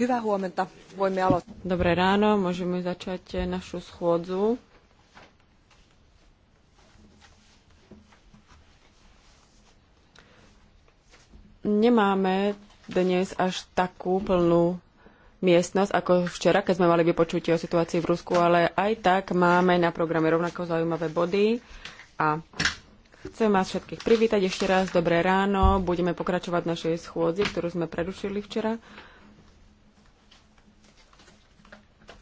Hyvää huomenta. Voimme aloittaa. Dobré ráno, môžeme začať našu schôdzu. Nemáme dnes až takú plnú miestnosť ako včera, keď sme mali vypočutie o situácii v Rusku, ale aj tak máme na programe rovnako zaujímavé body a chcem vás všetkých privítať ešte raz. Dobré ráno. Budeme pokračovať v našej schôdzi, ktorú sme prerušili včera.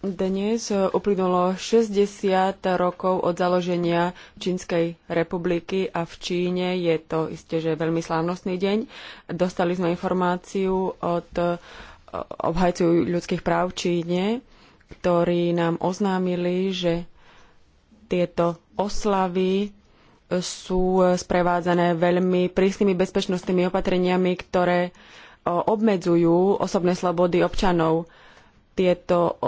Dnes uplynulo 60 rokov od založenia Čínskej republiky a v Číne je to isté, že veľmi slávnostný deň. Dostali sme informáciu od e, obhajcu ľudských práv v Číne, ktorí nám oznámili, že tieto oslavy sú sprevádzané veľmi prísnymi bezpečnostnými opatreniami, ktoré e, obmedzujú osobné slobody občanov tieto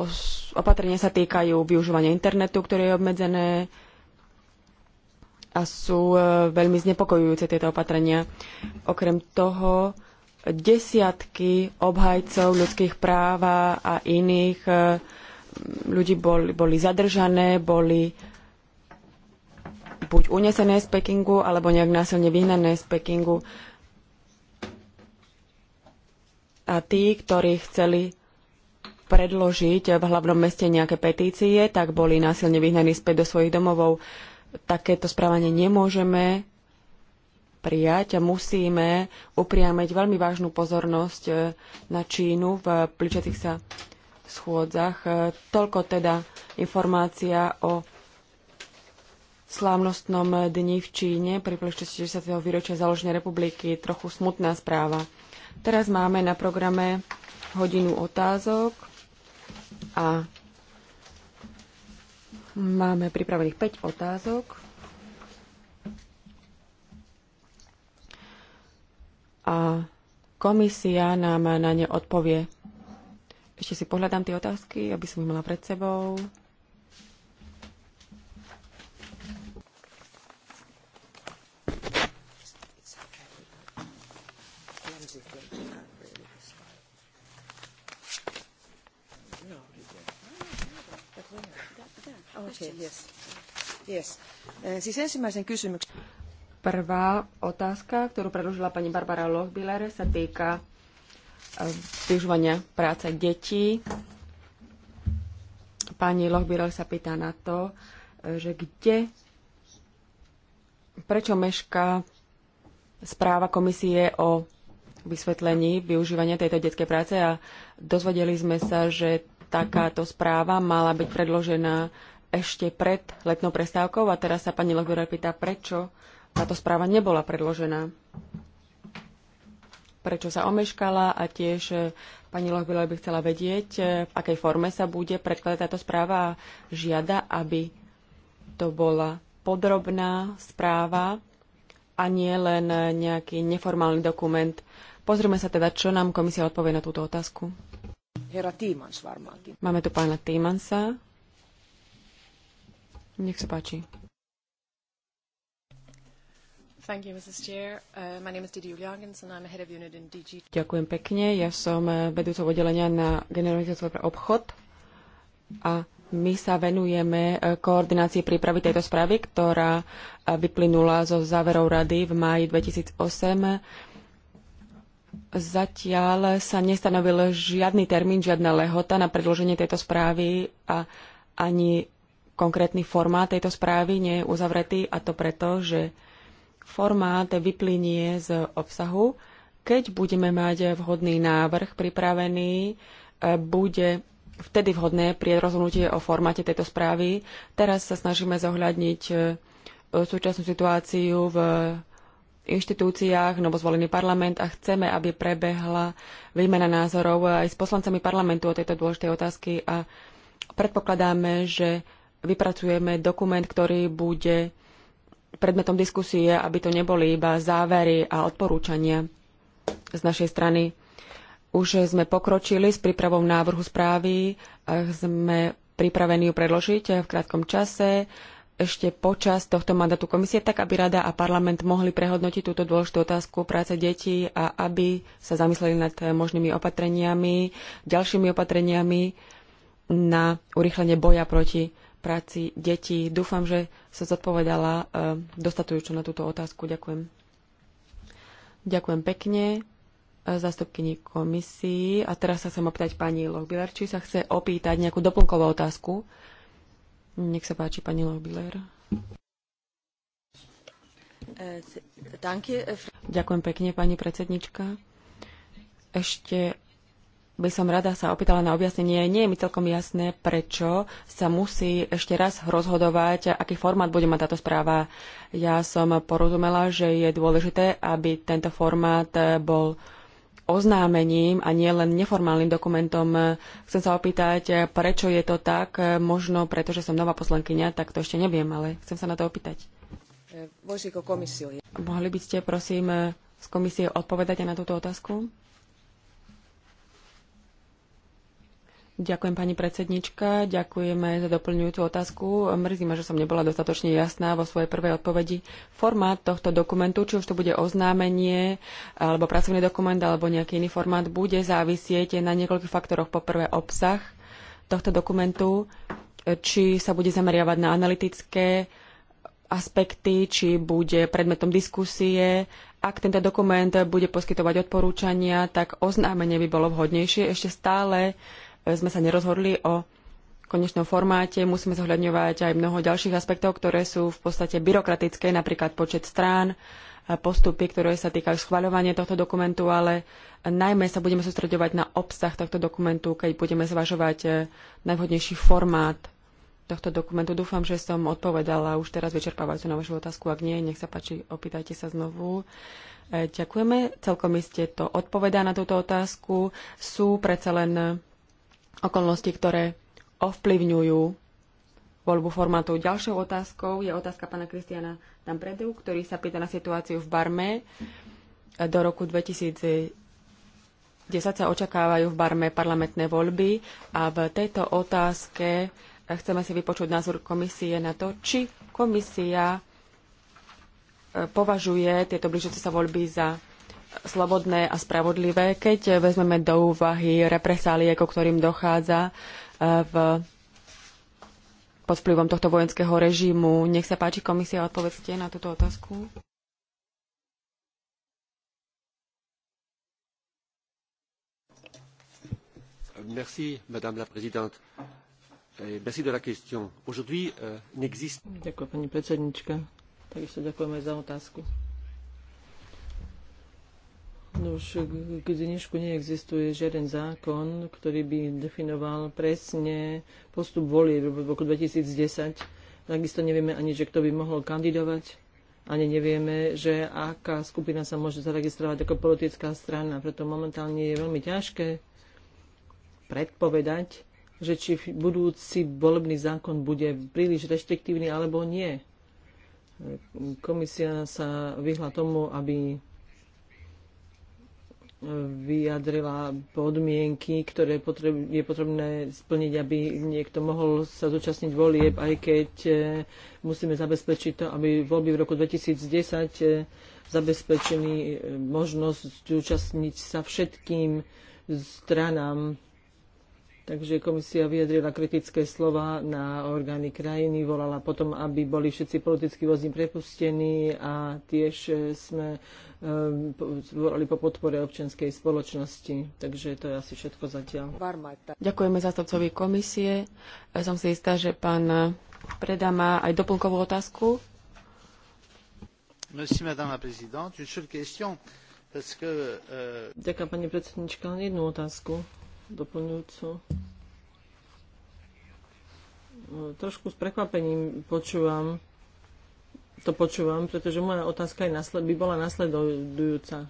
opatrenia sa týkajú využívania internetu, ktoré je obmedzené a sú e, veľmi znepokojujúce tieto opatrenia. Okrem toho, desiatky obhajcov ľudských práv a iných e, ľudí boli, boli zadržané, boli buď unesené z Pekingu, alebo nejak násilne vyhnané z Pekingu. A tí, ktorí chceli predložiť v hlavnom meste nejaké petície, tak boli násilne vyhnaní späť do svojich domovov. Takéto správanie nemôžeme prijať a musíme upriamiť veľmi vážnu pozornosť e, na Čínu v pličatých sa schôdzach. E, toľko teda informácia o slávnostnom dni v Číne pri príležitosti 60. výročia založenia republiky. Trochu smutná správa. Teraz máme na programe hodinu otázok a máme pripravených 5 otázok. A komisia nám na ne odpovie. Ešte si pohľadám tie otázky, aby som ich mala pred sebou. Siis ensimmäisen eh, kysymyksen. Prvá otázka, ktorú predložila pani Barbara Lohbiller, sa týka eh, využívania práce detí. Pani Lohbiller sa pýta na to, eh, že kde, prečo meška správa komisie o vysvetlení využívania tejto detskej práce a dozvedeli sme sa, že takáto správa mala byť predložená ešte pred letnou prestávkou a teraz sa pani Logora pýta, prečo táto správa nebola predložená. Prečo sa omeškala a tiež e, pani Lohbila by chcela vedieť, e, v akej forme sa bude predkladať táto správa a žiada, aby to bola podrobná správa a nie len nejaký neformálny dokument. Pozrime sa teda, čo nám komisia odpovie na túto otázku. Máme tu pána Týmansa. Nech sa páči. Uh, Ďakujem pekne. Ja som uh, vedúcou oddelenia na generalizáciu pre obchod a my sa venujeme uh, koordinácii prípravy tejto správy, ktorá vyplynula zo záverov rady v máji 2008. Zatiaľ sa nestanovil žiadny termín, žiadna lehota na predloženie tejto správy a ani konkrétny formát tejto správy nie je uzavretý a to preto, že formát vyplynie z obsahu. Keď budeme mať vhodný návrh pripravený, e, bude vtedy vhodné pri rozhodnutie o formáte tejto správy. Teraz sa snažíme zohľadniť e, súčasnú situáciu v inštitúciách, novozvolený parlament a chceme, aby prebehla výmena názorov aj s poslancami parlamentu o tejto dôležitej otázky a predpokladáme, že vypracujeme dokument, ktorý bude predmetom diskusie, aby to neboli iba závery a odporúčania z našej strany. Už sme pokročili s prípravou návrhu správy, eh, sme pripravení ju predložiť eh, v krátkom čase ešte počas tohto mandátu komisie, tak aby Rada a parlament mohli prehodnotiť túto dôležitú otázku práce detí a aby sa zamysleli nad eh, možnými opatreniami, ďalšími opatreniami na urýchlenie boja proti práci detí. Dúfam, že sa zodpovedala e, dostatujúčo na túto otázku. Ďakujem. Ďakujem pekne e, zastupkyni komisii. A teraz sa chcem opýtať pani Lochbiller, či sa chce opýtať nejakú doplnkovú otázku. Nech sa páči, pani Lochbiller. E, Ďakujem pekne, pani predsednička. Ešte by som rada sa opýtala na objasnenie. Nie je mi celkom jasné, prečo sa musí ešte raz rozhodovať, aký formát bude mať táto správa. Ja som porozumela, že je dôležité, aby tento formát bol oznámením a nie len neformálnym dokumentom. Chcem sa opýtať, prečo je to tak. Možno preto, že som nová poslankyňa, tak to ešte neviem, ale chcem sa na to opýtať. Mohli by ste, prosím, z komisie odpovedať aj na túto otázku? Ďakujem pani predsednička, ďakujeme za doplňujúcu otázku. Mrzí ma, že som nebola dostatočne jasná vo svojej prvej odpovedi. Formát tohto dokumentu, či už to bude oznámenie, alebo pracovný dokument, alebo nejaký iný formát, bude závisieť na niekoľkých faktoroch. Po prvé obsah tohto dokumentu, či sa bude zameriavať na analytické aspekty, či bude predmetom diskusie, ak tento dokument bude poskytovať odporúčania, tak oznámenie by bolo vhodnejšie. Ešte stále sme sa nerozhodli o konečnom formáte. Musíme zohľadňovať aj mnoho ďalších aspektov, ktoré sú v podstate byrokratické, napríklad počet strán, postupy, ktoré sa týkajú schvaľovania tohto dokumentu, ale najmä sa budeme sústreďovať na obsah tohto dokumentu, keď budeme zvažovať e, najvhodnejší formát tohto dokumentu. Dúfam, že som odpovedala už teraz vyčerpávajúcu na vašu otázku. Ak nie, nech sa páči, opýtajte sa znovu. E, ďakujeme. Celkom iste to odpovedá na túto otázku. Sú predsa len okolnosti, ktoré ovplyvňujú voľbu formátu. Ďalšou otázkou je otázka pána Kristiana Tampredu, ktorý sa pýta na situáciu v Barme. Do roku 2010 sa očakávajú v Barme parlamentné voľby a v tejto otázke chceme si vypočuť názor komisie na to, či komisia e, považuje tieto blížiace sa voľby za slobodné a spravodlivé, keď vezmeme do úvahy represálie, ko ktorým dochádza e, v, pod vplyvom tohto vojenského režimu. Nech sa páči komisia, odpovedzte na túto otázku. Merci, madame la présidente. Merci de la question. Aujourd'hui, euh, n'existe... Ďakujem, pani predsednička. Takisto ďakujeme za otázku. Už k dnešku neexistuje žiaden zákon, ktorý by definoval presne postup volieb v roku 2010. Takisto nevieme ani, že kto by mohol kandidovať. Ani nevieme, že aká skupina sa môže zaregistrovať ako politická strana. Preto momentálne je veľmi ťažké predpovedať, že či budúci volebný zákon bude príliš reštriktívny alebo nie. Komisia sa vyhla tomu, aby vyjadrila podmienky, ktoré je potrebné splniť, aby niekto mohol sa zúčastniť volieb, aj keď e, musíme zabezpečiť to, aby voľby v roku 2010 e, zabezpečili e, možnosť zúčastniť sa všetkým stranám Takže komisia vyjadrila kritické slova na orgány krajiny, volala potom, aby boli všetci politickí vozni prepustení a tiež eh, sme eh, volali po podpore občianskej spoločnosti. Takže to je asi všetko zatiaľ. Ďakujeme zástupcovi komisie. Ja som si istá, že pán Preda má aj doplnkovú otázku. Merci, madame la présidente. Une seule question, euh, Ďakujem, pani predsednička, jednu otázku doplňujúco. No, trošku s prekvapením počúvam, to počúvam, pretože moja otázka je nasled, by bola nasledujúca.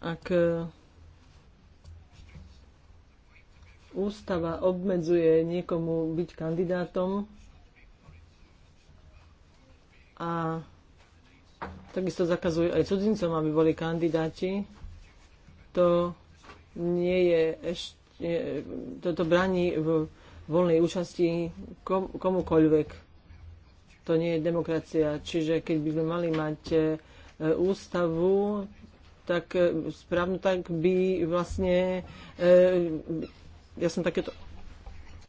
Ak e, ústava obmedzuje niekomu byť kandidátom a takisto zakazuje aj cudzincom, aby boli kandidáti, to nie je ešte, toto braní v voľnej účasti kom, komukoľvek. To nie je demokracia. Čiže keď by sme mali mať e, ústavu, tak e, správno tak by vlastne... E, ja som takéto...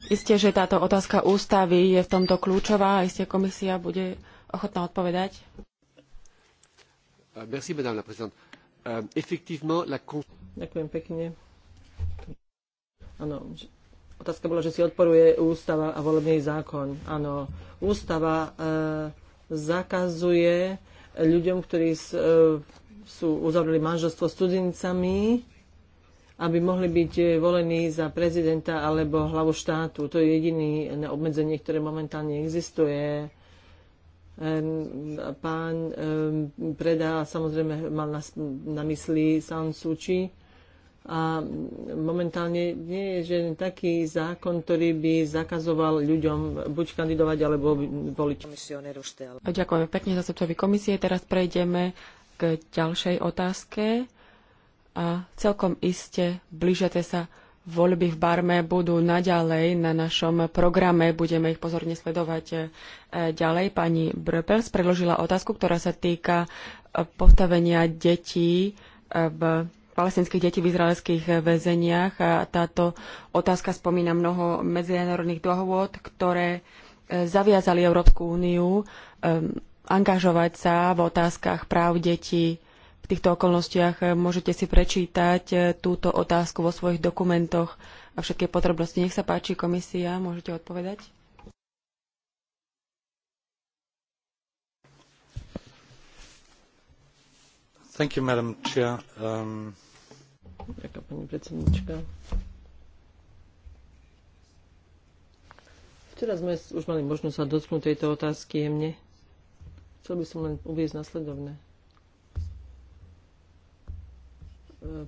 Isté, že táto otázka ústavy je v tomto kľúčová a isté komisia bude ochotná odpovedať. Merci, madame la présidente. Uh, effectivement, la... Ďakujem pekne. Áno, otázka bola, že si odporuje ústava a volebný zákon. Áno, ústava e, zakazuje ľuďom, ktorí s, e, sú uzavreli manželstvo cudzincami, aby mohli byť e, volení za prezidenta alebo hlavu štátu. To je jediné e, obmedzenie, ktoré momentálne existuje. E, pán Preda samozrejme mal na, na mysli San Suu Kyi, a momentálne nie je že taký zákon, ktorý by zakazoval ľuďom buď kandidovať alebo voliť. Ďakujeme pekne zastupcovi komisie. Teraz prejdeme k ďalšej otázke. A celkom iste blížate sa voľby v Barme budú naďalej na našom programe. Budeme ich pozorne sledovať e, ďalej. Pani Brepels predložila otázku, ktorá sa týka e, postavenia detí e, v palestinských detí v izraelských väzeniach. A táto otázka spomína mnoho medzinárodných dohôd, ktoré e, zaviazali Európsku úniu e, angažovať sa v otázkach práv detí. V týchto okolnostiach môžete si prečítať e, túto otázku vo svojich dokumentoch a všetky potrebnosti. Nech sa páči, komisia, môžete odpovedať. Um, Včera sme už mali možnosť sa dotknúť tejto otázky jemne. Chcel by som len uviezť nasledovné. E,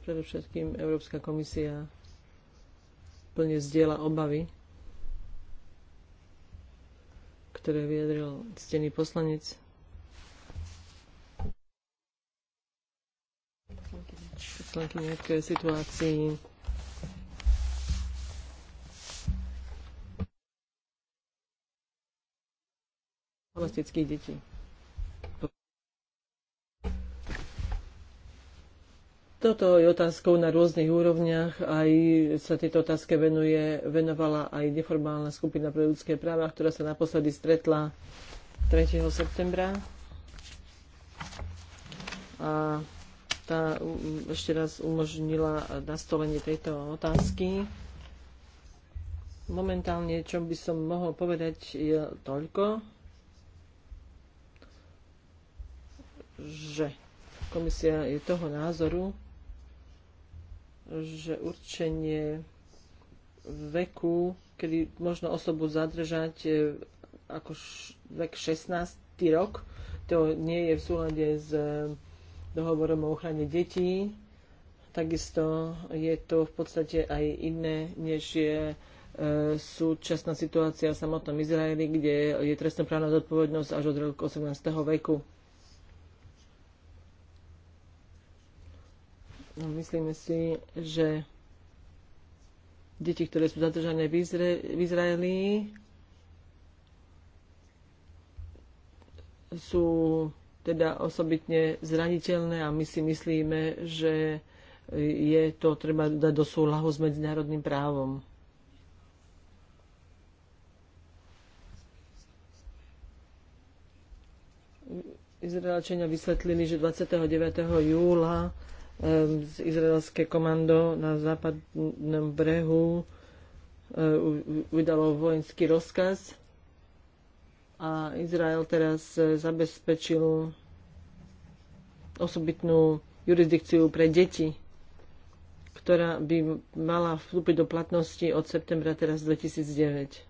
predovšetkým Európska komisia plne zdieľa obavy, ktoré vyjadril ctený poslanec následne k situácii palestinských detí. Toto je otázkou na rôznych úrovniach. Aj sa tejto otázke venuje, venovala aj neformálna skupina pre ľudské práva, ktorá sa naposledy stretla 3. septembra. A tá ešte raz umožnila nastolenie tejto otázky. Momentálne, čo by som mohol povedať, je toľko, že komisia je toho názoru, že určenie veku, kedy možno osobu zadržať ako vek 16. rok, to nie je v súlade s dohovorom o ochrane detí. Takisto je to v podstate aj iné, než je e, súčasná situácia v samotnom Izraeli, kde je trestnoprávna zodpovednosť až od roku 18. veku. No, myslíme si, že deti, ktoré sú zadržané v, Izra- v Izraeli, sú teda osobitne zraniteľné a my si myslíme, že je to treba dať do súlahu s medzinárodným právom. Izraelčania vysvetlili, že 29. júla z izraelské komando na západnom brehu vydalo vojenský rozkaz a Izrael teraz e, zabezpečil osobitnú jurisdikciu pre deti, ktorá by mala vstúpiť do platnosti od septembra teraz 2009.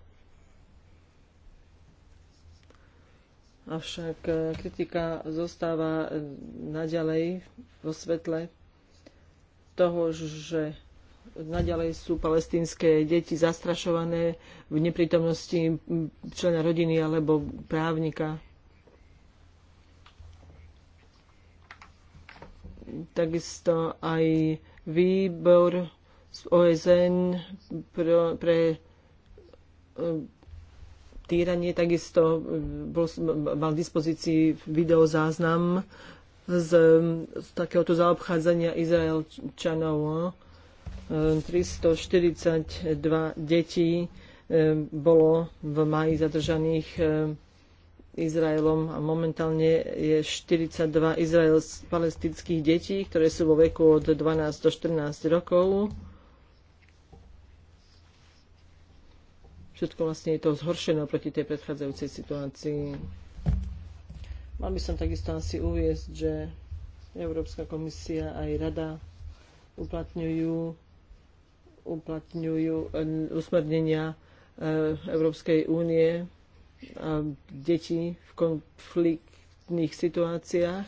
Avšak e, kritika zostáva e, naďalej vo svetle toho, že Naďalej sú palestínske deti zastrašované v neprítomnosti člena rodiny alebo právnika. Takisto aj výbor z OSN pre, pre týranie takisto bol, mal v dispozícii videozáznam z, z takéhoto zaobchádzania Izraelčanov. 342 ehm, detí ehm, bolo v maji zadržaných ehm, Izraelom a momentálne je 42 izraelsk- palestinských detí, ktoré sú vo veku od 12 do 14 rokov. Všetko vlastne je to zhoršené proti tej predchádzajúcej situácii. Mal by som takisto asi uviezť, že Európska komisia aj Rada uplatňujú uplatňujú eh, usmernenia eh, Európskej únie a deti v konfliktných situáciách.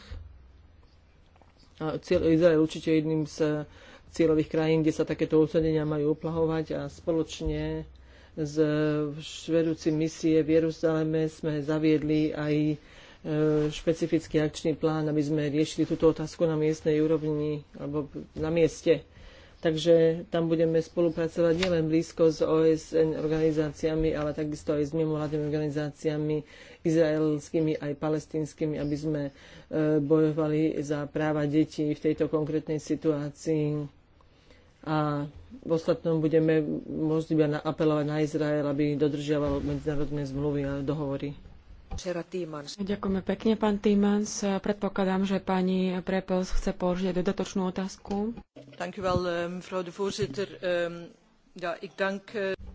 A cieľ, Izrael určite jedným z eh, cieľových krajín, kde sa takéto usmernenia majú uplahovať a spoločne s vedúcim misie v Jeruzaleme sme zaviedli aj špecifický akčný plán, aby sme riešili túto otázku na miestnej úrovni alebo na mieste. Takže tam budeme spolupracovať nielen blízko s OSN organizáciami, ale takisto aj s mimovládnymi organizáciami izraelskými aj palestinskými, aby sme e, bojovali za práva detí v tejto konkrétnej situácii a v ostatnom budeme môcť iba apelovať na Izrael, aby dodržiaval medzinárodné zmluvy a dohovory. Ďakujeme pekne, pán Týmans. Predpokladám, že pani Prepels chce položiť dodatočnú otázku. Um, um, eh,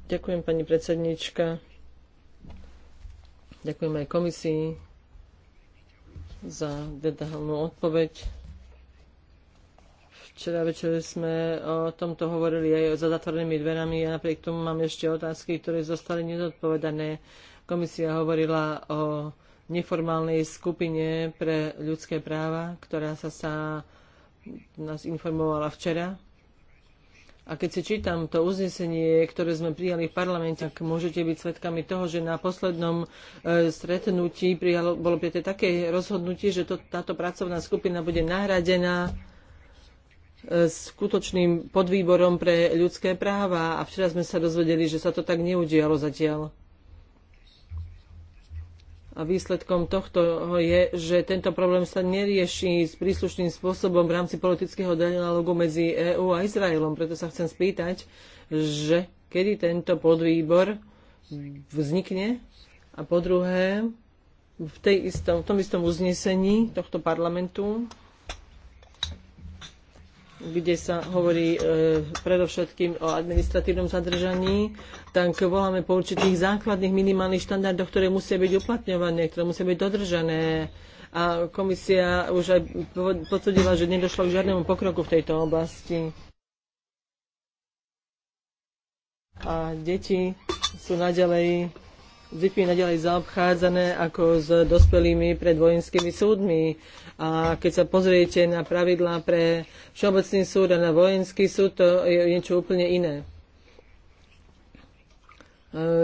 Ďakujem, pani predsednička. Ďakujem aj komisii za detailnú odpoveď. Včera večer sme o tomto hovorili aj za zatvorenými dverami a napriek tomu mám ešte otázky, ktoré zostali nezodpovedané. Komisia hovorila o neformálnej skupine pre ľudské práva, ktorá sa, sa nás informovala včera. A keď si čítam to uznesenie, ktoré sme prijali v parlamente, tak môžete byť svedkami toho, že na poslednom e, stretnutí prijalo, bolo prijaté také rozhodnutie, že to, táto pracovná skupina bude nahradená e, skutočným podvýborom pre ľudské práva a včera sme sa dozvedeli, že sa to tak neudialo zatiaľ. A výsledkom tohto je, že tento problém sa nerieši s príslušným spôsobom v rámci politického dialogu medzi EÚ a Izraelom. Preto sa chcem spýtať, že kedy tento podvýbor vznikne a po druhé v, tej istom, v tom istom uznesení tohto parlamentu kde sa hovorí e, predovšetkým o administratívnom zadržaní, tak voláme po určitých základných minimálnych štandardoch, ktoré musia byť uplatňované, ktoré musia byť dodržané. A komisia už aj potvrdila, že nedošlo k žiadnemu pokroku v tejto oblasti. A deti sú naďalej deťmi naďalej zaobchádzané ako s dospelými pred vojenskými súdmi. A keď sa pozriete na pravidlá pre Všeobecný súd a na vojenský súd, to je niečo úplne iné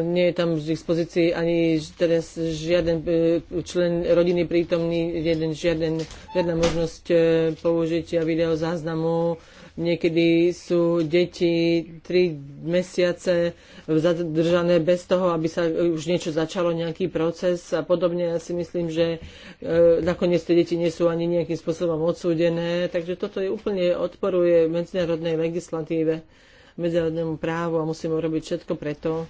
nie je tam v dispozícii ani teraz žiaden e, člen rodiny prítomný, jeden, žiaden, žiadna možnosť e, použitia videozáznamu. Niekedy sú deti tri mesiace zadržané bez toho, aby sa už niečo začalo, nejaký proces a podobne. Ja si myslím, že e, nakoniec tie deti nie sú ani nejakým spôsobom odsúdené. Takže toto je úplne odporuje medzinárodnej legislatíve medzinárodnému právu a musíme urobiť všetko preto,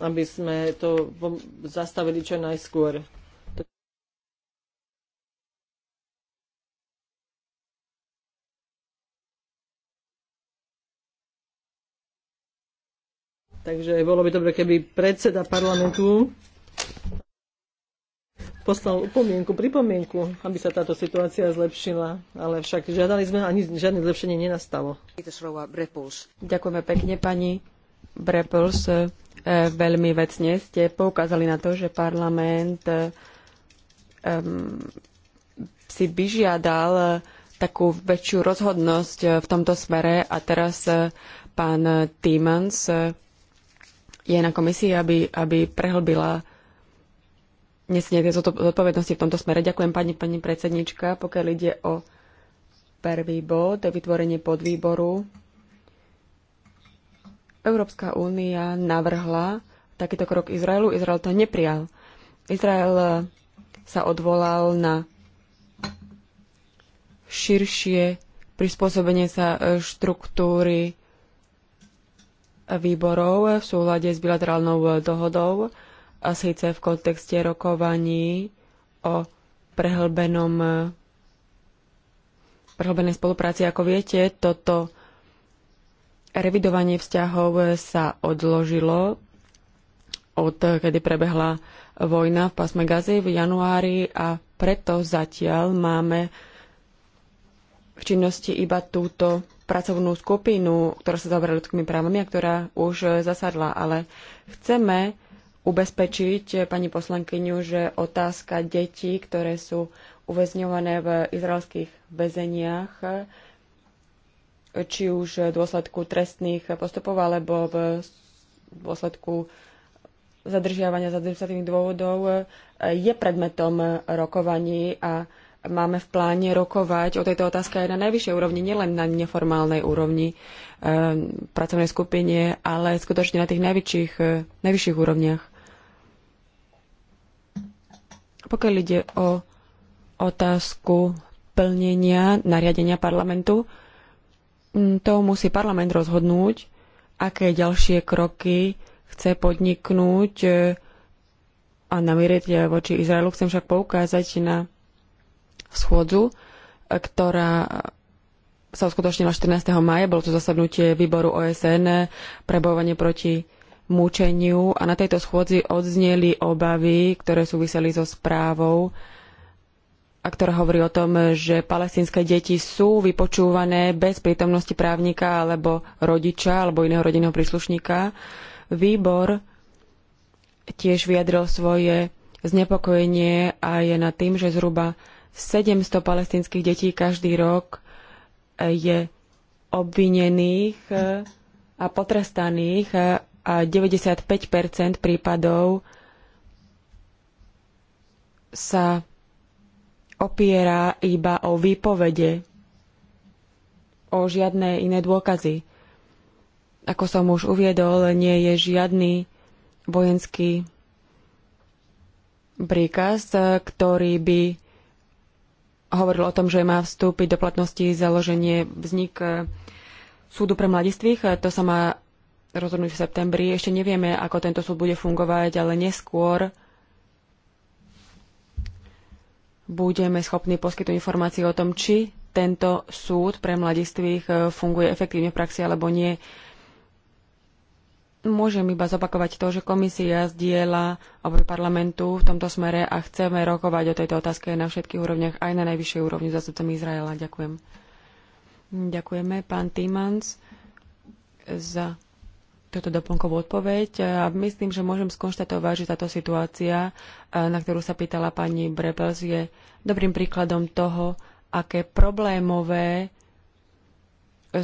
aby sme to zastavili čo najskôr. Takže bolo by dobre, keby predseda parlamentu poslal upomienku, pripomienku, aby sa táto situácia zlepšila. Ale však žiadali sme ani žiadne zlepšenie nenastalo. Ďakujeme pekne, pani Brepels veľmi vecne ste poukázali na to, že parlament um, si vyžiadal takú väčšiu rozhodnosť eh, v tomto smere a teraz eh, pán Timans je na komisii, aby, aby prehlbila nesenie tie zodpovednosti v tomto smere. Ďakujem pani, pani predsednička, pokiaľ ide o prvý bod, vytvorenie podvýboru Európska únia navrhla takýto krok Izraelu. Izrael to neprijal. Izrael eh, sa odvolal na širšie prispôsobenie sa eh, štruktúry eh, výborov v súhľade s bilaterálnou dohodou a síce v kontexte rokovaní o prehlbenom prehlbenej spolupráci. Ako viete, toto Revidovanie vzťahov sa odložilo od kedy prebehla vojna v pásme Gazy v januári a preto zatiaľ máme v činnosti iba túto pracovnú skupinu, ktorá sa zaoberá ľudskými právami a ktorá už zasadla. Ale chceme ubezpečiť pani poslankyňu, že otázka detí, ktoré sú uväzňované v izraelských väzeniach, či už v dôsledku trestných postupov alebo v dôsledku zadržiavania z administratívnych dôvodov je predmetom rokovaní a máme v pláne rokovať o tejto otázke aj na najvyššej úrovni, nielen na neformálnej úrovni eh, pracovnej skupine, ale skutočne na tých najvyšších, eh, najvyšších úrovniach. Pokiaľ ide o otázku plnenia nariadenia parlamentu, Mm, to musí parlament rozhodnúť, aké ďalšie kroky chce podniknúť e, a namieriť voči Izraelu. Chcem však poukázať na schôdzu, e, ktorá sa uskutočnila 14. maja. Bolo to zasadnutie výboru OSN pre bojovanie proti mučeniu a na tejto schôdzi odzneli obavy, ktoré súviseli so správou a ktorá hovorí o tom, že palestínske deti sú vypočúvané bez prítomnosti právnika alebo rodiča alebo iného rodinného príslušníka. Výbor tiež vyjadril svoje znepokojenie a je nad tým, že zhruba 700 palestínskych detí každý rok je obvinených a potrestaných a 95 prípadov sa opiera iba o výpovede, o žiadne iné dôkazy. Ako som už uviedol, nie je žiadny vojenský príkaz, ktorý by hovoril o tom, že má vstúpiť do platnosti založenie vznik eh, súdu pre mladistvých. Eh, to sa má rozhodnúť v septembri. Ešte nevieme, ako tento súd bude fungovať, ale neskôr budeme schopní poskytnúť informácie o tom, či tento súd pre mladistvých e, funguje efektívne v praxi alebo nie. Môžem iba zopakovať to, že komisia zdieľa obe parlamentu v tomto smere a chceme rokovať o tejto otázke na všetkých úrovniach, aj na najvyššej úrovni zastupcami Izraela. Ďakujem. Ďakujeme, pán Tímans, za túto doplnkovú odpoveď a myslím, že môžem skonštatovať, že táto situácia, e, na ktorú sa pýtala pani Brebels, je dobrým príkladom toho, aké problémové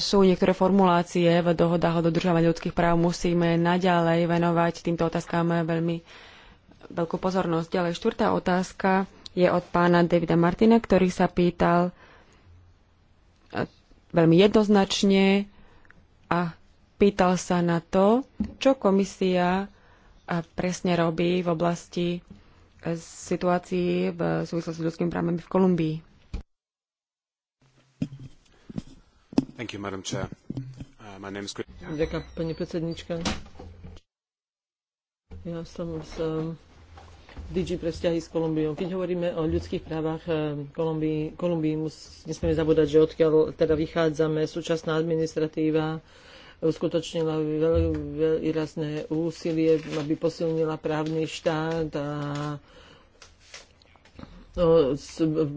sú niektoré formulácie v dohodách o dodržovaní ľudských práv. Musíme naďalej venovať týmto otázkám veľmi veľkú pozornosť. Ďalej štvrtá otázka je od pána Davida Martina, ktorý sa pýtal e, veľmi jednoznačne a pýtal sa na to, čo komisia presne robí v oblasti eh, situácií v súvislosti s ľudskými právami v Kolumbii. Thank you, Madam Chair. Uh, my name is... Ďakujem, pani predsednička. Ja som z um, DG pre vzťahy s Kolumbiou. Keď hovoríme o ľudských právach um, Kolumbii, Kolumbii nesmieme zabúdať, že odkiaľ teda vychádzame, súčasná administratíva, uskutočnila veľmi výrazné úsilie, aby posilnila právny štát a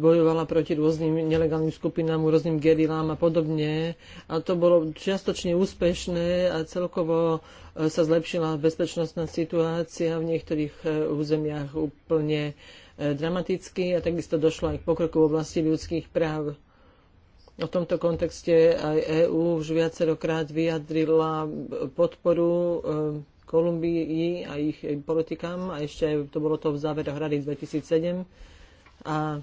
bojovala proti rôznym nelegálnym skupinám, rôznym gerilám a podobne. A to bolo čiastočne úspešné a celkovo e, sa zlepšila bezpečnostná situácia v niektorých e, územiach úplne e, dramaticky a takisto došlo aj k pokroku v oblasti ľudských práv v tomto kontexte aj EÚ už viacerokrát vyjadrila podporu eh, Kolumbii a ich politikám a ešte to bolo to v záveroch hrady 2007 a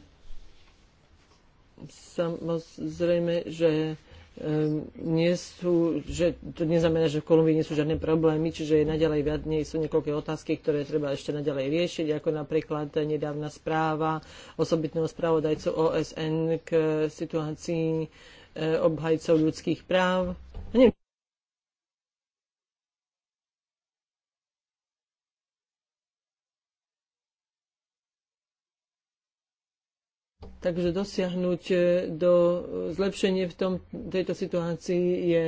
samozrejme, že Ehm, nie sú, že to neznamená, že v Kolumbii nie sú žiadne problémy, čiže je naďalej viac, nie sú niekoľké otázky, ktoré treba ešte naďalej riešiť, ako napríklad nedávna správa osobitného spravodajcu OSN k situácii eh, obhajcov ľudských práv. Neviem, Takže dosiahnuť e, do e, zlepšenie v tom, tejto situácii je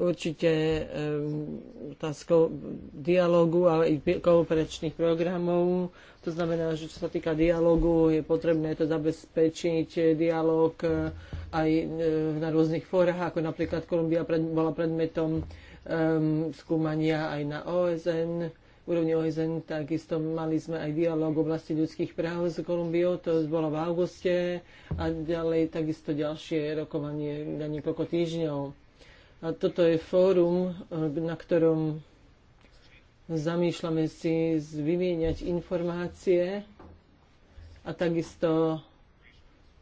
určite um, otázkou dialogu a kooperačných programov. To znamená, že čo sa týka dialogu, je potrebné to zabezpečiť e, dialog aj na rôznych fórach, ako napríklad Kolumbia pred, bola predmetom um, skúmania aj na OSN úrovni OSN. Takisto mali sme aj dialog v oblasti ľudských práv s Kolumbiou, to bolo v auguste a ďalej takisto ďalšie rokovanie na niekoľko týždňov. A toto je fórum, eh, na ktorom zamýšľame si vymieňať informácie a takisto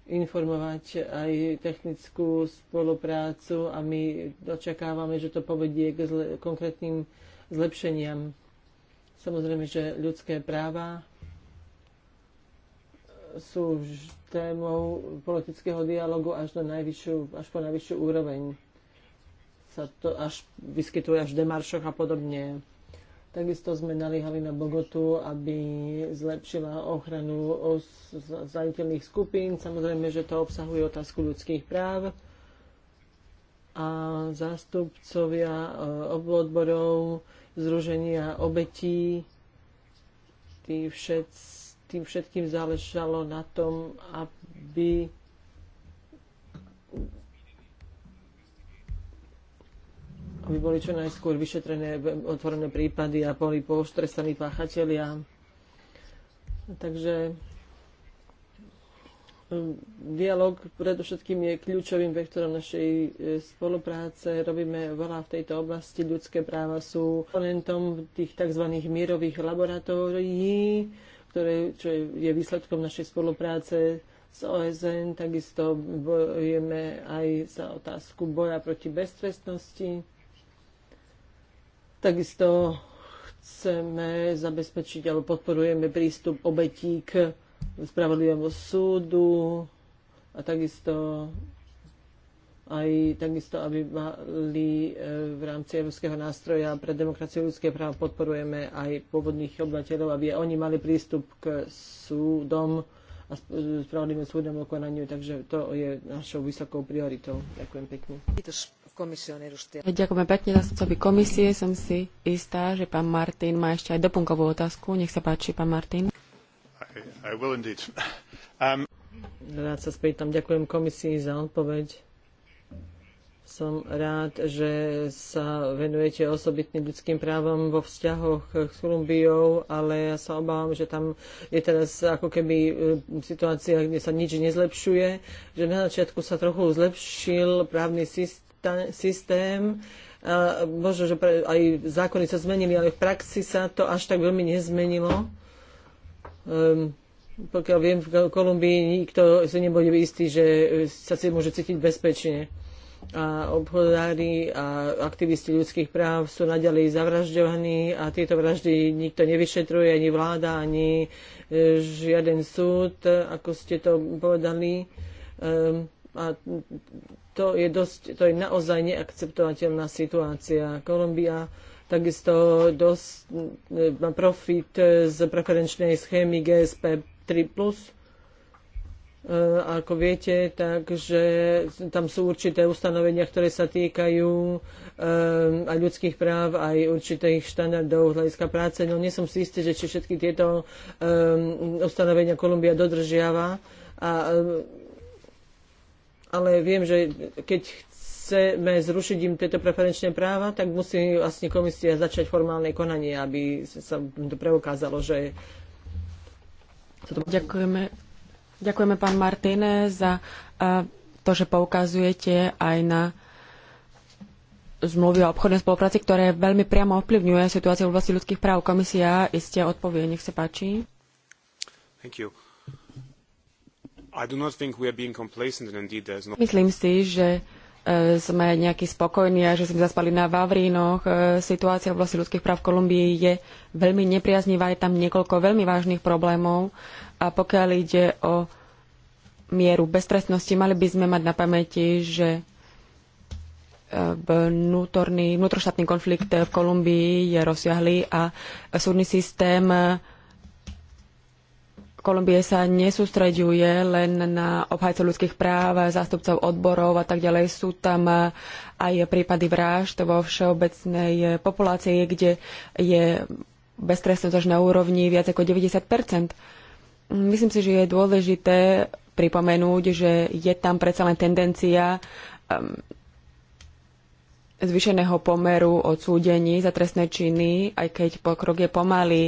informovať aj technickú spoluprácu a my očakávame, že to povedie k zle- konkrétnym zlepšeniam. Samozrejme, že ľudské práva sú témou politického dialogu až, na najvyššiu, až po najvyššiu úroveň. Sa to až vyskytuje až v demaršoch a podobne. Takisto sme nalíhali na Bogotu, aby zlepšila ochranu zraniteľných skupín. Samozrejme, že to obsahuje otázku ľudských práv a zástupcovia e, obvodborov, Združenia obetí, tým, všet, tým všetkým záležalo na tom, aby aby boli čo najskôr vyšetrené otvorené prípady a boli poštresaní páchatelia. Takže E, Dialóg predovšetkým je kľúčovým vektorom našej e, spolupráce. Robíme veľa v tejto oblasti. Ľudské práva sú komponentom tých tzv. mierových laboratórií, ktoré, čo je, výsledkom našej spolupráce s OSN. Takisto bojujeme aj za otázku boja proti beztrestnosti. Takisto chceme zabezpečiť alebo podporujeme prístup obetí k spravodlivého súdu a takisto aj takisto, aby mali e, v rámci Európskeho nástroja pre demokraciu ľudské práva podporujeme aj pôvodných obyvateľov, aby oni mali prístup k súdom a spravodlivým súdom konaniu, takže to je našou vysokou prioritou. Ďakujem pekne. Ďakujem pekne zastupcovi komisie. Som si istá, že pán Martin má ešte aj dopunkovú otázku. Nech sa páči, pán Martin. Um, rád sa spýtam. Ďakujem komisii za odpoveď. Som rád, že sa venujete osobitným ľudským právom vo vzťahoch s Kolumbiou, ale ja sa obávam, že tam je teraz ako keby e, situácia, kde sa nič nezlepšuje, že na začiatku sa trochu zlepšil právny systém, a možno, že aj zákony sa zmenili, ale v praxi sa to až tak veľmi nezmenilo um, pokiaľ viem, v Kolumbii nikto si nebude istý, že sa si môže cítiť bezpečne. A obchodári a aktivisti ľudských práv sú naďalej zavražďovaní a tieto vraždy nikto nevyšetruje, ani vláda, ani e, žiaden súd, ako ste to povedali. Um, a to je, dosť, to je naozaj neakceptovateľná situácia. Kolumbia Takisto dos, e, má profit e, z preferenčnej schémy GSP 3+ e, ako viete, takže tam sú určité ustanovenia, ktoré sa týkajú aj ľudských práv, aj určitých štandardov hľadiska práce. No nie som si istý, že či všetky tieto ustanovenia Kolumbia dodržiava. A, ale viem, že keď chceme zrušiť im tieto preferenčné práva, tak musí vlastne komisia začať formálne konanie, aby sa to preukázalo, že... Ďakujeme. Ďakujeme, pán Martin, za to, že poukazujete aj na zmluvy o obchodnej spolupráci, ktoré veľmi priamo ovplyvňuje situáciu v oblasti ľudských práv. Komisia iste odpovie, nech sa páči. No- Myslím si, že E, sme nejaký spokojní a že sme zaspali na Vavrínoch. E, situácia v oblasti ľudských práv v Kolumbii je veľmi nepriaznivá, je tam niekoľko veľmi vážnych problémov a pokiaľ ide o mieru beztrestnosti, mali by sme mať na pamäti, že e, vnútorný, vnútroštátny konflikt v Kolumbii je rozsiahlý a súdny systém Kolumbie sa nesústreďuje len na obhajcov ľudských práv, zástupcov odborov a tak ďalej. Sú tam eh, aj prípady vražd vo všeobecnej eh, populácii, kde je beztrestnosť až na úrovni viac ako 90 Myslím si, že je dôležité pripomenúť, že je tam predsa len tendencia um, ehm, zvyšeného pomeru odsúdení za trestné činy, aj keď pokrok je pomalý.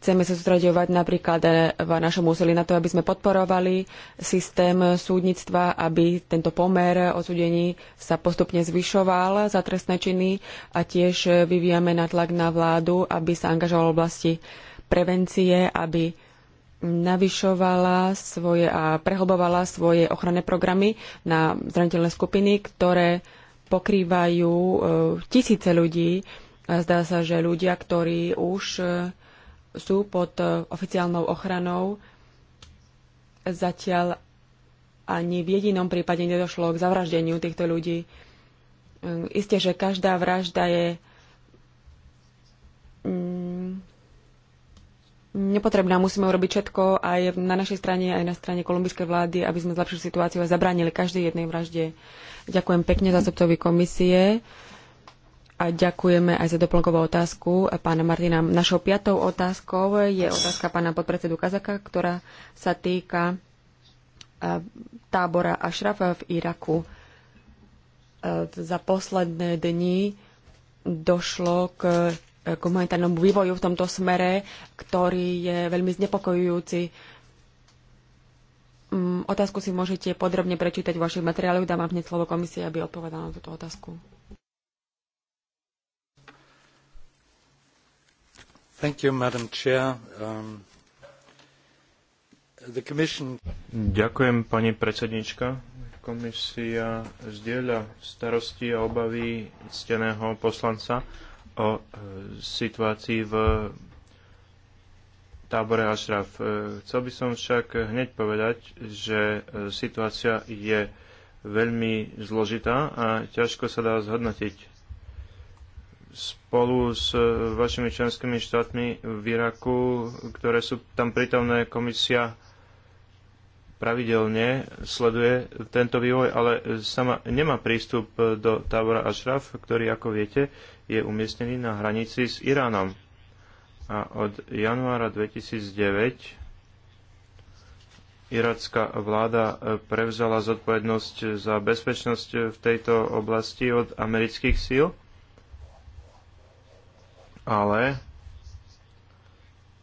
Chceme sa sústredovať napríklad eh, v našom úsilí na to, aby sme podporovali systém súdnictva, aby tento pomer odsudení sa postupne zvyšoval za trestné činy a tiež eh, vyvíjame natlak na vládu, aby sa angažovala v oblasti prevencie, aby navyšovala svoje a prehlbovala svoje ochranné programy na zraniteľné skupiny, ktoré pokrývajú eh, tisíce ľudí. Zdá sa, že ľudia, ktorí už sú pod e, oficiálnou ochranou. Zatiaľ ani v jedinom prípade nedošlo k zavraždeniu týchto ľudí. Hm, isté, že každá vražda je hm, nepotrebná. Musíme urobiť všetko aj na našej strane, aj na strane kolumbijskej vlády, aby sme zlepšili situáciu a zabránili každej jednej vražde. Ďakujem pekne zástupcovi komisie. A ďakujeme aj za doplnkovú otázku pána Martina. Našou piatou otázkou je otázka pána podpredsedu Kazaka, ktorá sa týka e, tábora Ašrafa v Iraku. E, za posledné dni došlo k, e, k humanitárnemu vývoju v tomto smere, ktorý je veľmi znepokojujúci. Mm, otázku si môžete podrobne prečítať v vašich materiáloch. Dám vám hneď slovo komisie, aby odpovedala na túto otázku. Um, Ďakujem, pani predsednička. Komisia zdieľa starosti a obavy cteného poslanca o e, situácii v tábore Ašraf. E, chcel by som však hneď povedať, že e, situácia je veľmi zložitá a ťažko sa dá zhodnotiť spolu s e, vašimi členskými štátmi v Iraku, ktoré sú tam prítomné, komisia pravidelne sleduje tento vývoj, ale sama nemá prístup do tábora Ashraf, ktorý, ako viete, je umiestnený na hranici s Iránom. A od januára 2009 iracká vláda e, prevzala zodpovednosť za bezpečnosť v tejto oblasti od amerických síl ale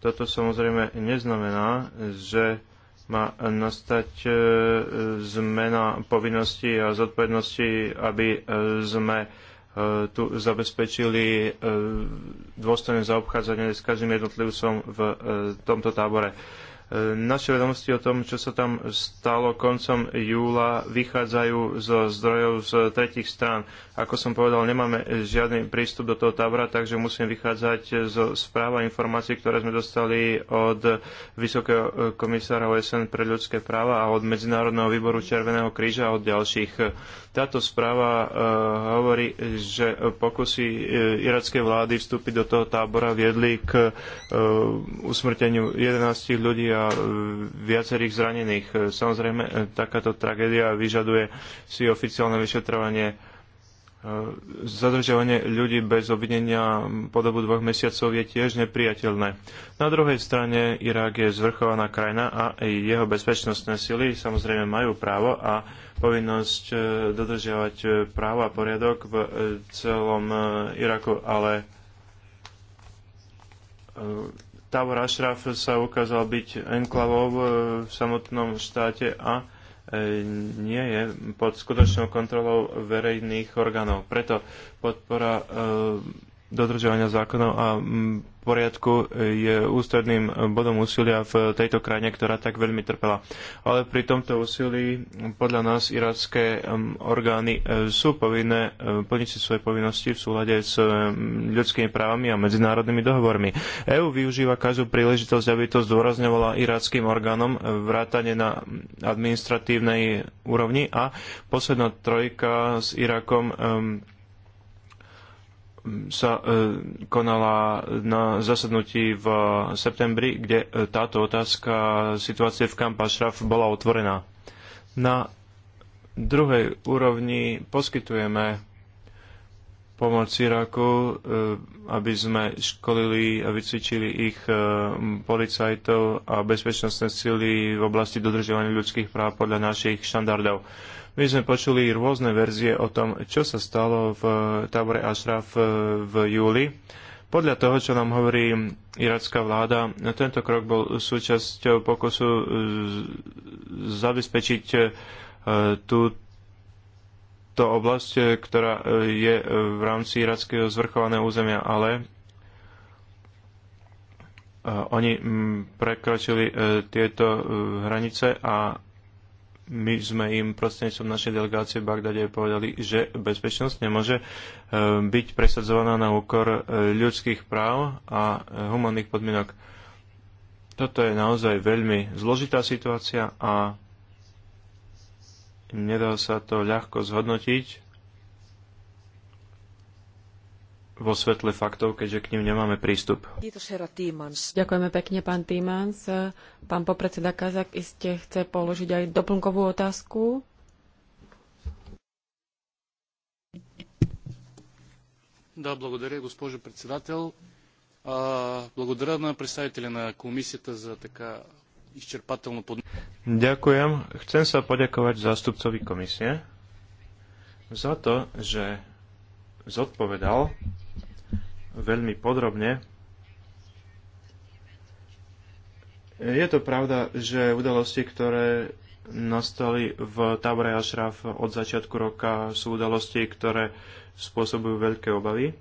toto samozrejme neznamená, že má nastať e, zmena povinností a zodpovednosti, aby e, sme e, tu zabezpečili dôstojné zaobchádzanie s každým jednotlivcom v tomto tábore. Naše vedomosti o tom, čo sa tam stalo koncom júla, vychádzajú zo zdrojov z tretich strán. Ako som povedal, nemáme žiadny prístup do toho tábora, takže musím vychádzať zo správa informácií, ktoré sme dostali od Vysokého komisára OSN pre ľudské práva a od Medzinárodného výboru Červeného kríža a od ďalších. Táto správa e, hovorí, že pokusy e, irackej vlády vstúpiť do toho tábora viedli k e, usmrteniu 11 ľudí a E, viacerých zranených. E, samozrejme, e, takáto tragédia vyžaduje si oficiálne vyšetrovanie zadržovanie ľudí bez obvinenia po dobu dvoch mesiacov je tiež nepriateľné. Na druhej strane Irak je zvrchovaná krajina a jeho bezpečnostné sily samozrejme majú právo a povinnosť dodržiavať právo a poriadok v celom Iraku, ale Tábor Ashraf sa ukázal byť enklavou e, v samotnom štáte a e, nie je pod skutočnou kontrolou verejných orgánov. Preto podpora e, dodržovania zákonov a mm, poriadku e, je ústredným bodom úsilia v tejto krajine, ktorá tak veľmi trpela. Ale pri tomto úsilí mm, podľa nás iracké mm, orgány e, sú povinné e, plniť si svoje povinnosti v súlade s ľudskými právami a medzinárodnými dohovormi. EÚ využíva každú príležitosť, aby to zdôrazňovala irackým orgánom vrátane na administratívnej úrovni a posledná trojka s Irakom sa e, konala na zasadnutí v septembri, kde e, táto otázka situácie v Kamp Ashraf bola otvorená. Na druhej úrovni poskytujeme pomoc Iraku, eh, aby sme školili a vycvičili ich eh, policajtov a bezpečnostné sily v oblasti dodržovania ľudských práv podľa našich štandardov. My sme počuli rôzne verzie o tom, čo sa stalo v eh, tábore Ashraf v júli. Podľa toho, čo nám hovorí iracká vláda, tento krok bol súčasťou pokusu zabezpečiť túto to oblasť, e, ktorá e, je e, v rámci irackého zvrchovaného územia, ale oni prekročili tieto hranice a my sme im prostredníctvom našej delegácie v Bagdade povedali, že bezpečnosť nemôže byť presadzovaná na úkor ľudských práv a humanných podmienok. Toto je naozaj veľmi zložitá situácia a nedá sa to ľahko zhodnotiť vo svetle faktov, keďže k ním nemáme prístup. Ďakujeme pekne, pán Týmans. Pán popredseda Kazak iste chce položiť aj doplnkovú otázku. Да, благодаря, госпожо председател. А, благодаря на представителя на комисията за така изчерпателно подробно. Ďakujem. Chcem sa poďakovať zástupcovi komisie za to, že zodpovedal veľmi podrobne. Je to pravda, že udalosti, ktoré nastali v tábore Ašraf od začiatku roka, sú udalosti, ktoré spôsobujú veľké obavy.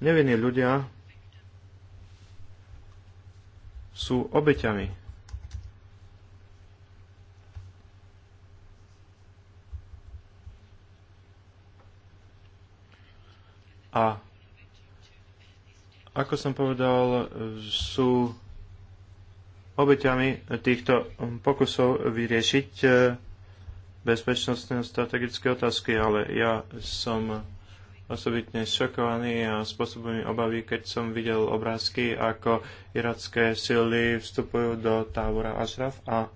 Nevinní ľudia sú obeťami A ako som povedal, sú obeťami týchto pokusov vyriešiť e, bezpečnostné strategické otázky, ale ja som osobitne šokovaný a spôsobujem obavy, keď som videl obrázky, ako iracké sily vstupujú do tábora Ashraf a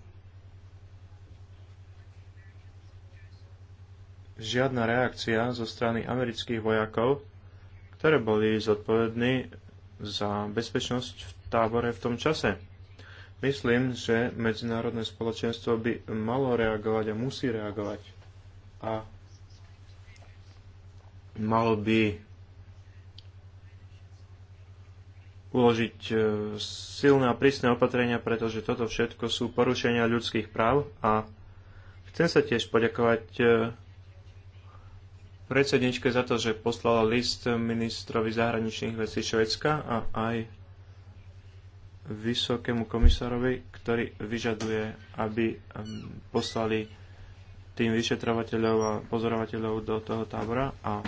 žiadna reakcia zo strany amerických vojakov ktoré boli zodpovední za bezpečnosť v tábore v tom čase. Myslím, že medzinárodné spoločenstvo by malo reagovať a musí reagovať. A malo by uložiť e, silné a prísne opatrenia, pretože toto všetko sú porušenia ľudských práv a chcem sa tiež poďakovať e, predsedničke za to, že poslala list ministrovi zahraničných vecí Švedska a aj vysokému komisárovi, ktorý vyžaduje, aby poslali tým vyšetrovateľov a pozorovateľov do toho tábora a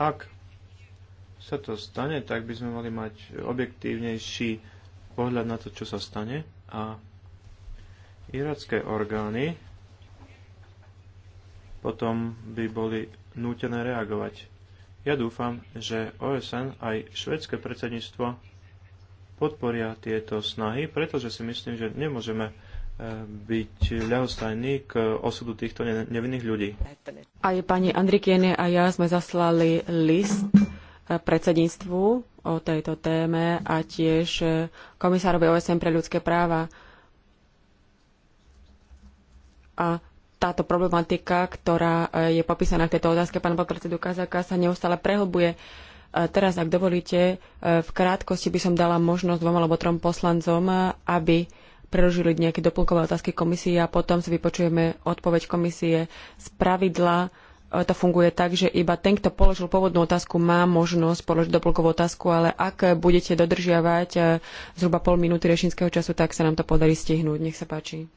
ak sa to stane, tak by sme mali mať objektívnejší pohľad na to, čo sa stane a iracké orgány potom by boli nútené reagovať. Ja dúfam, že OSN aj švedské predsedníctvo podporia tieto snahy, pretože si myslím, že nemôžeme e, byť ľahostajný k osudu týchto nevinných ľudí. Aj pani Andrikiene a ja sme zaslali list e, predsedníctvu o tejto téme a tiež e, komisárovi OSN pre ľudské práva. A táto problematika, ktorá eh, je popísaná v tejto otázke pána podpredsedu Kazaka, sa neustále prehlbuje. Eh, teraz, ak dovolíte, eh, v krátkosti by som dala možnosť dvom alebo trom poslancom, aby preložili nejaké doplnkové otázky komisie a potom si vypočujeme odpoveď komisie. Z pravidla to funguje tak, že iba ten, kto položil pôvodnú otázku, má možnosť položiť doplnkovú otázku, ale ak budete dodržiavať zhruba pol minúty rešinského času, tak sa nám to podarí stihnúť. Nech sa páči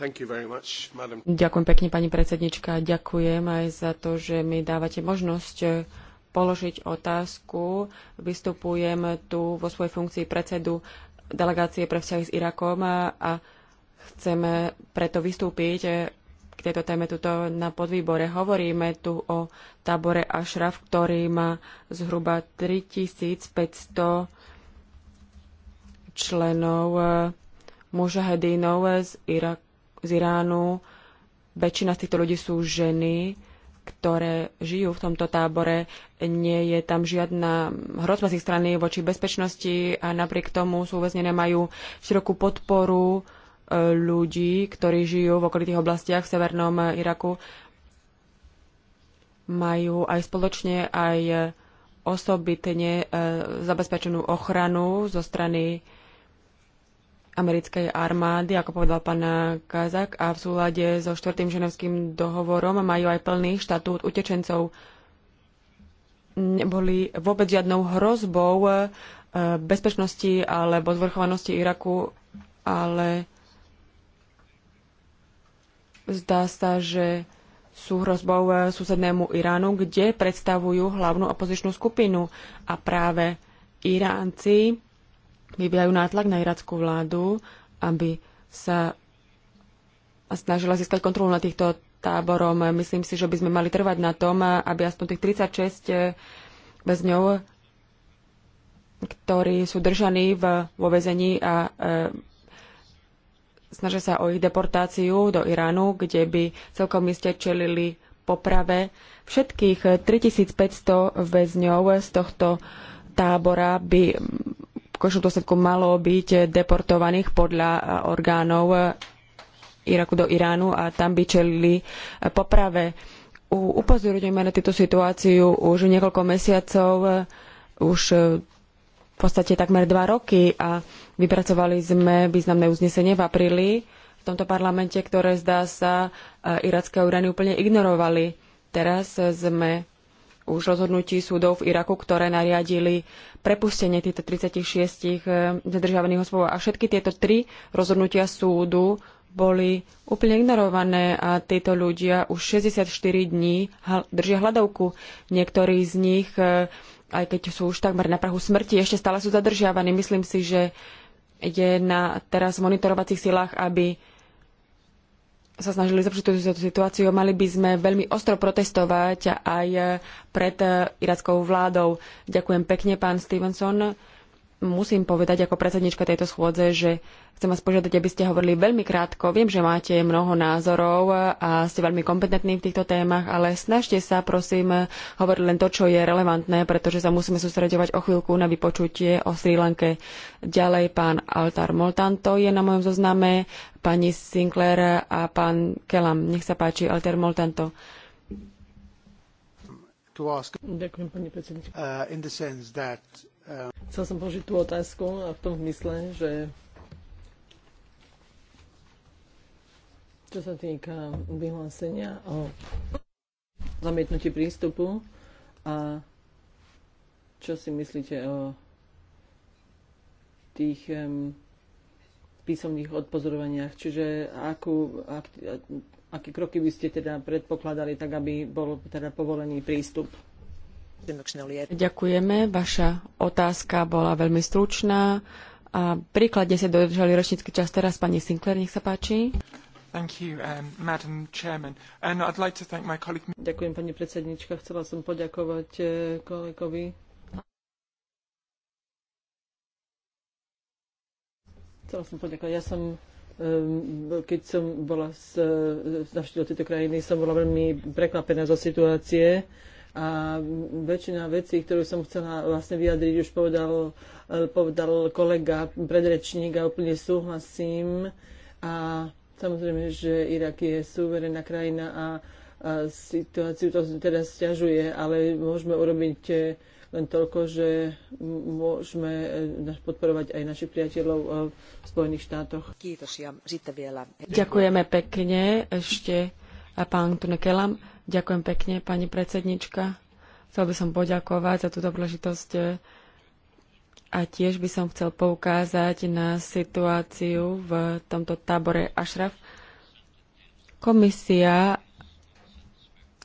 ďakujem pekne, pani predsednička. Ďakujem aj za to, že mi dávate možnosť eh, položiť otázku. Vystupujem tu vo svojej funkcii predsedu delegácie pre vzťahy s Irakom a chcem preto vystúpiť eh, k tejto téme tuto na podvýbore. Hovoríme tu o tábore Ašraf, ktorý má zhruba 3500 členov eh, mužahedínov z Iraku z Iránu. Väčšina z týchto ľudí sú ženy, ktoré žijú v tomto tábore. Nie je tam žiadna hrozba z ich strany voči bezpečnosti a napriek tomu sú uväznené, majú širokú podporu e, ľudí, ktorí žijú v okolitých oblastiach v severnom e, Iraku. Majú aj spoločne, aj osobitne e, zabezpečenú ochranu zo strany americkej armády, ako povedal pán Kazak, a v súlade so štvrtým ženevským dohovorom majú aj plný štatút utečencov. Neboli vôbec žiadnou hrozbou e, bezpečnosti alebo zvrchovanosti Iraku, ale zdá sa, že sú hrozbou e, susednému Iránu, kde predstavujú hlavnú opozičnú skupinu. A práve Iránci vyvíjajú nátlak na irackú vládu, aby sa snažila získať kontrolu nad týchto táborom. Myslím si, že by sme mali trvať na tom, aby aspoň tých 36 eh, väzňov, ktorí sú držaní v, vo vezení a eh, snažia sa o ich deportáciu do Iránu, kde by celkom iste čelili poprave. Všetkých 3500 väzňov z tohto tábora by konečnom dôsledku malo byť deportovaných podľa orgánov Iraku do Iránu a tam by čelili poprave. Upozorňujeme na túto situáciu už niekoľko mesiacov, už e, v podstate takmer dva roky a vypracovali sme významné uznesenie v apríli v tomto parlamente, ktoré zdá sa e, iracké orgány úplne ignorovali. Teraz sme už rozhodnutí súdov v Iraku, ktoré nariadili prepustenie týchto 36 eh, zadržiavaných osôb. A všetky tieto tri rozhodnutia súdu boli úplne ignorované a títo ľudia už 64 dní držia hľadovku. Niektorí z nich, eh, aj keď sú už takmer na prahu smrti, ešte stále sú zadržiavaní. Myslím si, že je na teraz monitorovacích silách, aby sa snažili zlepšiť túto situáciu, mali by sme veľmi ostro protestovať aj eh, pred eh, irackou vládou. Ďakujem pekne, pán Stevenson musím povedať ako predsednička tejto schôdze, že chcem vás požiadať, aby ste hovorili veľmi krátko. Viem, že máte mnoho názorov a ste veľmi kompetentní v týchto témach, ale snažte sa, prosím, hovoriť len to, čo je relevantné, pretože sa musíme sústredovať o chvíľku na vypočutie o Sri Lanke. Ďalej pán Altar Moltanto je na mojom zozname, pani Sinclair a pán Kelam. Nech sa páči, Altar Moltanto. Ďakujem, pani predsednička. Uh, Chcel som požiť tú otázku a v tom mysle, že čo sa týka vyhlásenia o zamietnutí prístupu a čo si myslíte o tých um, písomných odpozorovaniach, čiže akú, ak, aké kroky by ste teda predpokladali, tak aby bol teda povolený prístup? Ďakujeme. Vaša otázka bola veľmi stručná a príkladne ste dodržali ročnícky čas. Teraz pani Sinclair, nech sa páči. Um, uh, no, Ďakujem, pani predsednička. Chcela som poďakovať uh, kolegovi Chcela som poďakovať. Ja som um, keď som bola z, uh, navštívila tieto krajiny, som bola veľmi prekvapená zo situácie, a väčšina vecí, ktorú som chcela vlastne vyjadriť, už povedal, e, povedal kolega, predrečník a úplne súhlasím. A samozrejme, že Irak je súverená krajina a, a situáciu to teraz stiažuje, ale môžeme urobiť e, len toľko, že môžeme e, podporovať aj našich priateľov v Spojených štátoch. Ďakujeme pekne. Ešte a pán Tunekelam, ďakujem pekne, pani predsednička. Chcel by som poďakovať za túto príležitosť eh, a tiež by som chcel poukázať na situáciu v tomto tábore Ašraf. Komisia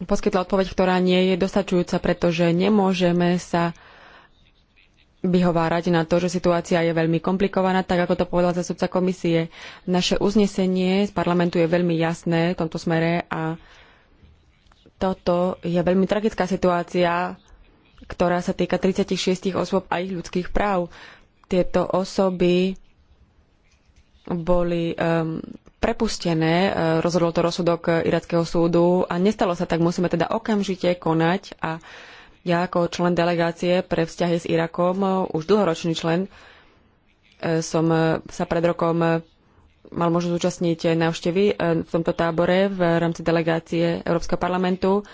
poskytla odpoveď, ktorá nie je dostačujúca, pretože nemôžeme sa vyhovárať na to, že situácia je veľmi komplikovaná, tak ako to povedal zastupca komisie. Naše uznesenie z parlamentu je veľmi jasné v tomto smere a toto je veľmi tragická situácia, ktorá sa týka 36 osôb a ich ľudských práv. Tieto osoby boli um, prepustené, e, rozhodol to rozsudok irackého súdu a nestalo sa tak, musíme teda okamžite konať a uh, ja ako člen delegácie pre vzťahy s Irakom, eh, už dlhoročný člen, eh, som eh, sa pred rokom mal možnosť zúčastniť návštevy v tomto tábore v rámci delegácie Európskeho parlamentu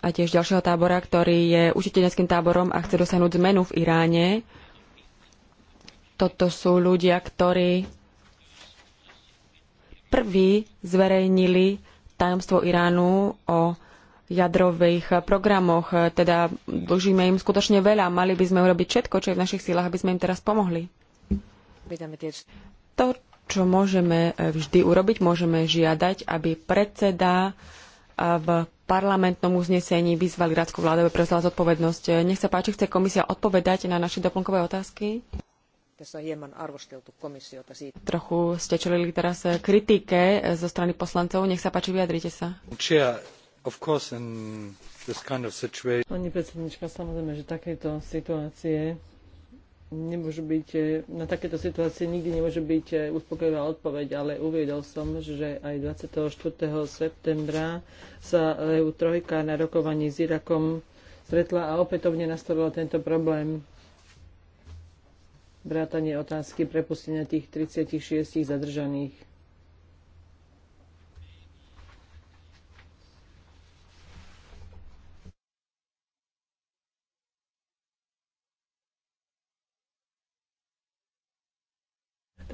a tiež ďalšieho tábora, ktorý je učiteľským táborom a chce dosiahnuť zmenu v Iráne. Toto sú ľudia, ktorí prví zverejnili tajomstvo Iránu o jadrových programoch, e, teda dlžíme im skutočne veľa. Mali by sme urobiť všetko, čo je v našich sílach, aby sme im teraz pomohli. To, čo môžeme e, vždy urobiť, môžeme žiadať, aby predseda e, v parlamentnom uznesení vyzval irácku vládu, aby prevzala zodpovednosť. Nech sa páči, chce komisia odpovedať na naše doplnkové otázky? Trochu ste čelili teraz kritike zo strany poslancov. Nech sa páči, vyjadrite sa. Pani predsednička, samozrejme, že takéto situácie nemôžu byť, e, na takéto situácie nikdy nemôže byť e, uspokojivá odpoveď, ale uviedol som, že aj 24. septembra sa eu trojka na rokovaní s Irakom stretla a opätovne nastavila tento problém vrátanie otázky prepustenia tých 36 zadržaných.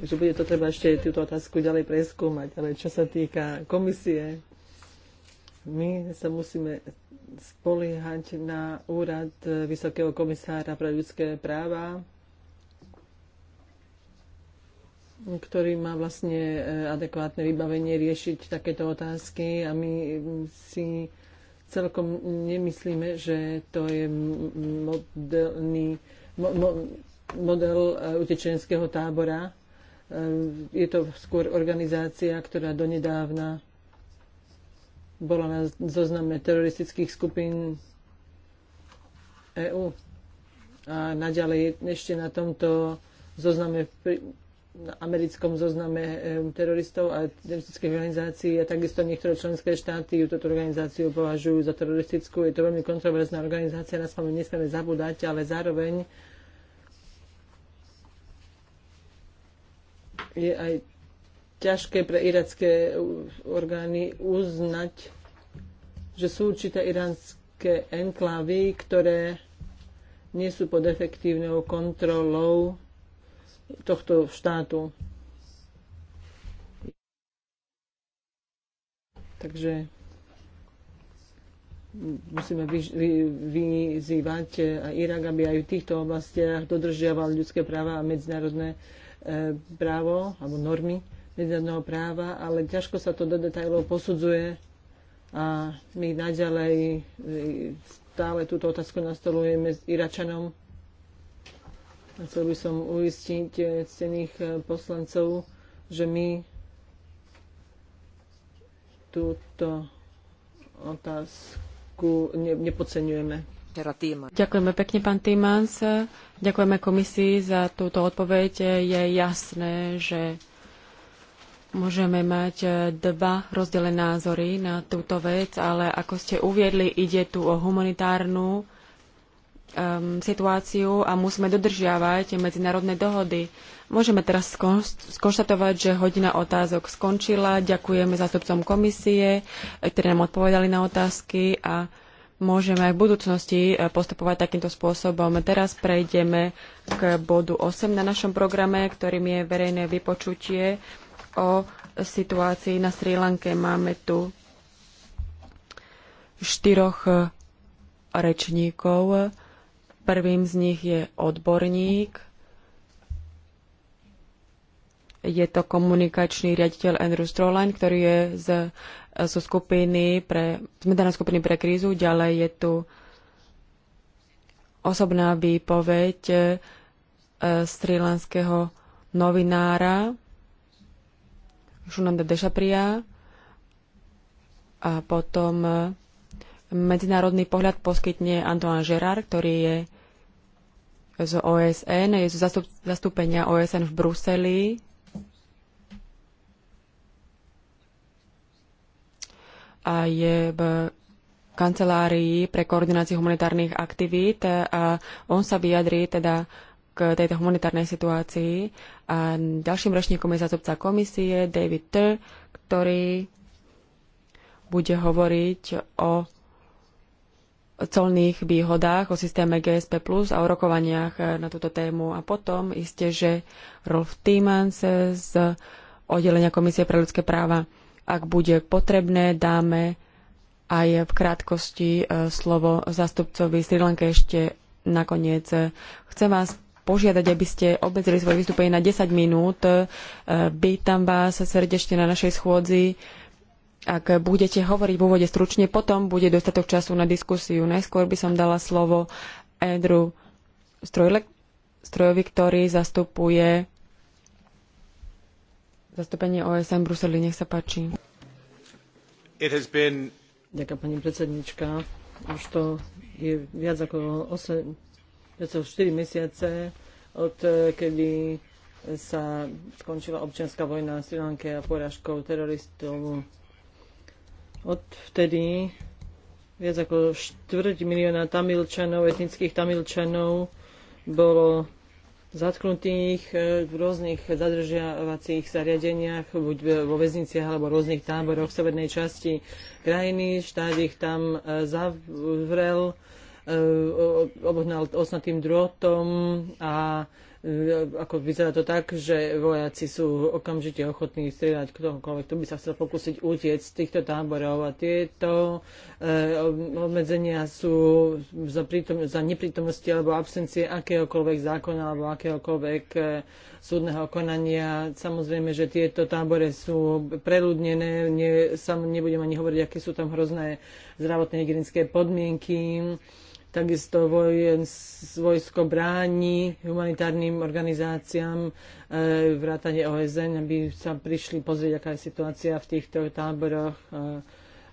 Takže bude to treba ešte túto otázku ďalej preskúmať. Ale čo sa týka komisie, my sa musíme spoliehať na úrad Vysokého komisára pre ľudské práva, ktorý má vlastne e, adekvátne vybavenie riešiť takéto otázky a my si celkom nemyslíme, že to je modelný model e, utečenského tábora, Ehm, je to skôr organizácia, ktorá donedávna bola na zozname teroristických skupín EÚ. A naďalej ešte na tomto zozname, na americkom zozname ehm, teroristov a teroristických organizácií a takisto niektoré členské štáty ju túto organizáciu považujú za teroristickú. Je to veľmi kontroverzná organizácia, na sme nesmieme zabúdať, ale zároveň je aj ťažké pre iracké orgány uznať, že sú určité iránske enklavy, ktoré nie sú pod efektívnou kontrolou tohto štátu. Takže musíme vyzývať aj Irak, aby aj v týchto oblastiach dodržiaval ľudské práva a medzinárodné E, právo alebo normy medzinárodného práva, ale ťažko sa to do detajlov posudzuje a my naďalej e, stále túto otázku nastolujeme s Iračanom. Chcel by som uistiť e, cených poslancov, že my túto otázku nepodceňujeme. Ďakujeme pekne, pán Týmans. Ďakujeme komisii za túto odpoveď. Je jasné, že môžeme mať dva rozdelené názory na túto vec, ale ako ste uviedli, ide tu o humanitárnu um, situáciu a musíme dodržiavať medzinárodné dohody. Môžeme teraz skonštatovať, že hodina otázok skončila. Ďakujeme zástupcom komisie, ktorí nám odpovedali na otázky a môžeme aj v budúcnosti e, postupovať takýmto spôsobom. Teraz prejdeme k bodu 8 na našom programe, ktorým je verejné vypočutie o situácii na Sri Lanke. Máme tu štyroch e, rečníkov. Prvým z nich je odborník je to komunikačný riaditeľ Andrew Stroline, ktorý je z, z skupiny pre, zmedaná skupiny pre krízu. Ďalej je tu osobná výpoveď e, strilanského novinára Šunanda Dešapria a potom e, medzinárodný pohľad poskytne Antoine Gerard, ktorý je z OSN, je z zastúpenia OSN v Bruseli a je v kancelárii pre koordináciu humanitárnych aktivít a on sa vyjadrí teda k tejto humanitárnej situácii. A ďalším ročníkom je zástupca komisie David T, ktorý bude hovoriť o colných výhodách, o systéme GSP Plus a o rokovaniach na túto tému. A potom isté, že Rolf Tiemann z oddelenia Komisie pre ľudské práva ak bude potrebné, dáme aj v krátkosti e, slovo zástupcovi Sri Lanky ešte nakoniec. Chcem vás požiadať, aby ste obmedzili svoje vystúpenie na 10 minút. E, vítam vás srdečne na našej schôdzi. Ak budete hovoriť v úvode stručne, potom bude dostatok času na diskusiu. Najskôr by som dala slovo Andrew Strojle, Strojovi, ktorý zastupuje Zastúpenie OSN Bruseli, nech sa páči. Been... Ďakujem, pani predsednička. Už to je viac ako 8, viac ako 4 mesiace od eh, kedy sa skončila občianská vojna v Sri Lanke a porážkou teroristov. Odvtedy viac ako štvrť milióna tamilčanov, etnických tamilčanov bolo zatknutých e, v rôznych zadržiavacích zariadeniach, buď vo väzniciach alebo v rôznych táboroch v severnej časti krajiny. Štát ich tam e, zavrel, e, obohnal osnatým drôtom a E, ako vyzerá to tak, že vojaci sú okamžite ochotní strieľať ktokoľvek, kto by sa chcel pokúsiť utiec z týchto táborov a tieto e, obmedzenia sú za, prítom, za neprítomnosti alebo absencie akéhokoľvek zákona alebo akéhokoľvek e, súdneho konania. Samozrejme, že tieto tábore sú preľudnené, ne, sam nebudem ani hovoriť, aké sú tam hrozné zdravotné hygienické podmienky Takisto vojsko bráni humanitárnym organizáciám e, vrátane OSN, aby sa prišli pozrieť, aká je situácia v týchto táboroch. E,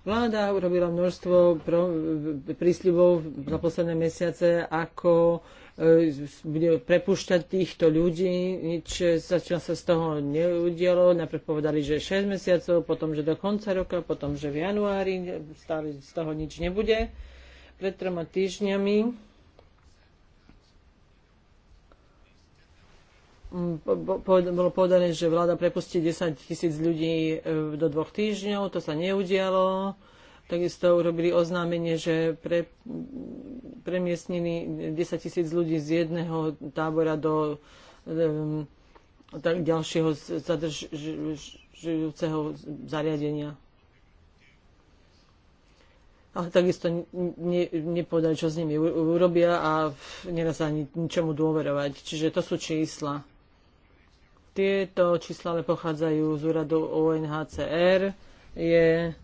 vláda urobila množstvo e, prísľubov za posledné mesiace, ako bude prepušťať týchto ľudí. Nič začalo sa z toho neudialo. Najprv povedali, že 6 mesiacov, potom, že do konca roka, potom, že v januári. Stále z toho nič nebude pred troma týždňami mm, bolo povedané, že vláda prepustí 10 tisíc ľudí e, do dvoch týždňov, to sa neudialo. Takisto urobili oznámenie, že pre, premiestnili 10 tisíc ľudí z jedného tábora do um, tak ďalšieho zadržujúceho zariadenia ale takisto ne, nepovedali, čo s nimi urobia a nedá sa ani ničomu dôverovať. Čiže to sú čísla. Tieto čísla ale pochádzajú z úradu ONHCR. Je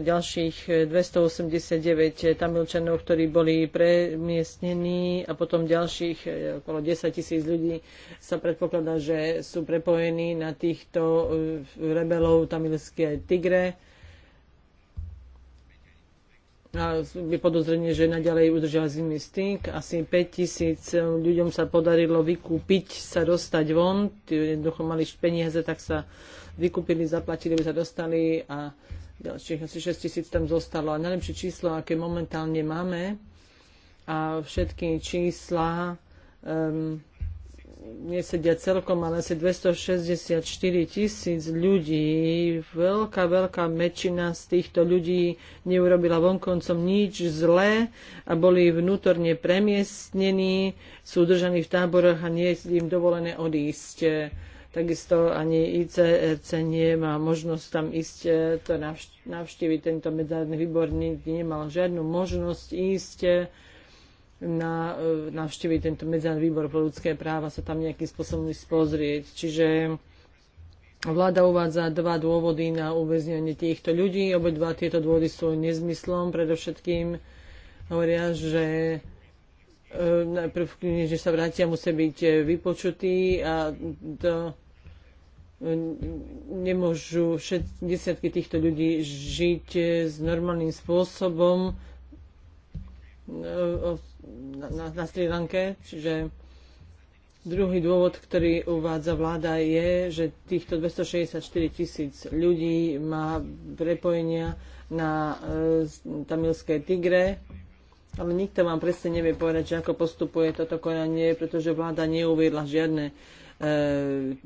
ďalších 289 Tamilčanov, ktorí boli premiestnení a potom ďalších e, okolo 10 tisíc ľudí sa predpokladá, že sú prepojení na týchto e, rebelov tamilské tigre a je podozrenie, že naďalej udržia zimný styk. Asi 5000 ľuďom sa podarilo vykúpiť, sa dostať von. Jednoducho mali peniaze, tak sa vykúpili, zaplatili, by sa dostali a ďalších asi 6000 tam zostalo. A najlepšie číslo, aké momentálne máme a všetky čísla um, nesedia celkom, ale asi 264 tisíc ľudí. Veľká, veľká väčšina z týchto ľudí neurobila vonkoncom nič zlé a boli vnútorne premiestnení, sú držaní v táboroch a nie je im dovolené odísť. Takisto ani ICRC e nemá možnosť tam ísť e, to navštíviť. Tento medzárodný výborník nemal žiadnu možnosť ísť na, e, navštíviť tento medzinárodný výbor pro ľudské práva, sa tam nejakým spôsobom pozrieť. Čiže Vláda uvádza dva dôvody na uväznenie týchto ľudí. Obedva tieto dôvody sú nezmyslom. Predovšetkým hovoria, že e, najprv, že sa vrátia, musia byť e, vypočutí a to nemôžu všet, desiatky týchto ľudí žiť s normálnym spôsobom na, na Sri Lanke. Čiže druhý dôvod, ktorý uvádza vláda, je, že týchto 264 tisíc ľudí má prepojenia na e, tamilské Tigre, ale nikto vám presne nevie povedať, že ako postupuje toto konanie, pretože vláda neuviedla žiadne e,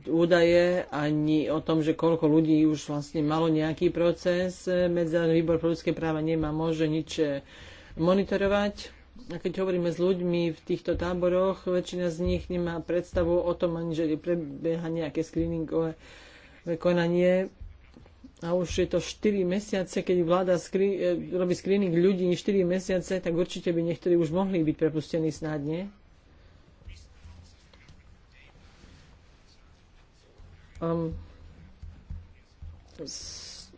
údaje ani o tom, že koľko ľudí už vlastne malo nejaký proces. E, Medzinárodný výbor pre ľudské práva nemá, môže nič e, monitorovať a keď hovoríme s ľuďmi v týchto táboroch, väčšina z nich nemá predstavu o tom ani, že prebieha nejaké screeningové konanie. A už je to 4 mesiace, keď vláda skri- e, robí screening ľudí 4 mesiace, tak určite by niektorí už mohli byť prepustení snadne. Um, s,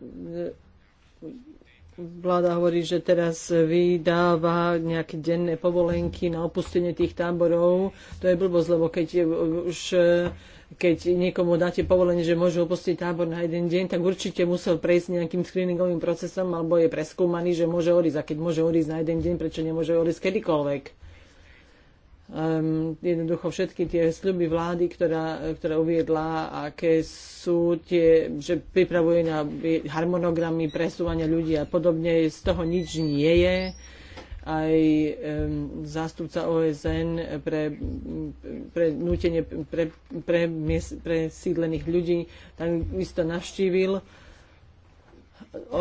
vláda hovorí, že teraz vydáva nejaké denné povolenky na opustenie tých táborov. To je blbosť, lebo keď je, už keď niekomu dáte povolenie, že môže opustiť tábor na jeden deň, tak určite musel prejsť nejakým screeningovým procesom alebo je preskúmaný, že môže odísť. A keď môže odísť na jeden deň, prečo nemôže odísť kedykoľvek? um, jednoducho všetky tie sľuby vlády, ktorá, ktorá uviedla, aké sú tie, že pripravuje na harmonogramy presúvania ľudí a podobne, z toho nič nie je. Aj um, zástupca OSN pre, pre nutenie pre, pre, presídlených ľudí tam isto navštívil o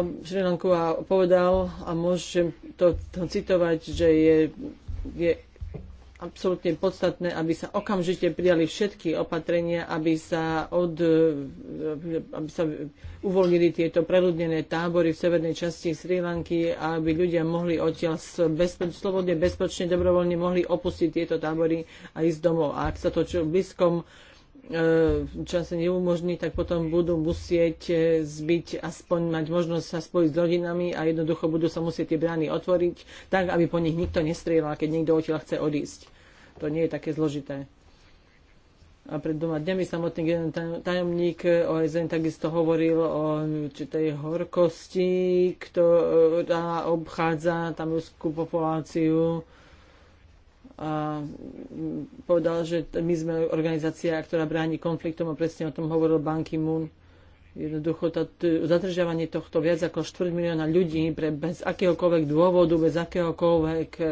a povedal, a môžem to, to citovať, že je, je absolútne podstatné, aby sa okamžite prijali všetky opatrenia, aby sa, od, aby sa uvoľnili tieto preľudnené tábory v severnej časti Sri Lanky a aby ľudia mohli odtiaľ bezpeč, slobodne, bezpečne, dobrovoľne mohli opustiť tieto tábory a ísť domov. A ak sa to čo v blízkom E, čase neumožní, tak potom budú musieť e, zbyť, aspoň mať možnosť sa spojiť s rodinami a jednoducho budú sa musieť tie brány otvoriť, tak aby po nich nikto nestrieľal, keď niekto odtiaľ chce odísť. To nie je také zložité. A pred dvoma dňami samotný tajomník OSN takisto hovoril o určitej horkosti, ktorá obchádza tam ruskú populáciu a mm, povedal, že my sme organizácia, ktorá bráni konfliktom a presne o tom hovoril Ban Ki-moon. Jednoducho to zadržiavanie tohto viac ako 4 milióna ľudí pre, bez akéhokoľvek dôvodu, bez akéhokoľvek e,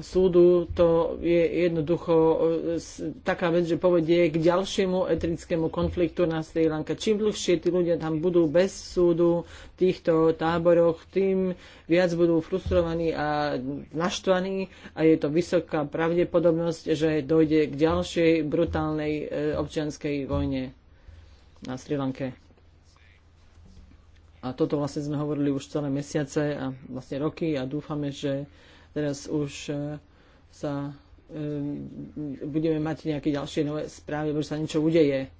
súdu, to je jednoducho e, taká vec, že povedie k ďalšiemu etnickému konfliktu na Sri Lanka. Čím dlhšie tí ľudia tam budú bez súdu v týchto táboroch, tým viac budú frustrovaní a naštvaní a je to vysoká pravdepodobnosť, že dojde k ďalšej brutálnej e, občianskej vojne na Sri Lanke. A toto vlastne sme hovorili už celé mesiace a vlastne roky a dúfame, že teraz už e, sa e, budeme mať nejaké ďalšie nové správy, že sa niečo udeje.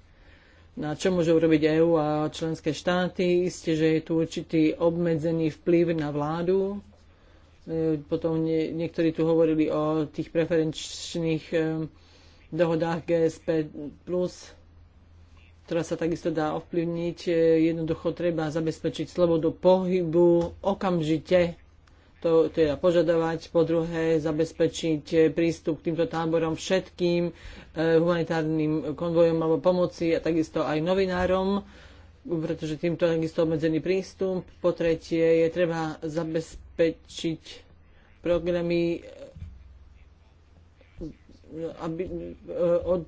Na čo môže urobiť EÚ a členské štáty? Isté, že je tu určitý obmedzený vplyv na vládu. E, potom niektorí tu hovorili o tých preferenčných dohodách GSP+, ktorá sa takisto dá ovplyvniť. Jednoducho treba zabezpečiť slobodu pohybu okamžite to teda požadovať, po druhé zabezpečiť prístup k týmto táborom všetkým eh, humanitárnym konvojom alebo pomoci a takisto aj novinárom, pretože týmto je takisto obmedzený prístup. Po tretie je treba zabezpečiť programy eh, aby, eh, od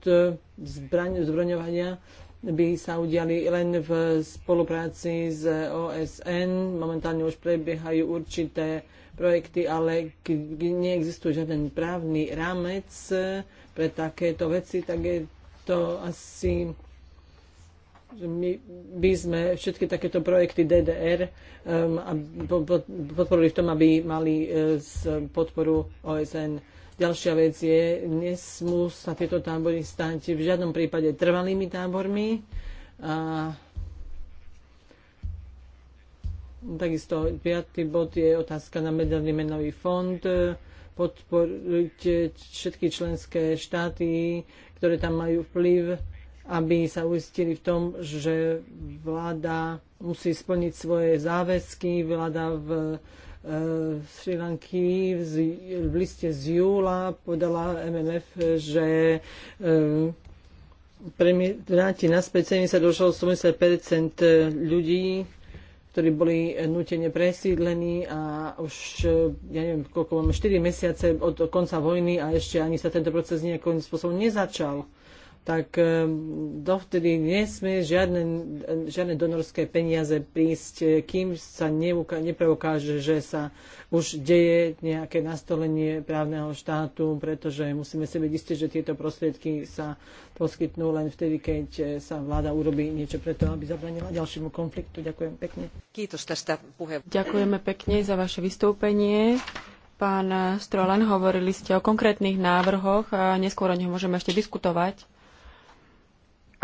zbraň, zbraňovania by sa udiali len v spolupráci s OSN. Momentálne už prebiehajú určité projekty, ale keď neexistuje žiaden právny rámec eh, pre takéto veci, tak je to asi že my by sme všetky takéto projekty DDR um, ehm, a podporili v tom, aby mali uh, podporu OSN. Ďalšia vec je, nesmú sa tieto tábory stať v žiadnom prípade trvalými tábormi. A Takisto piatý bod je otázka na Medzinárodný menový fond. Podporujte všetky členské štáty, ktoré tam majú vplyv, aby sa uistili v tom, že vláda musí splniť svoje záväzky. Vláda v eh, v Sri Lanky v liste z júla podala MMF, že eh, vráti naspäť 70 do 80 ľudí, ktorí boli nutene presídlení a už, ja neviem, koľko máme, 4 mesiace od konca vojny a ešte ani sa tento proces nejakým spôsobom nezačal tak eh, dovtedy nesmie žiadne, žiadne donorské peniaze prísť, eh, kým sa nepreukáže, že sa už deje nejaké nastolenie právneho štátu, pretože musíme si byť istí, že tieto prostriedky sa poskytnú len vtedy, keď eh, sa vláda urobí niečo preto, aby zabranila ďalšiemu konfliktu. Ďakujem pekne. Ďakujeme pekne za vaše vystúpenie. Pán Strolen, hovorili ste o konkrétnych návrhoch, a neskôr o nich môžeme ešte diskutovať.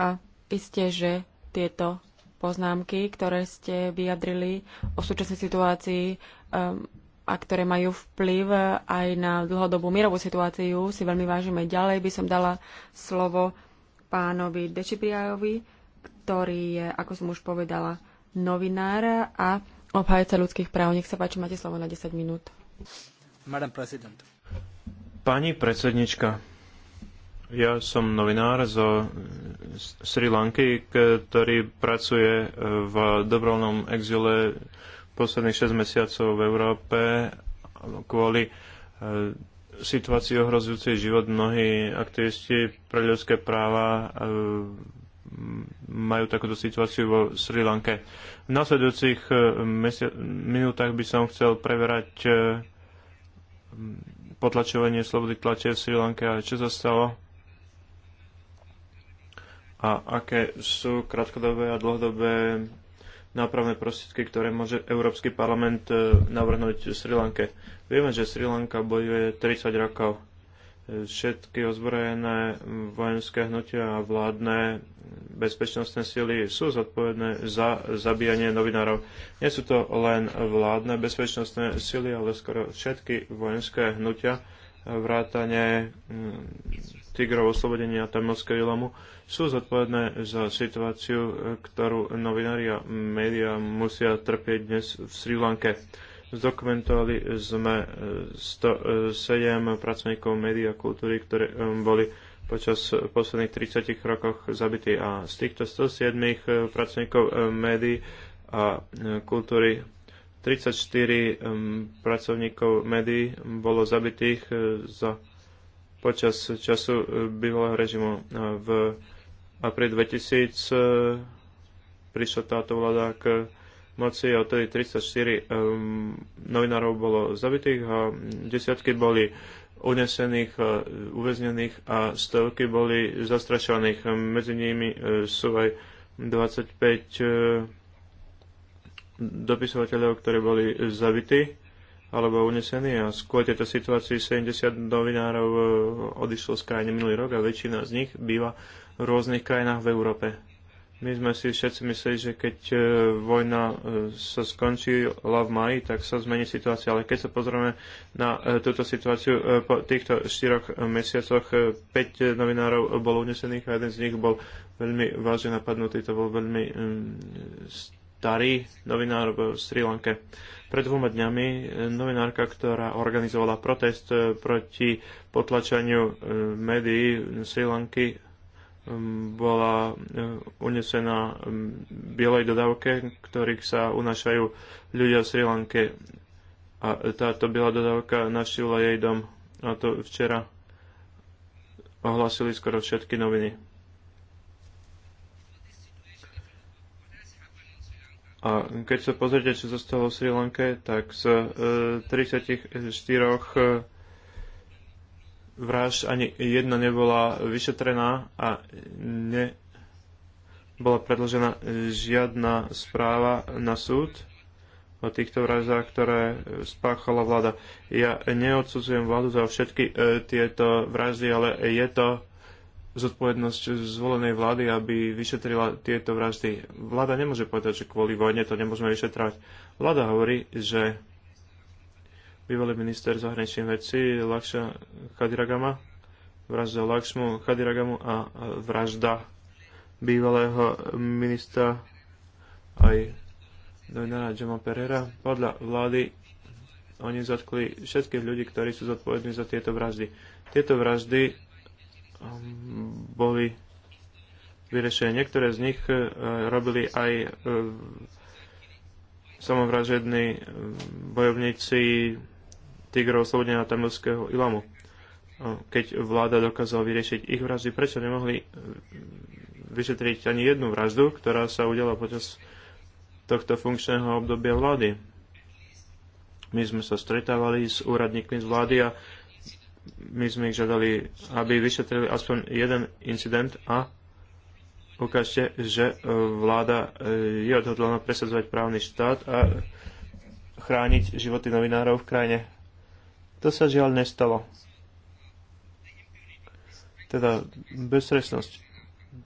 A isté, že tieto poznámky, ktoré ste vyjadrili o súčasnej situácii um, a ktoré majú vplyv aj na dlhodobú mierovú situáciu, si veľmi vážime. Ďalej by som dala slovo pánovi Dečipriajovi, ktorý je, ako som už povedala, novinár a obhajca ľudských práv. Nech sa páči, máte slovo na 10 minút. Pani predsednička, ja som novinár zo Sri Lanky, ktorý pracuje v dobrovoľnom exile posledných 6 mesiacov v Európe kvôli e, situácii ohrozujúcej život. Mnohí aktivisti pre ľudské práva e, majú takúto situáciu vo Sri Lanke. V nasledujúcich e, minútach by som chcel preverať potlačovanie slobody tlače v Sri Lanke a čo sa stalo a aké sú krátkodobé a dlhodobé nápravné prostriedky, ktoré môže Európsky parlament e, navrhnúť Sri Lanke. Vieme, že Sri Lanka bojuje 30 rokov. E, všetky ozbrojené vojenské hnutia a vládne bezpečnostné sily sú zodpovedné za zabíjanie novinárov. Nie sú to len vládne bezpečnostné sily, ale skoro všetky vojenské hnutia vrátane Tigrov oslobodenia Tamilského ilomu sú zodpovedné za situáciu, ktorú novinári a médiá musia trpieť dnes v Sri Lanke. Zdokumentovali sme 107 eh, pracovníkov médií a kultúry, ktorí eh, boli počas posledných 30 rokov zabití a z týchto 107 eh, pracovníkov médií a kultúry 34 pracovníkov médií bolo zabitých za počas času eh, bývalého režimu. Eh, v apríli 2000 eh, prišla táto vláda k moci a odtedy 34 novinárov bolo zabitých a desiatky boli unesených, a uväznených a stovky boli zastrašovaných. Medzi nimi sú aj 25 dopisovateľov, ktorí boli zabití alebo unesený a skôr tejto situácii 70 novinárov e, odišlo z krajiny minulý rok a väčšina z nich býva v rôznych krajinách v Európe. My sme si všetci mysleli, že keď e, vojna e, sa skončila v maji, tak sa zmení situácia. Ale keď sa pozrieme na túto situáciu, po týchto štyroch mesiacoch 5 novinárov bolo unesených a jeden z nich bol veľmi vážne napadnutý. To bol veľmi mm, Tari, novinár v Sri Lanke. Pred dvoma dňami e, novinárka, ktorá organizovala protest e, proti potlačaniu e, médií Sri Lanky, bola unesená bielej dodávke, ktorých sa unášajú ľudia v Sri Lanke. A táto biela dodávka navštívila jej dom. A to včera ohlasili skoro všetky noviny. A keď sa pozrite, čo zostalo v Sri Lanke, tak z e, 34 e, vraž ani jedna nebola vyšetrená a ne bola predložená žiadna správa na súd o týchto vraždách, ktoré spáchala vláda. Ja neodsudzujem vládu za všetky e, tieto vraždy, ale je to zodpovednosť zvolenej vlády, aby vyšetrila tieto vraždy. Vláda nemôže povedať, že kvôli vojne to nemôžeme vyšetrovať. Vláda hovorí, že bývalý minister zahraničných vecí Lakša Kadiragama vražda Lakšmu Kadiragamu a vražda bývalého ministra aj novinára Džema Pereira. Podľa vlády oni zatkli všetkých ľudí, ktorí sú zodpovední za tieto vraždy. Tieto vraždy boli vyriešené. Niektoré z nich e, robili aj e, samovražední e, bojovníci tigrov slobodneného tamilského Ilamu. Keď vláda dokázala vyriešiť ich vraždy, prečo nemohli vyšetriť ani jednu vraždu, ktorá sa udela počas tohto funkčného obdobia vlády? My sme sa stretávali s úradníkmi z vlády a my sme ich žiadali, aby vyšetrili aspoň jeden incident a ukážte, že e, vláda e, je odhodlána presadzovať právny štát a chrániť životy novinárov v krajine. To sa žiaľ nestalo. Teda bezstresnosť.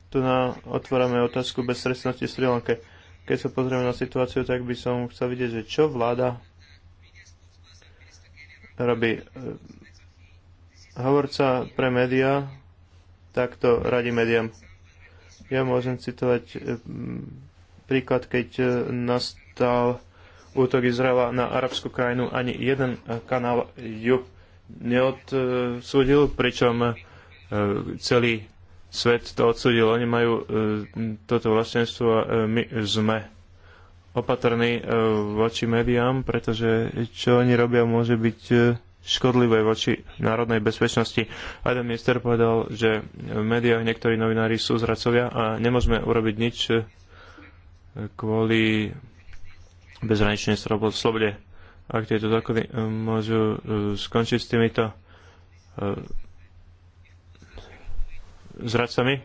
Tu na, otvárame otázku bezstresnosti v Sri Lanke. Keď sa pozrieme na situáciu, tak by som chcel vidieť, že čo vláda robí e, hovorca pre médiá, takto radi médiám. Ja môžem citovať eh, mm, príklad, keď eh, nastal útok Izraela na arabskú krajinu, ani jeden eh, kanál ju neodsúdil, pričom celý svet to odsúdil. Oni majú toto vlastenstvo a my sme opatrní voči médiám, pretože čo oni robia môže byť škodlivé voči národnej bezpečnosti. A jeden minister povedal, že v médiách niektorí novinári sú zradcovia a nemôžeme urobiť nič eh, kvôli bezhraničnej slobode. Ak tieto zákony eh, môžu eh, skončiť s týmito zradcami,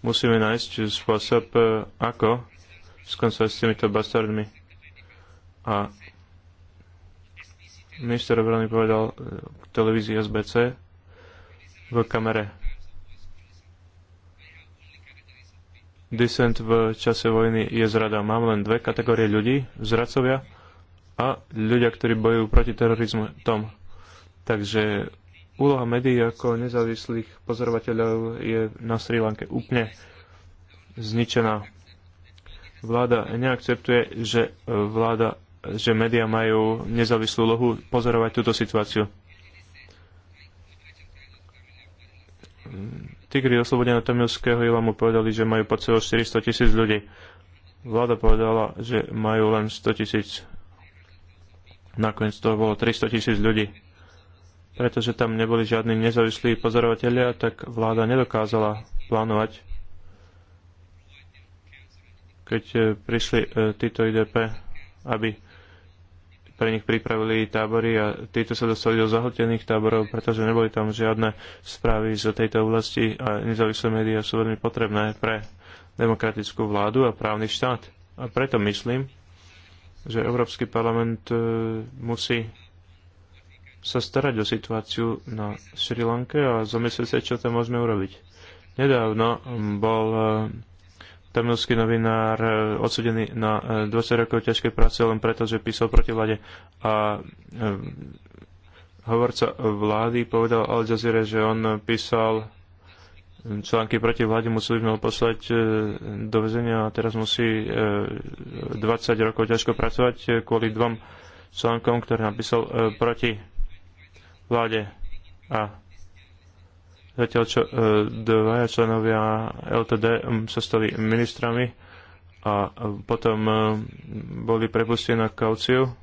musíme nájsť spôsob, ako skoncovať s týmito bastardmi. A minister obrany povedal e, k televízii SBC v kamere. Dissent v čase vojny je zrada. Mám len dve kategórie ľudí, zradcovia a ľudia, ktorí bojujú proti terorizmu. Tom. Takže úloha médií ako nezávislých pozorovateľov je na Sri Lanke úplne zničená. Vláda neakceptuje, že vláda že médiá majú nezávislú lohu pozorovať túto situáciu. Tigri oslobodeného tamilského mu povedali, že majú pod sebou 400 tisíc ľudí. Vláda povedala, že majú len 100 tisíc. Nakoniec to bolo 300 tisíc ľudí. Pretože tam neboli žiadni nezávislí pozorovatelia, tak vláda nedokázala plánovať keď eh, prišli eh, títo IDP, aby pre nich pripravili tábory a títo sa dostali do zahltených táborov, pretože neboli tam žiadne správy z tejto oblasti a nezávislé médiá sú veľmi potrebné pre demokratickú vládu a právny štát. A preto myslím, že Európsky parlament e, musí sa starať o situáciu na Sri Lanke a zamyslieť sa, čo tam môžeme urobiť. Nedávno mm, bol e, tamilský novinár e, odsudený na 20 e, rokov ťažkej práce len preto, že písal proti vlade. A e, hovorca vlády povedal Al Jazeera, že on písal články proti vláde, museli sme ho poslať do väzenia a teraz musí 20 rokov ťažko pracovať kvôli dvom článkom, ktoré napísal proti vláde. A Zatiaľ čo e, dvaja členovia LTD sa stali ministrami a potom e, boli prepustení na kauciu.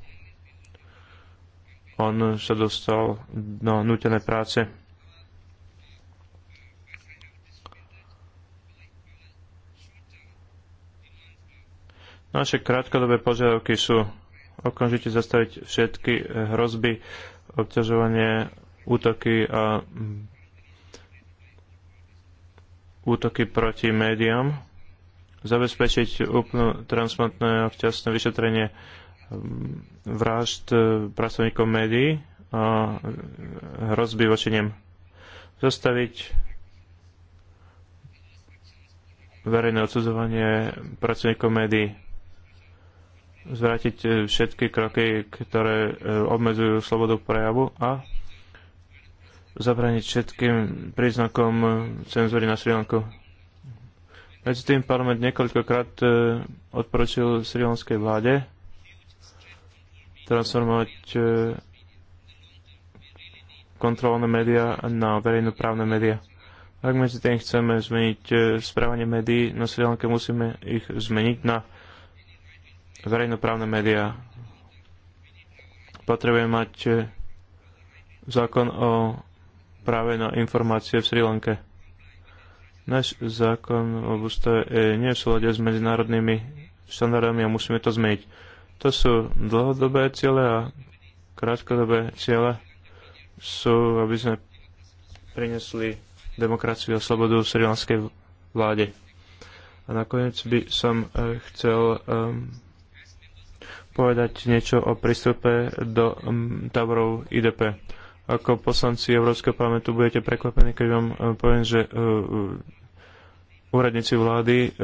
On sa dostal na nutené práce. Naše krátkodobé požiadavky sú okamžite zastaviť všetky hrozby, obťažovanie, útoky a útoky proti médiám, zabezpečiť úplne transparentné a včasné vyšetrenie mm, vražd e, pracovníkov médií a hrozby voči nem. Zastaviť verejné odsudzovanie pracovníkov médií. Zvrátiť e, všetky kroky, ktoré e, obmedzujú slobodu prejavu a zabraniť všetkým príznakom cenzúry na Sri Lanku. Medzi tým parlament niekoľkokrát e, odporučil Sri vláde transformovať e, kontrolné médiá na verejnoprávne médiá. Ak medzi tým chceme zmeniť e, správanie médií na Sri Lanke, musíme ich zmeniť na verejnoprávne médiá. Potrebujeme mať zákon o práve na informácie v Sri Lanke. Náš zákon o ústave nie je v súlade s medzinárodnými štandardami a musíme to zmeniť. To sú dlhodobé ciele a krátkodobé ciele sú, aby sme prinesli demokraciu a slobodu v srilanskej vláde. A nakoniec by som e, chcel um, povedať niečo o prístupe do um, táborov IDP ako poslanci Európskeho parlamentu budete prekvapení, keď vám eh, poviem, že eh, eh, úradníci vlády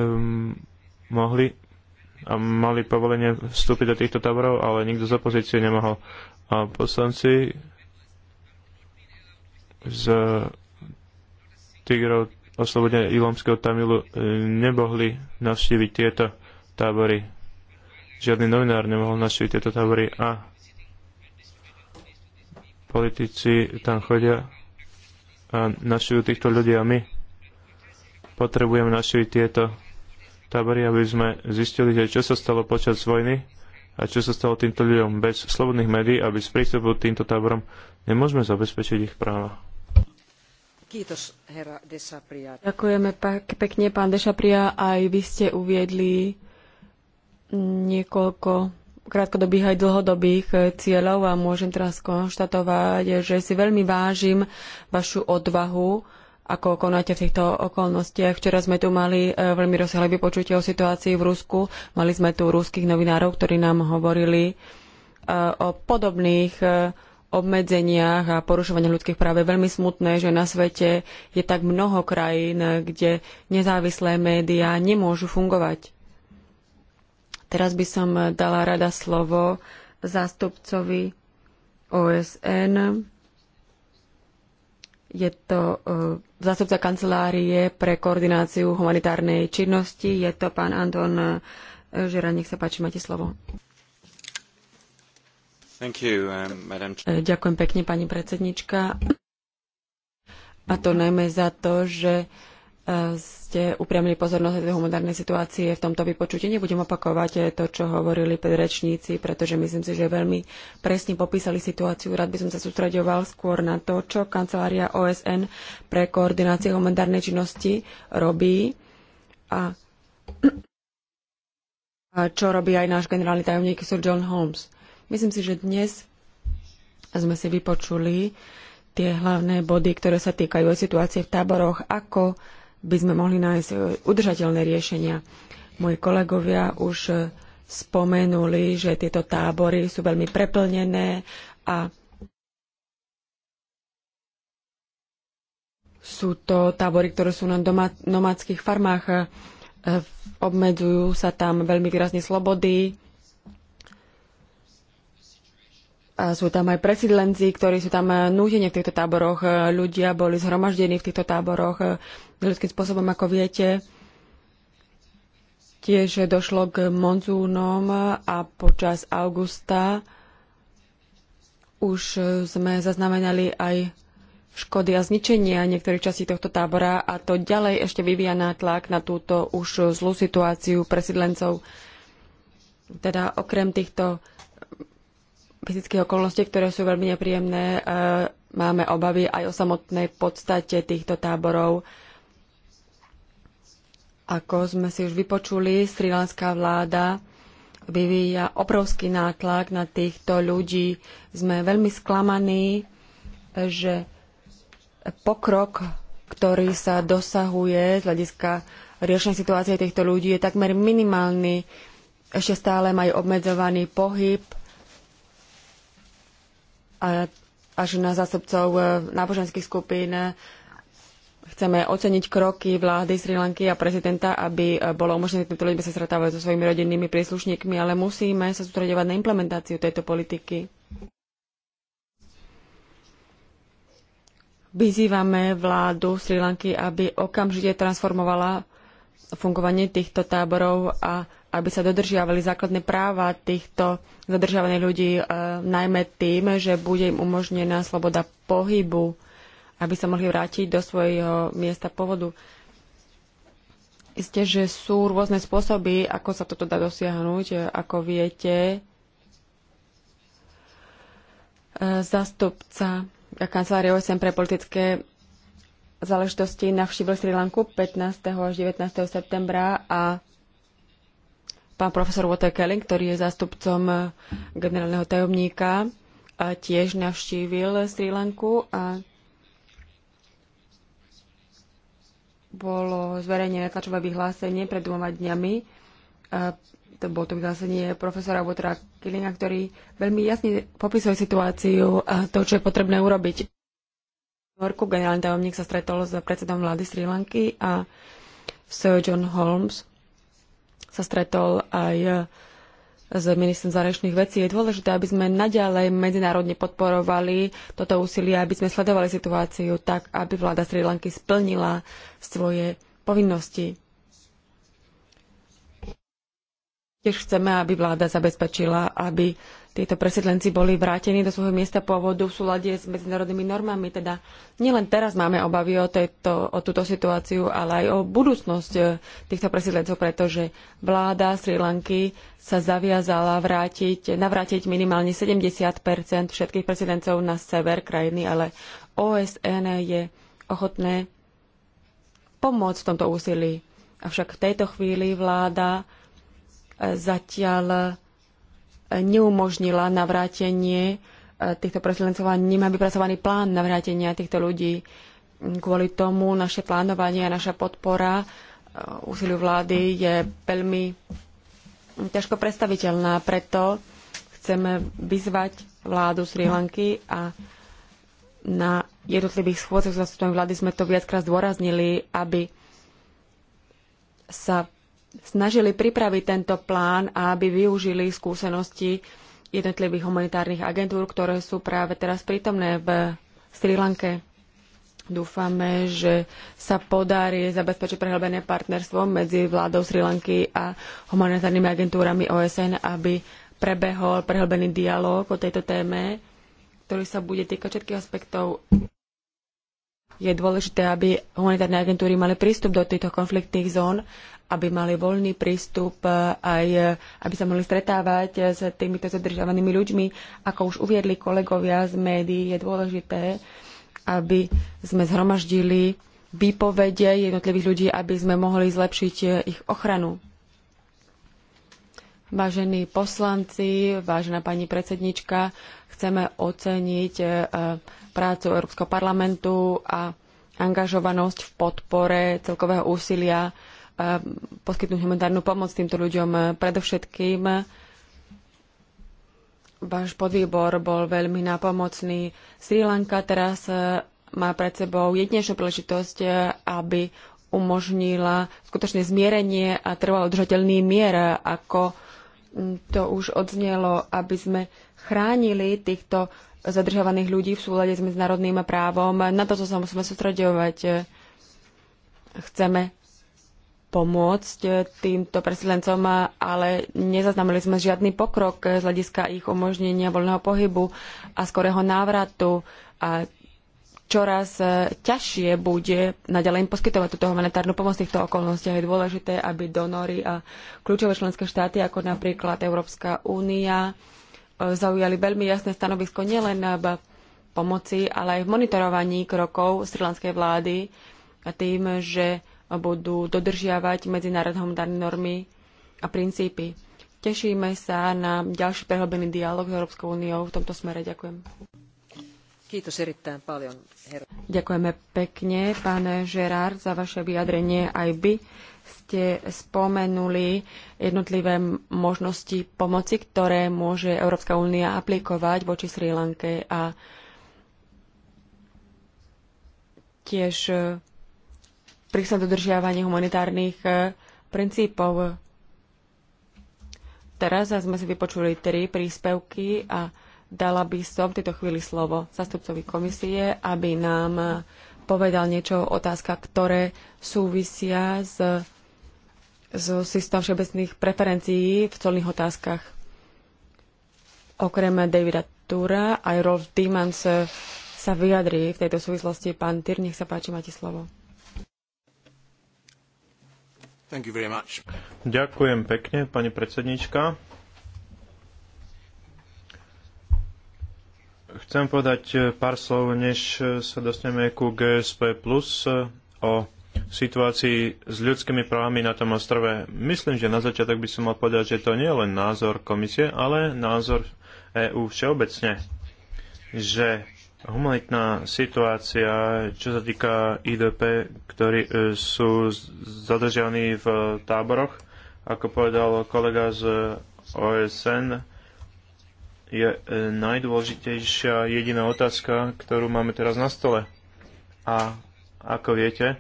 mohli a mali povolenie vstúpiť do týchto táborov, ale nikto z opozície nemohol. A poslanci z Tigrov oslobodenia Ilomského Tamilu nemohli navštíviť tieto tábory. Žiadny novinár nemohol navštíviť tieto tábory a politici tam chodia a našujú týchto ľudí a my potrebujeme našiť tieto tábory, aby sme zistili, že čo sa stalo počas vojny a čo sa stalo týmto ľuďom. Bez slobodných médií aby s prístupu týmto táborom nemôžeme zabezpečiť ich práva. Ďakujeme pekne, pán Dešapria. Aj vy ste uviedli niekoľko krátkodobých aj dlhodobých eh, cieľov a môžem teraz konštatovať, že si veľmi vážim vašu odvahu, ako konáte v týchto okolnostiach. Včera sme tu mali eh, veľmi rozsiahle vypočutie o situácii v Rusku. Mali sme tu ruských novinárov, ktorí nám hovorili eh, o podobných obmedzeniach a porušovaní ľudských práv je veľmi smutné, že na svete je tak mnoho krajín, kde nezávislé médiá nemôžu fungovať Teraz by som eh, dala rada slovo zástupcovi OSN. Je to eh, zástupca kancelárie pre koordináciu humanitárnej činnosti. Je to pán Anton eh, Žera. Nech sa páči, máte slovo. You, um, Ďakujem pekne, pani predsednička. A to najmä za to, že ste upriamili pozornosť do humanitárnej situácie v tomto vypočutí. Nebudem opakovať eh, to, čo hovorili predrečníci, pretože myslím si, že veľmi presne popísali situáciu. Rád by som sa sústredoval skôr na to, čo kancelária OSN pre koordináciu humanitárnej činnosti robí a, a čo robí aj náš generálny tajomník Sir John Holmes. Myslím si, že dnes sme si vypočuli tie hlavné body, ktoré sa týkajú aj situácie v táboroch, ako by sme mohli nájsť e, udržateľné riešenia. Moji kolegovia už e, spomenuli, že tieto tábory sú veľmi preplnené a sú to tábory, ktoré sú na nomadských farmách. E, obmedzujú sa tam veľmi výrazne slobody A sú tam aj presídlenci, ktorí sú tam nútenie v týchto táboroch. Ľudia boli zhromaždení v týchto táboroch ľudským spôsobom, ako viete. Tiež došlo k monzúnom a počas augusta už sme zaznamenali aj škody a zničenia niektorých častí tohto tábora a to ďalej ešte vyvíja nátlak na túto už zlú situáciu presídlencov. Teda okrem týchto fyzických okolností, ktoré sú veľmi nepríjemné. E, máme obavy aj o samotnej podstate týchto táborov. Ako sme si už vypočuli, srilanská vláda vyvíja obrovský nátlak na týchto ľudí. Sme veľmi sklamaní, že pokrok, ktorý sa dosahuje z hľadiska riešenia situácie týchto ľudí, je takmer minimálny. Ešte stále majú obmedzovaný pohyb, až na zástupcov e, náboženských skupín. E, chceme oceniť kroky vlády Sri Lanky a prezidenta, aby e, bolo umožnené týmto ľuďom sa stretávať so svojimi rodinnými príslušníkmi, ale musíme sa sústredovať na implementáciu tejto politiky. Vyzývame vládu Sri Lanky, aby okamžite transformovala fungovanie týchto táborov a aby sa dodržiavali základné práva týchto zadržiavaných ľudí, e, najmä tým, že bude im umožnená sloboda pohybu, aby sa mohli vrátiť do svojho miesta povodu. Isté, že sú rôzne spôsoby, ako sa toto dá dosiahnuť. E, ako viete, e, zastupca kancelárie OSM pre politické záležitosti navštívil Sri Lanku 15. až 19. septembra a pán profesor Walter Kelly, ktorý je zástupcom eh, generálneho tajomníka, eh, tiež navštívil Sri Lanku a bolo zverejnené tlačové vyhlásenie pred dvoma dňami. A eh, to bolo to vyhlásenie profesora Watera Kilina, ktorý veľmi jasne popisuje situáciu a to, čo je potrebné urobiť. V generálny tajomník sa stretol s predsedom vlády Sri Lanky a Sir John Holmes sa stretol aj s ministrom zahraničných vecí. Je dôležité, aby sme naďalej medzinárodne podporovali toto úsilie, aby sme sledovali situáciu tak, aby vláda Sri Lanky splnila svoje povinnosti. Tiež chceme, aby vláda zabezpečila, aby títo presídlenci boli vrátení do svojho miesta pôvodu v súlade s medzinárodnými normami. Teda nielen teraz máme obavy o, tejto, o túto situáciu, ale aj o budúcnosť e, týchto presídlencov, pretože vláda Sri Lanky sa zaviazala vrátiť, navrátiť minimálne 70 všetkých presídlencov na sever krajiny, ale OSN je ochotné pomôcť v tomto úsilí. Avšak v tejto chvíli vláda e, zatiaľ neumožnila navrátenie eh, týchto preselencov a nemá vypracovaný plán navrátenia týchto ľudí. Kvôli tomu naše plánovanie a naša podpora eh, úsiliu vlády je veľmi ťažko predstaviteľná. Preto chceme vyzvať vládu Sri Lanky a na jednotlivých schôdzach s vlády sme to viackrát zdôraznili, aby sa snažili pripraviť tento plán a aby využili skúsenosti jednotlivých humanitárnych agentúr, ktoré sú práve teraz prítomné v Sri Lanke. Dúfame, že sa podarí zabezpečiť prehlbené partnerstvo medzi vládou Sri Lanky a humanitárnymi agentúrami OSN, aby prebehol prehlbený dialog o tejto téme, ktorý sa bude týkať všetkých aspektov je dôležité, aby humanitárne agentúry mali prístup do týchto konfliktných zón aby mali voľný prístup, e, aj e, aby sa mohli stretávať e, s týmito zadržiavanými ľuďmi. Ako už uviedli kolegovia z médií, je dôležité, aby sme zhromaždili výpovede jednotlivých ľudí, aby sme mohli zlepšiť ich ochranu. Vážení poslanci, vážená pani predsednička, chceme oceniť prácu Európskeho parlamentu a angažovanosť v podpore celkového úsilia poskytnúť humanitárnu pomoc týmto ľuďom. Predovšetkým váš podvýbor bol veľmi nápomocný. Sri Lanka teraz e, má pred sebou jedinečnú príležitosť, e, aby umožnila skutočné zmierenie a trvalo udržateľný mier, ako to už odznelo, aby sme chránili týchto zadržovaných ľudí v súlade s medzinárodným právom. Na to, čo sa musíme sústredovať, chceme pomôcť eh, týmto presídlencom, eh, ale nezaznamenali sme žiadny pokrok eh, z hľadiska ich umožnenia voľného pohybu a skorého návratu. A čoraz ťažšie bude naďalej im poskytovať túto humanitárnu pomoc v týchto okolnostiach. Je dôležité, aby donory a kľúčové členské štáty, ako napríklad Európska únia, zaujali veľmi jasné stanovisko nielen v pomoci, ale aj v monitorovaní krokov srilanskej vlády a tým, že budú dodržiavať medzinárodné humanitárne normy a princípy. Tešíme sa na ďalší prehlbený dialog s Európskou úniou v tomto smere. Ďakujem. Ďakujeme pekne, pán Gerard, za vaše vyjadrenie. Aj by ste spomenuli jednotlivé možnosti pomoci, ktoré môže Európska únia aplikovať voči Sri Lanke a tiež prísne dodržiavanie humanitárnych e, princípov. Teraz sme si vypočuli tri príspevky a dala by som v tejto chvíli slovo zastupcovi komisie, aby nám povedal niečo o otázkach, ktoré súvisia s, s systémom všeobecných preferencií v colných otázkach. Okrem Davida Tura aj Rolf Diemans sa vyjadrí v tejto súvislosti. Pán Tyr, nech sa páči, máte slovo. Ďakujem pekne, pani predsednička. Chcem povedať pár slov, než sa dostaneme ku GSP Plus eh, o situácii s ľudskými právami na tom ostrove. Myslím, že na začiatok by som mal povedať, že to nie je len názor komisie, ale názor EÚ všeobecne, že humanitná situácia, čo sa týka IDP, ktorí e, sú zadržaní v táboroch, ako povedal kolega z OSN, je e, najdôležitejšia jediná otázka, ktorú máme teraz na stole. A ako viete,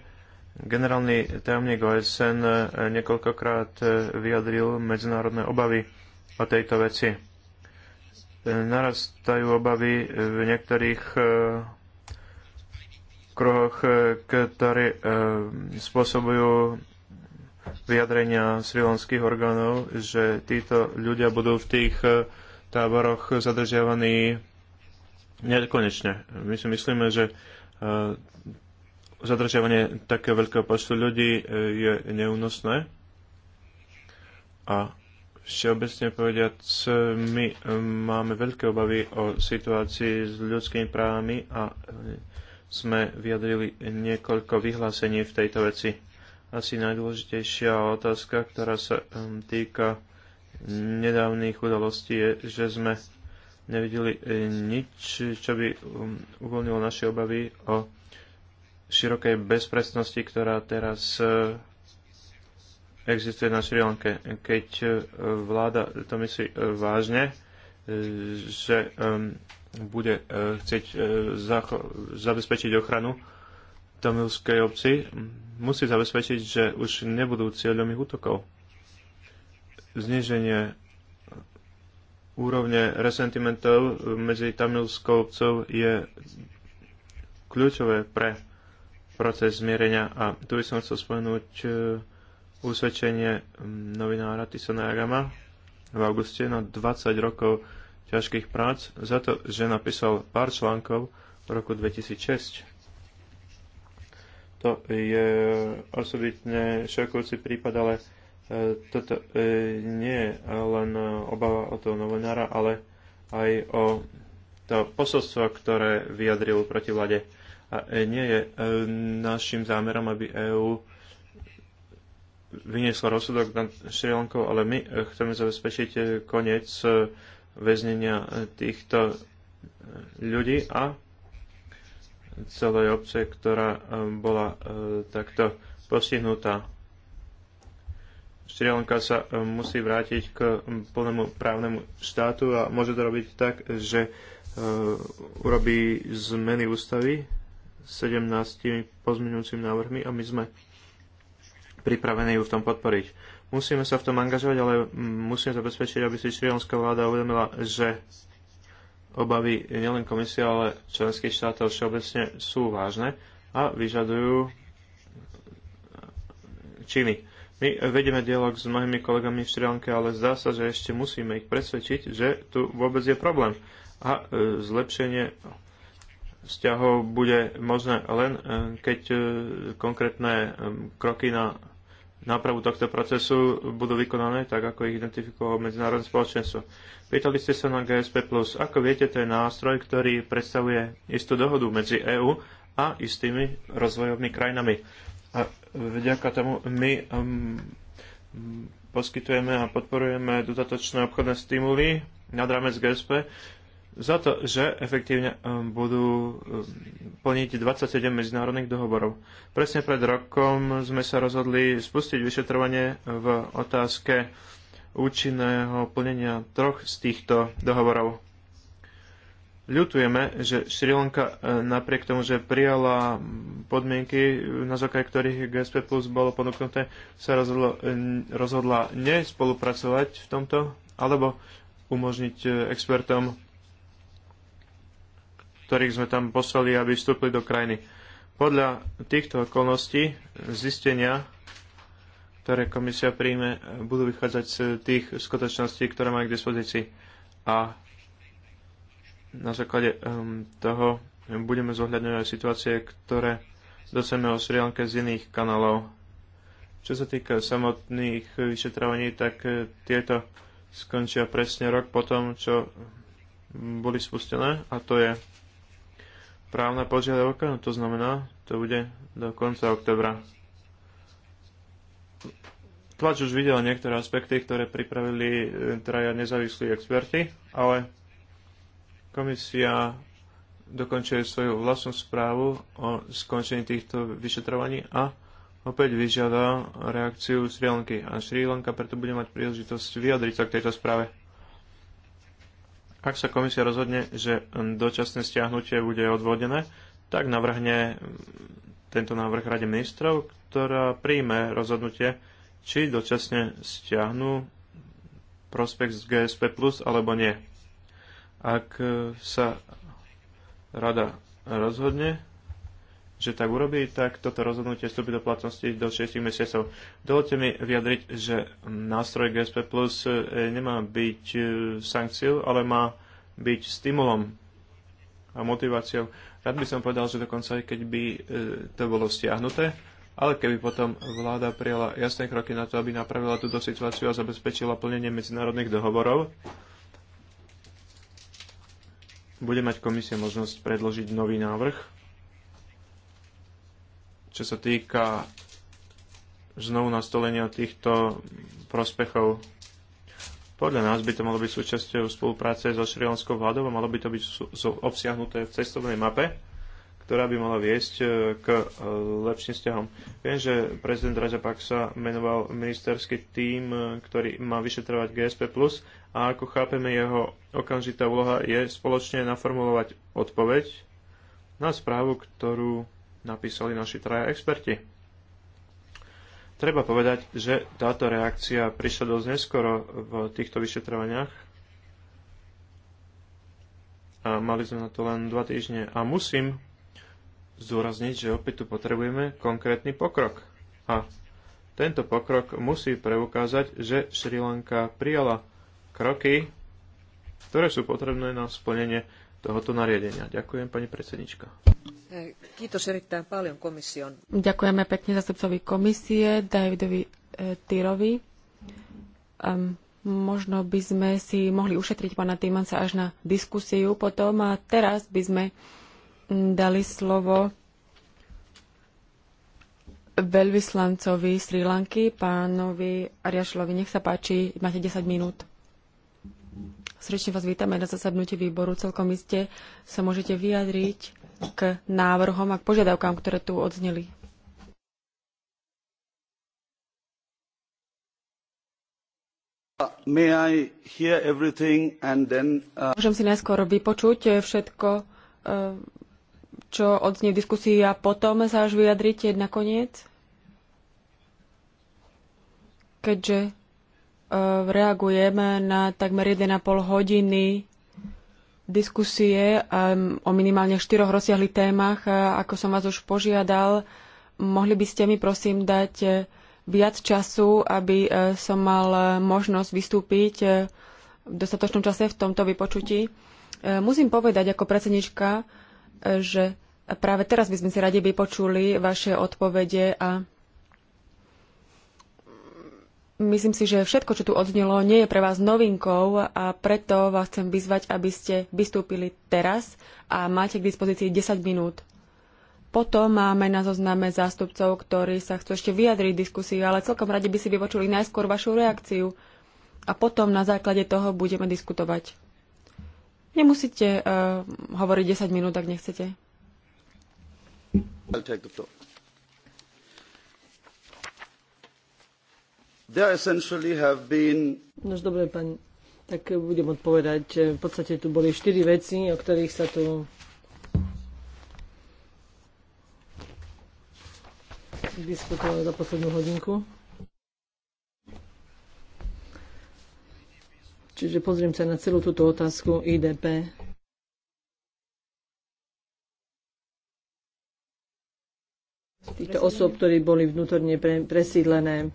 generálny tajomník OSN e, niekoľkokrát vyjadril medzinárodné obavy o tejto veci narastajú obavy v niektorých e, kruhoch, e, ktoré e, spôsobujú vyjadrenia srilonských orgánov, že títo ľudia budú v tých táboroch zadržiavaní nekonečne. My si myslíme, že zadržiavanie takého veľkého počtu ľudí je neúnosné a Všeobecne povediac, my e, máme veľké obavy o situácii s ľudskými právami a e, sme vyjadrili niekoľko vyhlásení v tejto veci. Asi najdôležitejšia otázka, ktorá sa e, týka nedávnych udalostí, je, že sme nevideli nič, čo by uvoľnilo naše obavy o širokej bezpresnosti, ktorá teraz existuje na Sri Keď e, vláda to myslí e, vážne, e, že bude chcieť zabezpečiť ochranu tamilskej obci, musí zabezpečiť, že už nebudú cieľom ich útokov. Zniženie úrovne resentimentov medzi tamilskou obcov je kľúčové pre proces zmierenia a tu by som chcel spomenúť usvedčenie mm, novinára Tisana Agama v auguste na 20 rokov ťažkých prác za to, že napísal pár článkov v roku 2006. To je osobitne šokujúci prípad, ale e, toto e, nie je len obava o toho novinára, ale aj o to posolstvo, ktoré vyjadril proti vlade. A e, nie je našim zámerom, aby EÚ EU vyniesla rozsudok nad Šrilankou, ale my eh, chceme zabezpečiť eh, koniec eh, väznenia týchto ľudí a celej obce, ktorá bola takto postihnutá. Šrilanka sa musí vrátiť k hm, plnému právnemu štátu a môže to robiť tak, že urobí zmeny ústavy 17 pozmeňujúcimi návrhmi a my sme pripravení ju v tom podporiť. Musíme sa v tom angažovať, ale musíme zabezpečiť, aby si šrilanská vláda uvedomila, že obavy nielen komisie, ale členských štátov všeobecne sú vážne a vyžadujú činy. My vedeme dialog s mnohými kolegami v Šrilanke, ale zdá sa, že ešte musíme ich presvedčiť, že tu vôbec je problém. A e, zlepšenie vzťahov bude možné len, e, keď e, konkrétne kroky na nápravu tohto procesu budú vykonané tak, ako ich identifikovalo medzinárodné spoločenstvo. Pýtali ste sa na GSP+. Ako viete, to je nástroj, ktorý predstavuje istú dohodu medzi EÚ a istými rozvojovými krajinami. A vďaka tomu my um, um poskytujeme a podporujeme dodatočné obchodné stimuly nad rámec GSP za to, že efektívne um, budú um, plniť 27 medzinárodných dohovorov. Presne pred rokom sme sa rozhodli spustiť vyšetrovanie v otázke účinného plnenia troch z týchto dohovorov. Ľutujeme, že Sri Lanka e, napriek tomu, že prijala podmienky, na základe ktorých GSP Plus bolo ponúknuté, sa rozhodlo, e, rozhodla nespolupracovať v tomto, alebo umožniť e, expertom ktorých sme tam poslali, aby vstúpili do krajiny. Podľa týchto okolností zistenia, ktoré komisia príjme, budú vychádzať z tých skutočností, ktoré majú k dispozícii. A na základe um, toho budeme zohľadňovať situácie, ktoré dostaneme o Sri z iných kanálov. Čo sa týka samotných vyšetrovaní, tak e, tieto skončia presne rok potom, čo boli spustené a to je právna požiadavka, no to znamená, to bude do konca oktobra. Tlač už videl niektoré aspekty, ktoré pripravili e, traja nezávislí experti, ale komisia dokončuje svoju vlastnú správu o skončení týchto vyšetrovaní a opäť vyžiada reakciu Sri Lanky. A Sri Lanka preto bude mať príležitosť vyjadriť sa k tejto správe. Ak sa komisia rozhodne, že hm, dočasné stiahnutie bude odvodené, tak navrhne hm, tento návrh Rade ministrov, ktorá príjme rozhodnutie, či dočasne stiahnu prospekt z GSP plus alebo nie. Ak hm, sa rada rozhodne, že tak urobí, tak toto rozhodnutie vstúpi do platnosti do 6 mesiacov. Dovolte mi vyjadriť, že nástroj GSP Plus e, nemá byť e, sankciou, ale má byť stimulom a motiváciou. Rád by som povedal, že dokonca aj keď by e, to bolo stiahnuté, ale keby potom vláda prijala jasné kroky na to, aby napravila túto situáciu a zabezpečila plnenie medzinárodných dohovorov, bude mať komisia možnosť predložiť nový návrh čo sa týka znovu nastolenia týchto prospechov. Podľa nás by to malo byť súčasťou spolupráce so šrilanskou vládou a malo by to byť obsiahnuté v cestovnej mape, ktorá by mala viesť e, k e, lepším vzťahom. Viem, že prezident Rajapaksa menoval ministerský tím, e, ktorý má vyšetrovať GSP+, a ako chápeme, jeho okamžitá úloha je spoločne naformulovať odpoveď na správu, ktorú napísali naši traja experti. Treba povedať, že táto reakcia prišla dosť neskoro v týchto vyšetrovaniach a mali sme na to len dva týždne. A musím zdôrazniť, že opäť tu potrebujeme konkrétny pokrok. A tento pokrok musí preukázať, že Sri Lanka prijala kroky, ktoré sú potrebné na splnenie tohoto nariadenia. Ďakujem, pani predsednička. Ďakujeme pekne zastupcovi komisie Davidovi e, Tyrovi. Um, možno by sme si mohli ušetriť pána Týmanca až na diskusiu potom a teraz by sme mm, dali slovo veľvyslancovi Sri Lanky, pánovi Ariašlovi. Nech sa páči, máte 10 minút. Srdečne vás vítame na zasadnutí výboru. Celkom iste sa môžete vyjadriť k návrhom a k požiadavkám, ktoré tu odzneli. Then, uh... Môžem si najskôr vypočuť všetko, uh, čo odznie v diskusii a potom sa až vyjadriť nakoniec? Keďže uh, reagujeme na takmer 1,5 hodiny diskusie um, o minimálne štyroch rozsiahlých témach, ako som vás už požiadal. Mohli by ste mi prosím dať e, viac času, aby e, som mal e, možnosť vystúpiť v dostatočnom čase v tomto vypočutí. Musím povedať ako predsednička, že práve teraz by sme si radi vypočuli vaše odpovede a Myslím si, že všetko, čo tu odznelo, nie je pre vás novinkou a preto vás chcem vyzvať, aby ste vystúpili teraz a máte k dispozícii 10 minút. Potom máme na zozname zástupcov, ktorí sa chcú ešte vyjadriť diskusii, ale celkom radi by si vypočuli najskôr vašu reakciu a potom na základe toho budeme diskutovať. Nemusíte uh, hovoriť 10 minút, ak nechcete. I'll take the floor. There essentially have Nož dobre, pán, tak budem odpovedať. E, v podstate tu boli štyri veci, o ktorých sa tu diskutovalo za poslednú hodinku. Čiže pozriem sa na celú túto otázku IDP. Týchto osôb, ktorí boli vnútorne presídlené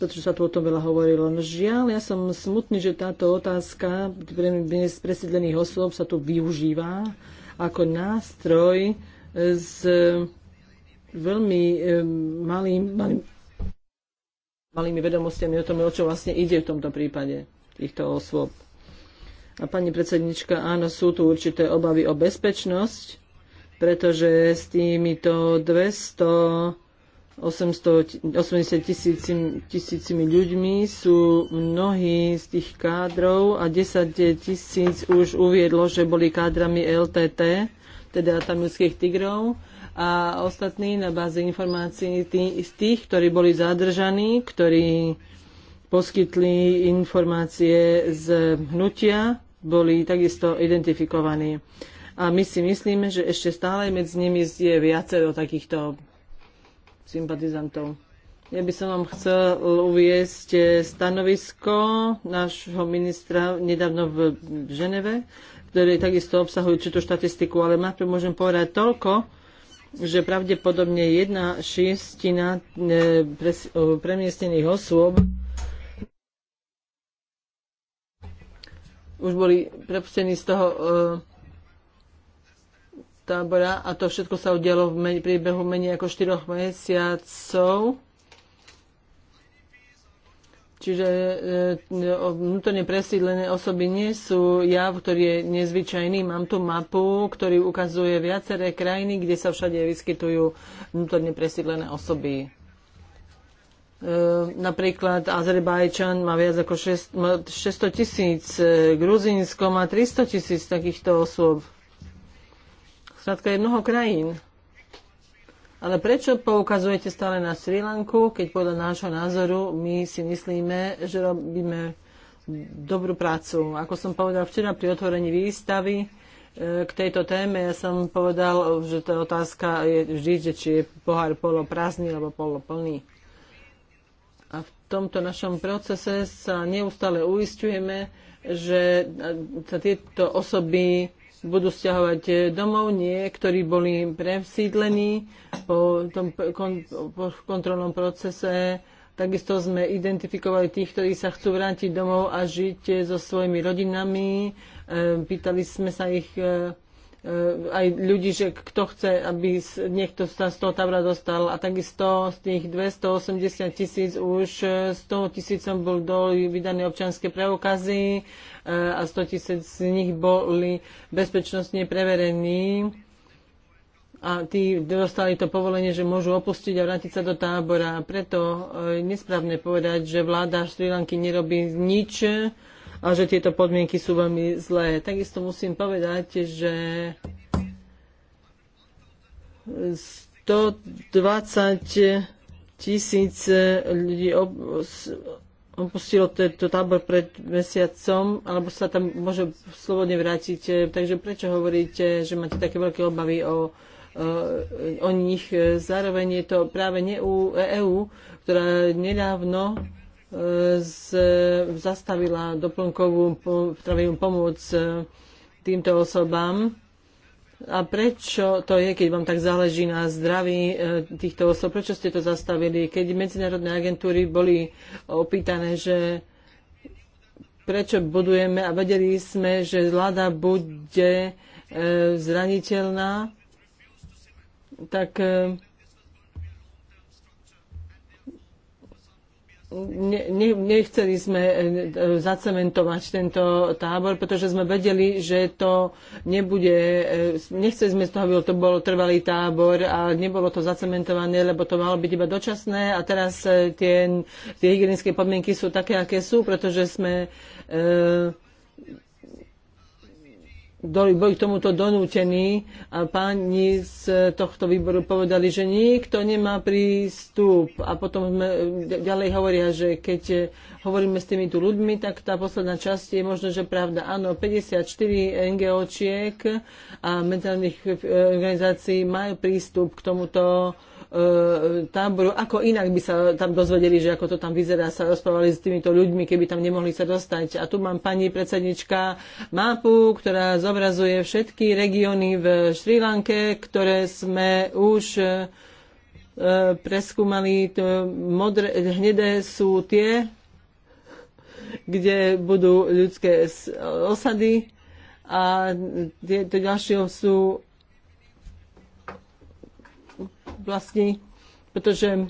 pretože sa tu o tom veľa hovorilo. No žiaľ, ja som smutný, že táto otázka presídlených osôb sa tu využíva ako nástroj s eh, veľmi eh, malým, malým, malými vedomostiami o tom, o čo vlastne ide v tomto prípade týchto osôb. A pani predsednička, áno, sú tu určité obavy o bezpečnosť, pretože s týmito 200 880 tisíc, tisícimi ľuďmi sú mnohí z tých kádrov a 10 tisíc už uviedlo, že boli kádrami LTT, teda tamilských tigrov a ostatní na báze informácií tí, z tých, ktorí boli zadržaní, ktorí poskytli informácie z hnutia, boli takisto identifikovaní. A my si myslíme, že ešte stále medzi nimi je viacero takýchto sympatizantov. Ja by som vám chcel uviesť eh, stanovisko nášho ministra nedávno v Ženeve, ktoré takisto obsahujú túto štatistiku, ale najprv môžem povedať toľko, že pravdepodobne jedna šiestina eh, premiestnených osôb už boli prepustení z toho eh, tábora a to všetko sa udialo v priebehu menej ako 4 mesiacov. Čiže e, e, vnútorne presídlené osoby nie sú Ja, ktorý je nezvyčajný. Mám tu mapu, ktorý ukazuje viaceré krajiny, kde sa všade vyskytujú vnútorne presídlené osoby. E, napríklad Azerbajčan má viac ako 600 tisíc, Gruzínsko má 300 tisíc takýchto osôb. Skladka je mnoho krajín. Ale prečo poukazujete stále na Sri Lanku, keď podľa nášho názoru my si myslíme, že robíme dobrú prácu. Ako som povedal včera pri otvorení výstavy, e, k tejto téme. Ja som povedal, že tá otázka je vždy, že či je pohár poloprázdny alebo poloplný. A v tomto našom procese sa neustále uistujeme, že sa tieto osoby budú stiahovať eh, domov, niektorí boli presídlení po tom kon, po kontrolnom procese. Takisto sme identifikovali tých, ktorí sa chcú vrátiť domov a žiť eh, so svojimi rodinami. Eh, pýtali sme sa ich aj ľudí, že kto chce, aby niekto sa z toho tabra dostal. A takisto z tých 280 tisíc už 100 tisícom bol doli vydané občanské preukazy. Eh, a 100 tisíc z nich boli bezpečnostne preverení a tí dostali to povolenie, že môžu opustiť a vrátiť sa do tábora. Preto je eh, nesprávne povedať, že vláda Sri Lanky nerobí nič a že tieto podmienky sú veľmi zlé. Takisto musím povedať, že 120 tisíc ľudí opustilo tento tábor pred mesiacom, alebo sa tam môže slobodne vrátiť. Takže prečo hovoríte, že máte také veľké obavy o, o, nich? Zároveň je to práve nie u EU ktorá nedávno e, z, zastavila doplnkovú potravinovú pomoc e, týmto osobám a prečo to je, keď vám tak záleží na zdraví e, týchto osob? Prečo ste to zastavili? Keď medzinárodné agentúry boli opýtané, že prečo budujeme a vedeli sme, že vláda bude e, zraniteľná, tak e, ne, ne, nechceli sme e, e, zacementovať tento tábor, pretože sme vedeli, že to nebude, e, nechceli sme z toho, aby to bol trvalý tábor a nebolo to zacementované, lebo to malo byť iba dočasné a teraz tie, tie hygienické podmienky sú také, aké sú, pretože sme e, boli k tomuto donútení a páni z tohto výboru povedali, že nikto nemá prístup. A potom sme, e, ďalej hovoria, že keď e, hovoríme s týmito ľuďmi, tak tá posledná časť je možno, že pravda. Áno, 54 NGOčiek a medzinárodných e, organizácií majú prístup k tomuto E, táboru. Ako inak by sa tam dozvedeli, že ako to tam vyzerá, sa rozprávali s týmito ľuďmi, keby tam nemohli sa dostať. A tu mám pani predsednička mapu, ktorá zobrazuje všetky regióny v Šri Lanke, ktoré sme už e, preskúmali. Modré, hnedé sú tie, kde budú ľudské osady a tieto ďalšie sú vlastní, pretože e,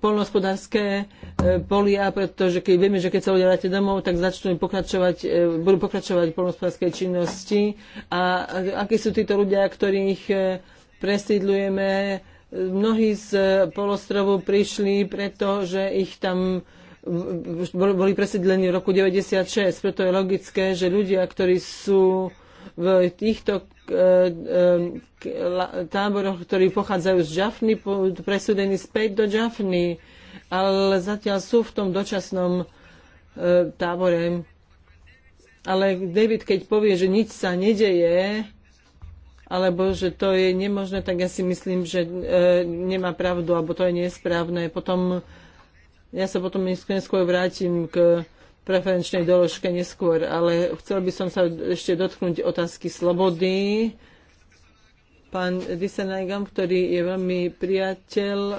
polnohospodárske e, polia, pretože keď vieme, že keď sa ľudia vráte domov, tak začnú pokračovať, e, budú pokračovať v činnosti. A akí sú títo ľudia, ktorých presídlujeme? Mnohí z polostrovu prišli, pretože ich tam boli presídlení v roku 96. Preto je logické, že ľudia, ktorí sú v týchto E, e, táboroch, ktorí pochádzajú z Džafny, presúdení späť do Džafny, ale zatiaľ sú v tom dočasnom e, tábore. Ale David, keď povie, že nič sa nedeje, alebo že to je nemožné, tak ja si myslím, že e, nemá pravdu, alebo to je nesprávne. Potom ja sa potom neskôr vrátim k preferenčnej doložke neskôr, ale chcel by som sa ešte dotknúť otázky slobody. Pán Dysenajgam, ktorý je veľmi priateľ, e,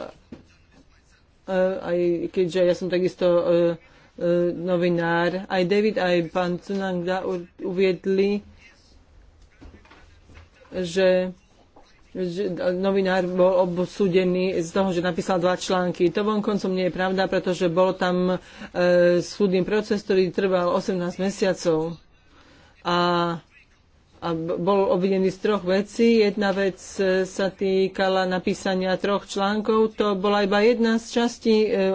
aj keďže ja som takisto e, e, novinár, aj David, aj pán Cunangda uviedli, že že novinár bol obsúdený z toho, že napísal dva články. To vonkoncom nie je pravda, pretože bol tam e, súdny proces, ktorý trval 18 mesiacov. A a bol obvinený z troch vecí. Jedna vec e, sa týkala napísania troch článkov. To bola iba jedna z častí e, e,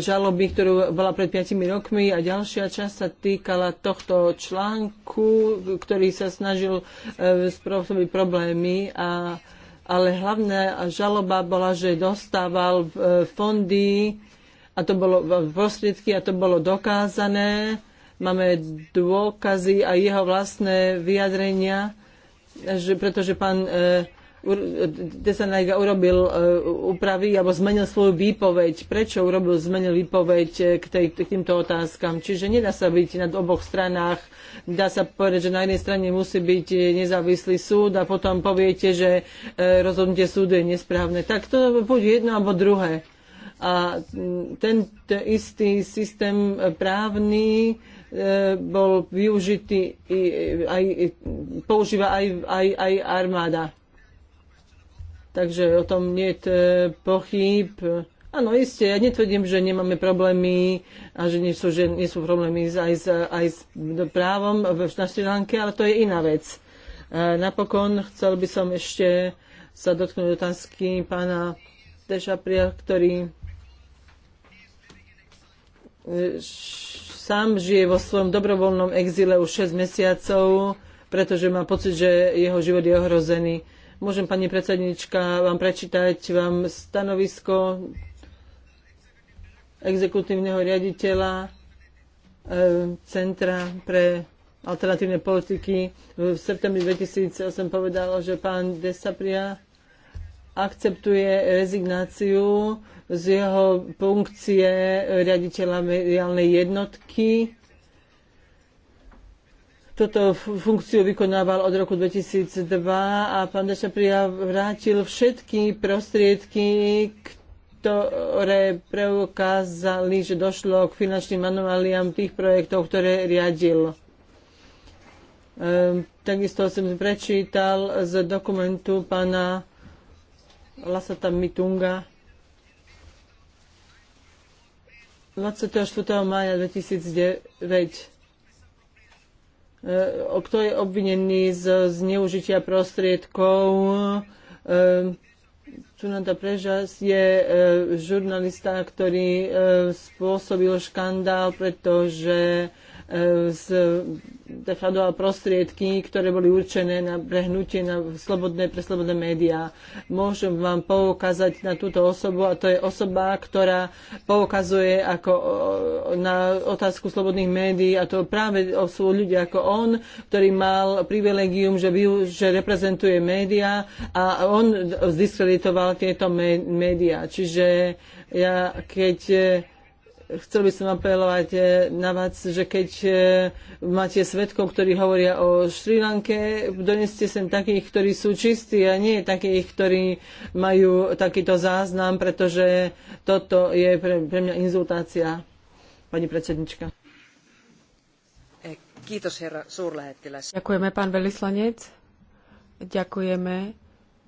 žaloby, ktorú bola pred 5 rokmi a ďalšia časť sa týkala tohto článku, ktorý sa snažil spôsobiť problémy a ale hlavná žaloba bola, že dostával fondy a to bolo prostriedky a to bolo dokázané máme dôkazy a jeho vlastné vyjadrenia, že, pretože pán Desanajga e, e, urobil e, úpravy alebo zmenil svoju výpoveď. Prečo urobil, zmenil výpoveď k, tej, k týmto otázkam? Čiže nedá sa byť na oboch stranách. Dá sa povedať, že na jednej strane musí byť nezávislý súd a potom poviete, že rozhodnutie súdu je nesprávne. Tak to buď jedno alebo druhé a ten istý systém právny bol využitý aj, používa aj, aj, aj armáda. Takže o tom nie je pochyb. Áno, isté, ja netvrdím, že nemáme problémy a že nie sú, že nie sú problémy aj s, aj s právom v Sri ale to je iná vec. E, napokon chcel by som ešte sa dotknúť otázky pána Dešapria, ktorý e, sám žije vo svojom dobrovoľnom exíle už 6 mesiacov, pretože má pocit, že jeho život je ohrozený. Môžem, pani predsednička, vám prečítať vám stanovisko exekutívneho riaditeľa e, Centra pre alternatívne politiky. V septembri 2008 povedalo, že pán Desapria akceptuje rezignáciu z jeho funkcie riaditeľa mediálnej jednotky. Toto funkciu vykonával od roku 2002 a pán Dešapria vrátil všetky prostriedky, ktoré preukázali, že došlo k finančným manuáliám tých projektov, ktoré riadil. Ehm, takisto som prečítal z dokumentu pána Lasata Mitunga 24. maja 2009 kto je obvinený z zneužitia prostriedkov. Čunanda e, Prežas je e, žurnalista, ktorý e, spôsobil škandál, pretože E, facto, prostriedky, ktoré boli určené na prehnutie na slobodné, pre slobodné médiá. Môžem vám poukázať na túto osobu a to je osoba, ktorá poukazuje ako e, na otázku slobodných médií a to práve sú ľudia ako on, ktorý mal privilegium, že, by, že reprezentuje médiá a on zdiskreditoval tieto médiá. Čiže ja keď e, chcel by som apelovať eh, na vás, že keď eh, máte svetkov, ktorí hovoria o Šri Lanke, doneste sem takých, ktorí sú čistí a nie takých, ktorí majú takýto záznam, pretože toto je pre, pre mňa inzultácia, pani predsednička. Eh, Ďakujeme, pán veľvyslanec. Ďakujeme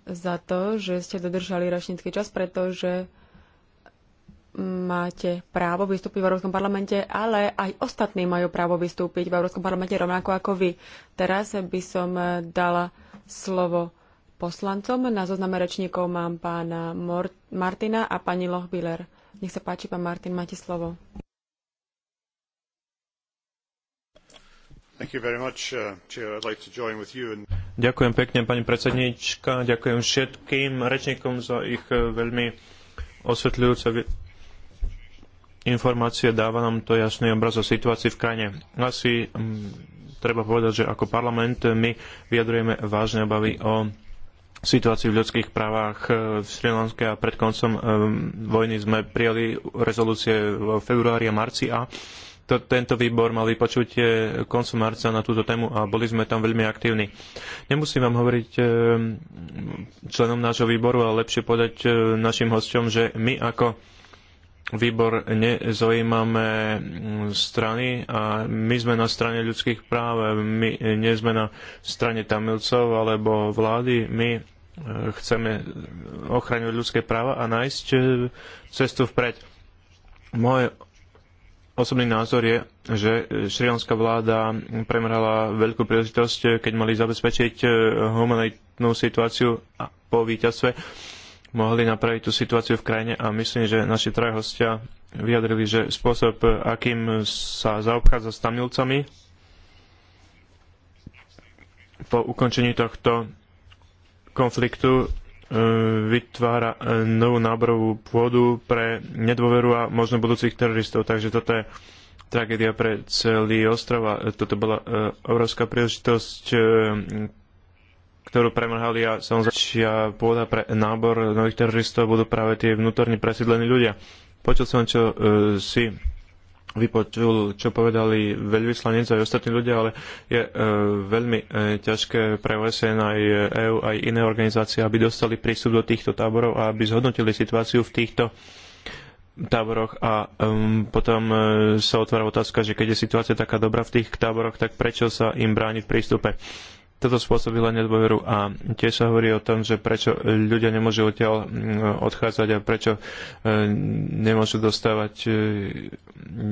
za to, že ste dodržali rašnický čas, pretože máte právo vystúpiť v Európskom parlamente, ale aj ostatní majú právo vystúpiť v Európskom parlamente rovnako ako vy. Teraz by som dala slovo poslancom. Na zozname rečníkov mám pána Martina a pani Lochbiller. Nech sa páči, pán Martin, máte slovo. Much, uh, like and... Ďakujem pekne, pani predsednička. Ďakujem všetkým rečníkom za ich uh, veľmi osvetľujúce informácie, dáva nám to jasný obraz o situácii v krajine. Asi m, mm, treba povedať, že ako parlament my vyjadrujeme vážne obavy o situácii v ľudských právach e, v Sri Lanke a pred koncom e, vojny sme prijali rezolúcie v februári a marci a to, tento výbor mal vypočutie koncom marca na túto tému a boli sme tam veľmi aktívni. Nemusím vám hovoriť e, členom nášho výboru, ale lepšie povedať našim hosťom, že my ako výbor nezaujímame mm, strany a my sme na strane ľudských práv, my nie sme na strane Tamilcov alebo vlády, my e, chceme ochraňovať ľudské práva a nájsť e, cestu vpred. Môj osobný názor je, že šrilanská vláda premerala veľkú príležitosť, keď mali zabezpečiť e, humanitnú situáciu po víťazstve mohli napraviť tú situáciu v krajine a myslím, že naši traja hostia vyjadrili, že spôsob, akým sa zaobchádza s Tamilcami po ukončení tohto konfliktu e, vytvára e, novú náborovú pôdu pre nedôveru a možno budúcich teroristov. Takže toto je tragédia pre celý ostrov a toto bola e, obrovská príležitosť ktorú premrhali a samozrejme pôda pre nábor nových teroristov budú práve tie vnútorne presídlení ľudia. Počul som, čo e, si vypočul, čo povedali veľvyslanec aj ostatní ľudia, ale je e, veľmi e, ťažké pre OSN aj EU, aj iné organizácie, aby dostali prístup do týchto táborov a aby zhodnotili situáciu v týchto táboroch a um, potom uh, sa otvára otázka, že keď je situácia taká dobrá v tých táboroch, tak prečo sa im bráni v prístupe? toto spôsobila nedôveru a tiež sa hovorí o tom, že prečo ľudia nemôžu odtiaľ mm, odchádzať a prečo e, nemôžu dostávať e,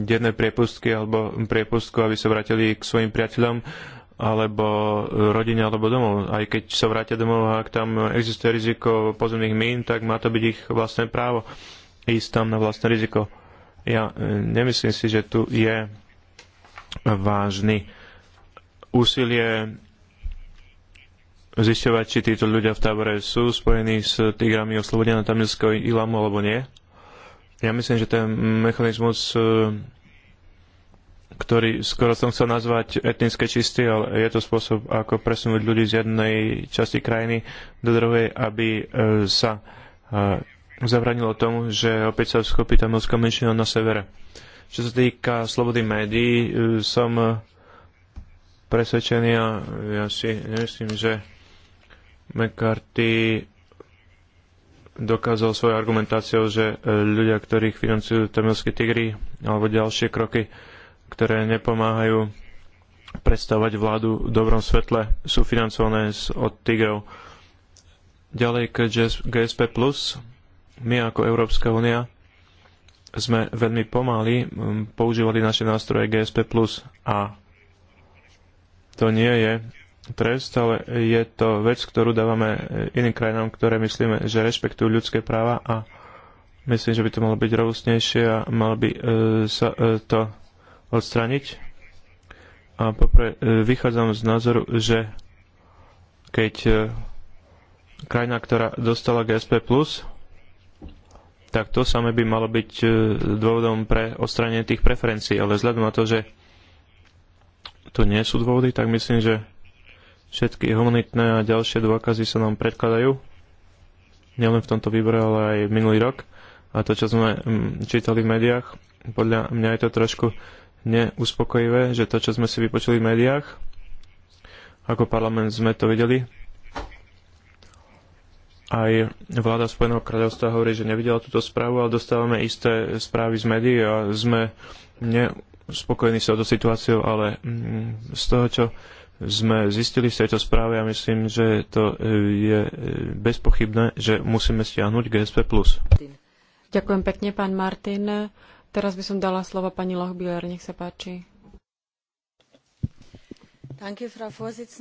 denné priepustky alebo priepustku, aby sa vrátili k svojim priateľom alebo rodine alebo domov. Aj keď sa vrátia domov a ak tam existuje riziko pozemných mín, tak má to byť ich vlastné právo ísť tam na vlastné riziko. Ja e, nemyslím si, že tu je vážny úsilie zisťovať, či títo ľudia v tábore sú spojení s tigrami oslobodené tamilského ilamu alebo nie. Ja myslím, že ten mechanizmus e, ktorý skoro som chcel nazvať etnické čistý, ale je to spôsob, ako presunúť ľudí z jednej časti krajiny do druhej, aby e, sa e, zabranilo tomu, že opäť sa schopí tamilská menšina na severe. Čo sa týka slobody médií, som presvedčený a ja si nemyslím, že McCarthy dokázal svojou argumentáciou, že e, ľudia, ktorých financujú tamilské tigry alebo ďalšie kroky, ktoré nepomáhajú predstavovať vládu v dobrom svetle, sú financované od tigrov. Ďalej k GSP+, my ako Európska únia sme veľmi pomaly používali naše nástroje GSP+, a to nie je trest, ale je to vec, ktorú dávame e, iným krajinám, ktoré myslíme, že rešpektujú ľudské práva a myslím, že by to malo byť robustnejšie a malo by e, sa e, to odstraniť. A popre, e, vychádzam z názoru, že keď e, krajina, ktorá dostala GSP+, tak to samé by malo byť e, dôvodom pre odstranenie tých preferencií, ale vzhľadom na to, že to nie sú dôvody, tak myslím, že Všetky humanitné a ďalšie dôkazy sa nám predkladajú, nielen v tomto výbore, ale aj minulý rok. A to, čo sme mm, čítali v médiách, podľa mňa je to trošku neuspokojivé, že to, čo sme si vypočuli v médiách, ako parlament sme to videli, aj vláda Spojeného kráľovstva hovorí, že nevidela túto správu, ale dostávame isté správy z médií a sme nespokojní sa do situáciou, ale mm, z toho, čo sme zistili v tejto správe a myslím, že to e, je e, bezpochybné, že musíme stiahnuť GSP+. Ďakujem pekne, pán Martin. Teraz by som dala slovo pani Lochbiller, nech sa páči.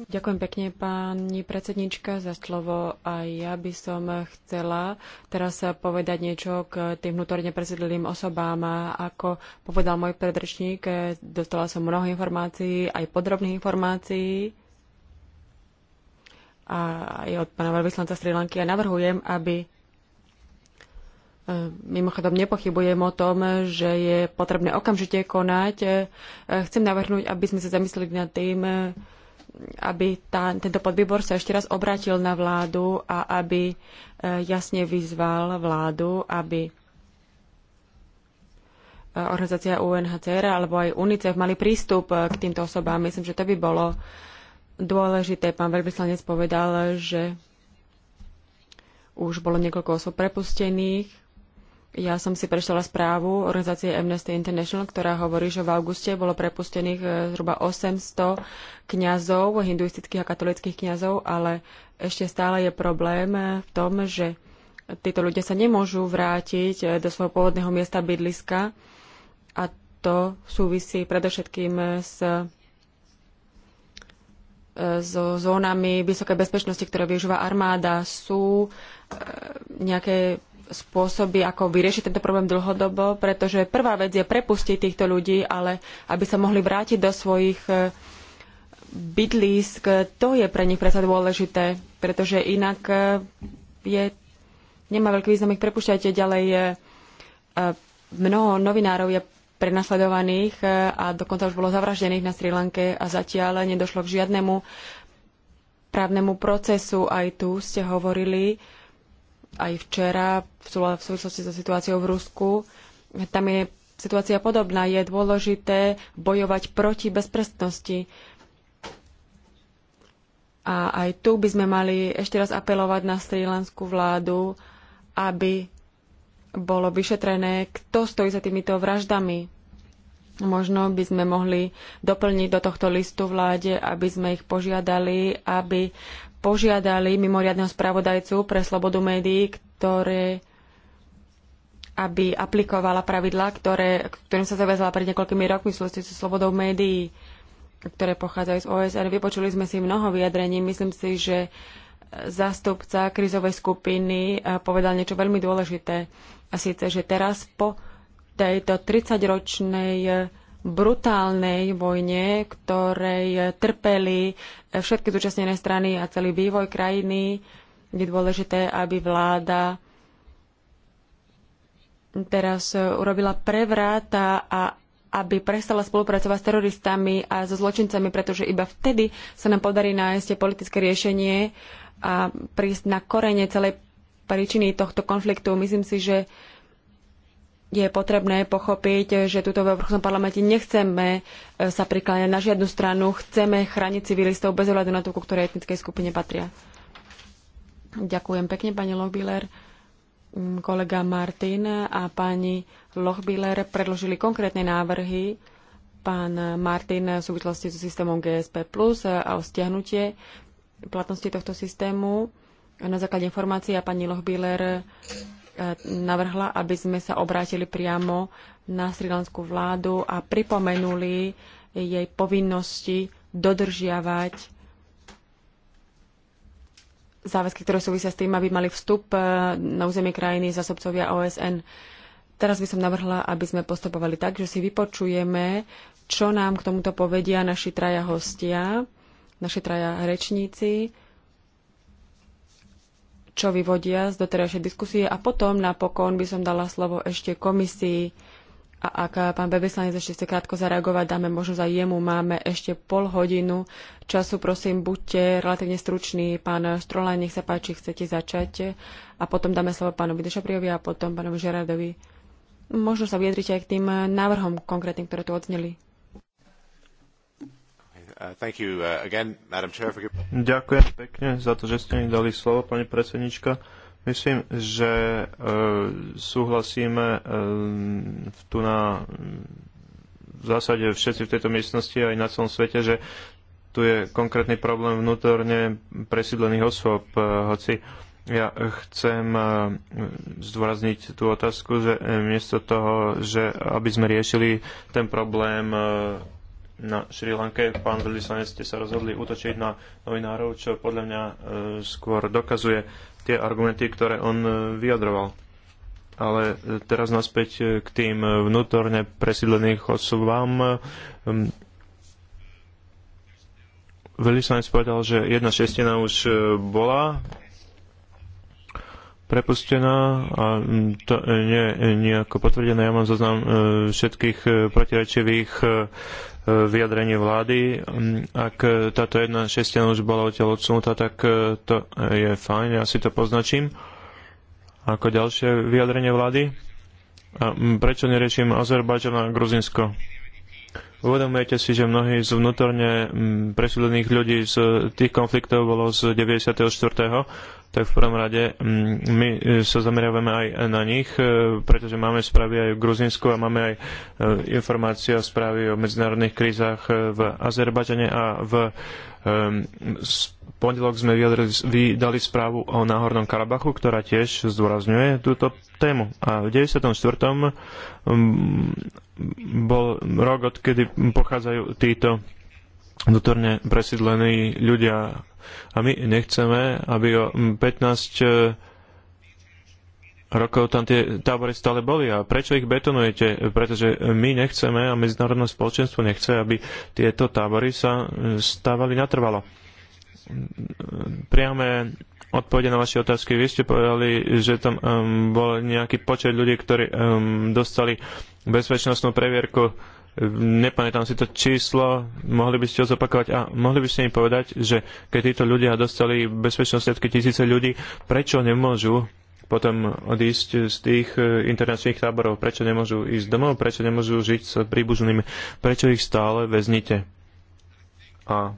Ďakujem pekne, pani predsednička, za slovo. A ja by som chcela teraz povedať niečo k tým vnútorne presídleným osobám. ako povedal môj predrečník, dostala som mnoho informácií, aj podrobných informácií a aj od pána veľvyslanca Sri Lanky. A navrhujem, aby Eh, mimochodom, nepochybujem o tom, že je potrebné okamžite konať. Eh, chcem navrhnúť, aby sme sa zamysleli nad tým, eh, aby tá, tento podvýbor sa ešte raz obrátil na vládu a aby jasne vyzval vládu, aby organizácia UNHCR alebo aj UNICEF mali prístup k týmto osobám. Myslím, že to by bolo dôležité. Pán veľvyslanec povedal, že už bolo niekoľko osob prepustených ja som si prečítala správu organizácie Amnesty International, ktorá hovorí, že v auguste bolo prepustených e, zhruba 800 kňazov, hinduistických a katolických kňazov, ale ešte stále je problém e, v tom, že títo ľudia sa nemôžu vrátiť e, do svojho pôvodného miesta bydliska a to súvisí predovšetkým s so zónami vysokej bezpečnosti, ktoré využíva armáda, sú nejaké spôsoby, ako vyriešiť tento problém dlhodobo, pretože prvá vec je prepustiť týchto ľudí, ale aby sa mohli vrátiť do svojich e, bydlísk, to je pre nich predsa dôležité, pretože inak e, je, nemá veľký význam ich prepušťať ďalej. E, mnoho novinárov je prenasledovaných a dokonca už bolo zavraždených na Sri Lanke a zatiaľ nedošlo k žiadnemu právnemu procesu. Aj tu ste hovorili aj včera v súvislosti so situáciou v Rusku. Tam je situácia podobná. Je dôležité bojovať proti bezprestnosti. A aj tu by sme mali ešte raz apelovať na strílenskú vládu, aby bolo vyšetrené, kto stojí za týmito vraždami. Možno by sme mohli doplniť do tohto listu vláde, aby sme ich požiadali, aby požiadali mimoriadného spravodajcu pre slobodu médií, ktoré aby aplikovala pravidlá, ktoré, ktorým sa zaviazala pred niekoľkými rokmi v súvislosti so slobodou médií, ktoré pochádzajú z OSR. Vypočuli sme si mnoho vyjadrení. Myslím si, že zástupca krizovej skupiny eh, povedal niečo veľmi dôležité. A síce, že teraz po tejto 30-ročnej brutálnej vojne, ktorej trpeli všetky zúčastnené strany a celý vývoj krajiny. Je dôležité, aby vláda teraz urobila prevrat a aby prestala spolupracovať s teroristami a so zločincami, pretože iba vtedy sa nám podarí nájsť politické riešenie a prísť na korene celej príčiny tohto konfliktu. Myslím si, že je potrebné pochopiť, že tuto v Európskom parlamente nechceme e, sa prikláňať na žiadnu stranu, chceme chrániť civilistov bez ohľadu na to, ku ktorej etnickej skupine patria. Ďakujem pekne, pani Lochbiller. Mm, kolega Martin a pani Lochbiller predložili konkrétne návrhy. Pán Martin v súvislosti so systémom GSP Plus a o stiahnutie platnosti tohto systému na základe informácií a pani Lochbiller navrhla, aby sme sa obrátili priamo na srilanskú vládu a pripomenuli jej povinnosti dodržiavať záväzky, ktoré súvisia s tým, aby mali vstup e, na územie krajiny zásobcovia OSN. Teraz by som navrhla, aby sme postupovali tak, že si vypočujeme, čo nám k tomuto povedia naši traja hostia, naši traja rečníci čo vyvodia z doterajšej diskusie a potom napokon by som dala slovo ešte komisii a ak pán Bebeslanec ešte chce krátko zareagovať, dáme možno za jemu, máme ešte pol hodinu času, prosím, buďte relatívne struční. Pán Štrolán, nech sa páči, chcete začať a potom dáme slovo pánovi Dešapriovi a potom pánovi Žeradovi. Možno sa vyjadrite aj k tým návrhom konkrétnym, ktoré tu odzneli. Uh, uh, Ďakujem pekne za to, že ste mi dali slovo, pani predsednička. Myslím, že uh, súhlasíme um, tu na v zásade všetci v tejto miestnosti aj na celom svete, že tu je konkrétny problém vnútorne presídlených osôb, hoci ja chcem zdôrazniť tú otázku, že miesto toho, že aby sme riešili ten problém na Šri Lanke. Pán veľvyslanec, ste sa rozhodli útočiť na novinárov, čo podľa mňa e, skôr dokazuje tie argumenty, ktoré on e, vyjadroval. Ale e, teraz naspäť k tým vnútorne presídlených osobám. Ehm, veľvyslanec povedal, že jedna šestina už bola prepustená a to nie je nejako potvrdené. Ja mám zoznam všetkých protirečivých vyjadrenie vlády. Mm, ak táto jedna šestina už bola odtiaľ odsunutá, tak e, to je fajn, ja si to poznačím. Ako ďalšie vyjadrenie vlády? A mm, prečo neriešim Azerbajďan a Gruzinsko? Uvedomujete si, že mnohí z vnútorne mm, presídlených ľudí z tých konfliktov bolo z 94 tak v prvom rade mm, my e, sa zameriavame aj na nich, e, pretože máme správy aj v Gruzinsku a máme aj e, informácie a správy o medzinárodných krízach v Azerbajdžane a v pondelok sme vydali správu o Náhornom Karabachu, ktorá tiež zdôrazňuje túto tému. A v 94. Mm, bol rok, odkedy pochádzajú títo vnútorne presídlení ľudia. A my nechceme, aby o 15 e, rokov tam tie tábory stále boli. A prečo ich betonujete? Pretože my nechceme a medzinárodné spoločenstvo nechce, aby tieto tábory sa e, stávali natrvalo. Priame odpovede na vaše otázky. Vy ste povedali, že tam um, bol nejaký počet ľudí, ktorí um, dostali bezpečnostnú previerku nepamätám si to číslo, mohli by ste ho zopakovať a mohli by ste mi povedať, že keď títo ľudia dostali bezpečnosť všetky tisíce ľudí, prečo nemôžu potom odísť z tých e, internačných táborov, prečo nemôžu ísť domov, prečo nemôžu žiť s príbuznými, prečo ich stále väznite. A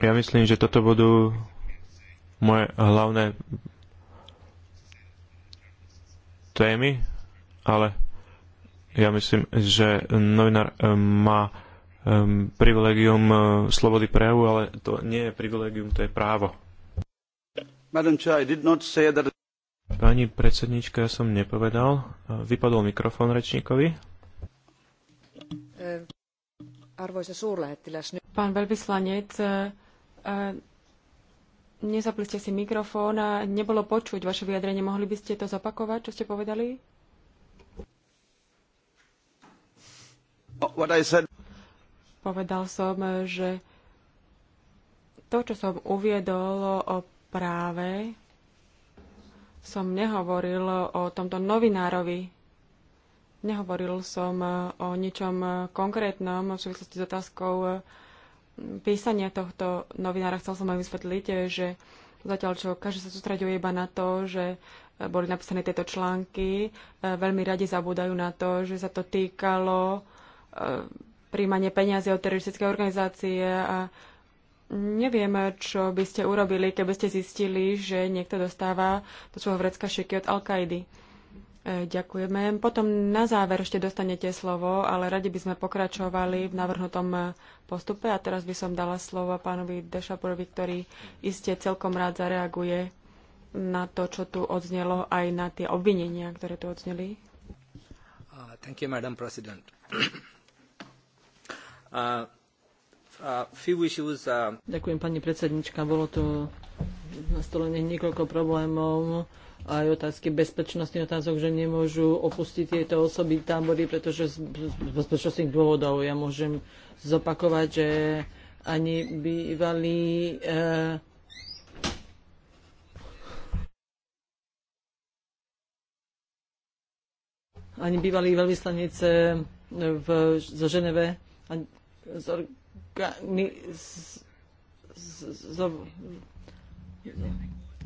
ja myslím, že toto budú moje hlavné témy, ale ja myslím, že novinár eh, má eh, privilegium eh, slobody prejavu, ale to nie je privilegium, to je právo. Pani predsednička, ja som nepovedal. Vypadol mikrofón rečníkovi. Pán veľvyslanec, nezapliste si mikrofón a nebolo počuť vaše vyjadrenie. Mohli by ste to zapakovať, čo ste povedali? Povedal som, že to, čo som uviedol o práve, som nehovoril o tomto novinárovi. Nehovoril som o ničom konkrétnom v súvislosti s otázkou eh, písania tohto novinára. Chcel som aj vysvetliť, eh, že zatiaľ čo každý sa sústreďuje iba na to, že eh, boli napísané tieto články, veľmi radi zabúdajú na to, že sa to týkalo príjmanie peniazy od teroristické organizácie a neviem, čo by ste urobili, keby ste zistili, že niekto dostáva do svojho vrecka šeky od Al-Kaidy. E, ďakujeme. Potom na záver ešte dostanete slovo, ale radi by sme pokračovali v navrhnutom postupe a teraz by som dala slovo pánovi Dešapurovi, ktorý iste celkom rád zareaguje na to, čo tu odznelo, aj na tie obvinenia, ktoré tu odzneli. Uh, thank you, Madam President. Ďakujem pani predsednička. Bolo tu nastolených niekoľko problémov aj otázky bezpečnosti, otázok, že nemôžu opustiť tieto osoby tábory, pretože z, bezpečnostných dôvodov. Ja môžem zopakovať, že ani bývalí eh, ani bývalý veľvyslanec eh, v, z Ženeve zorgani, z, z,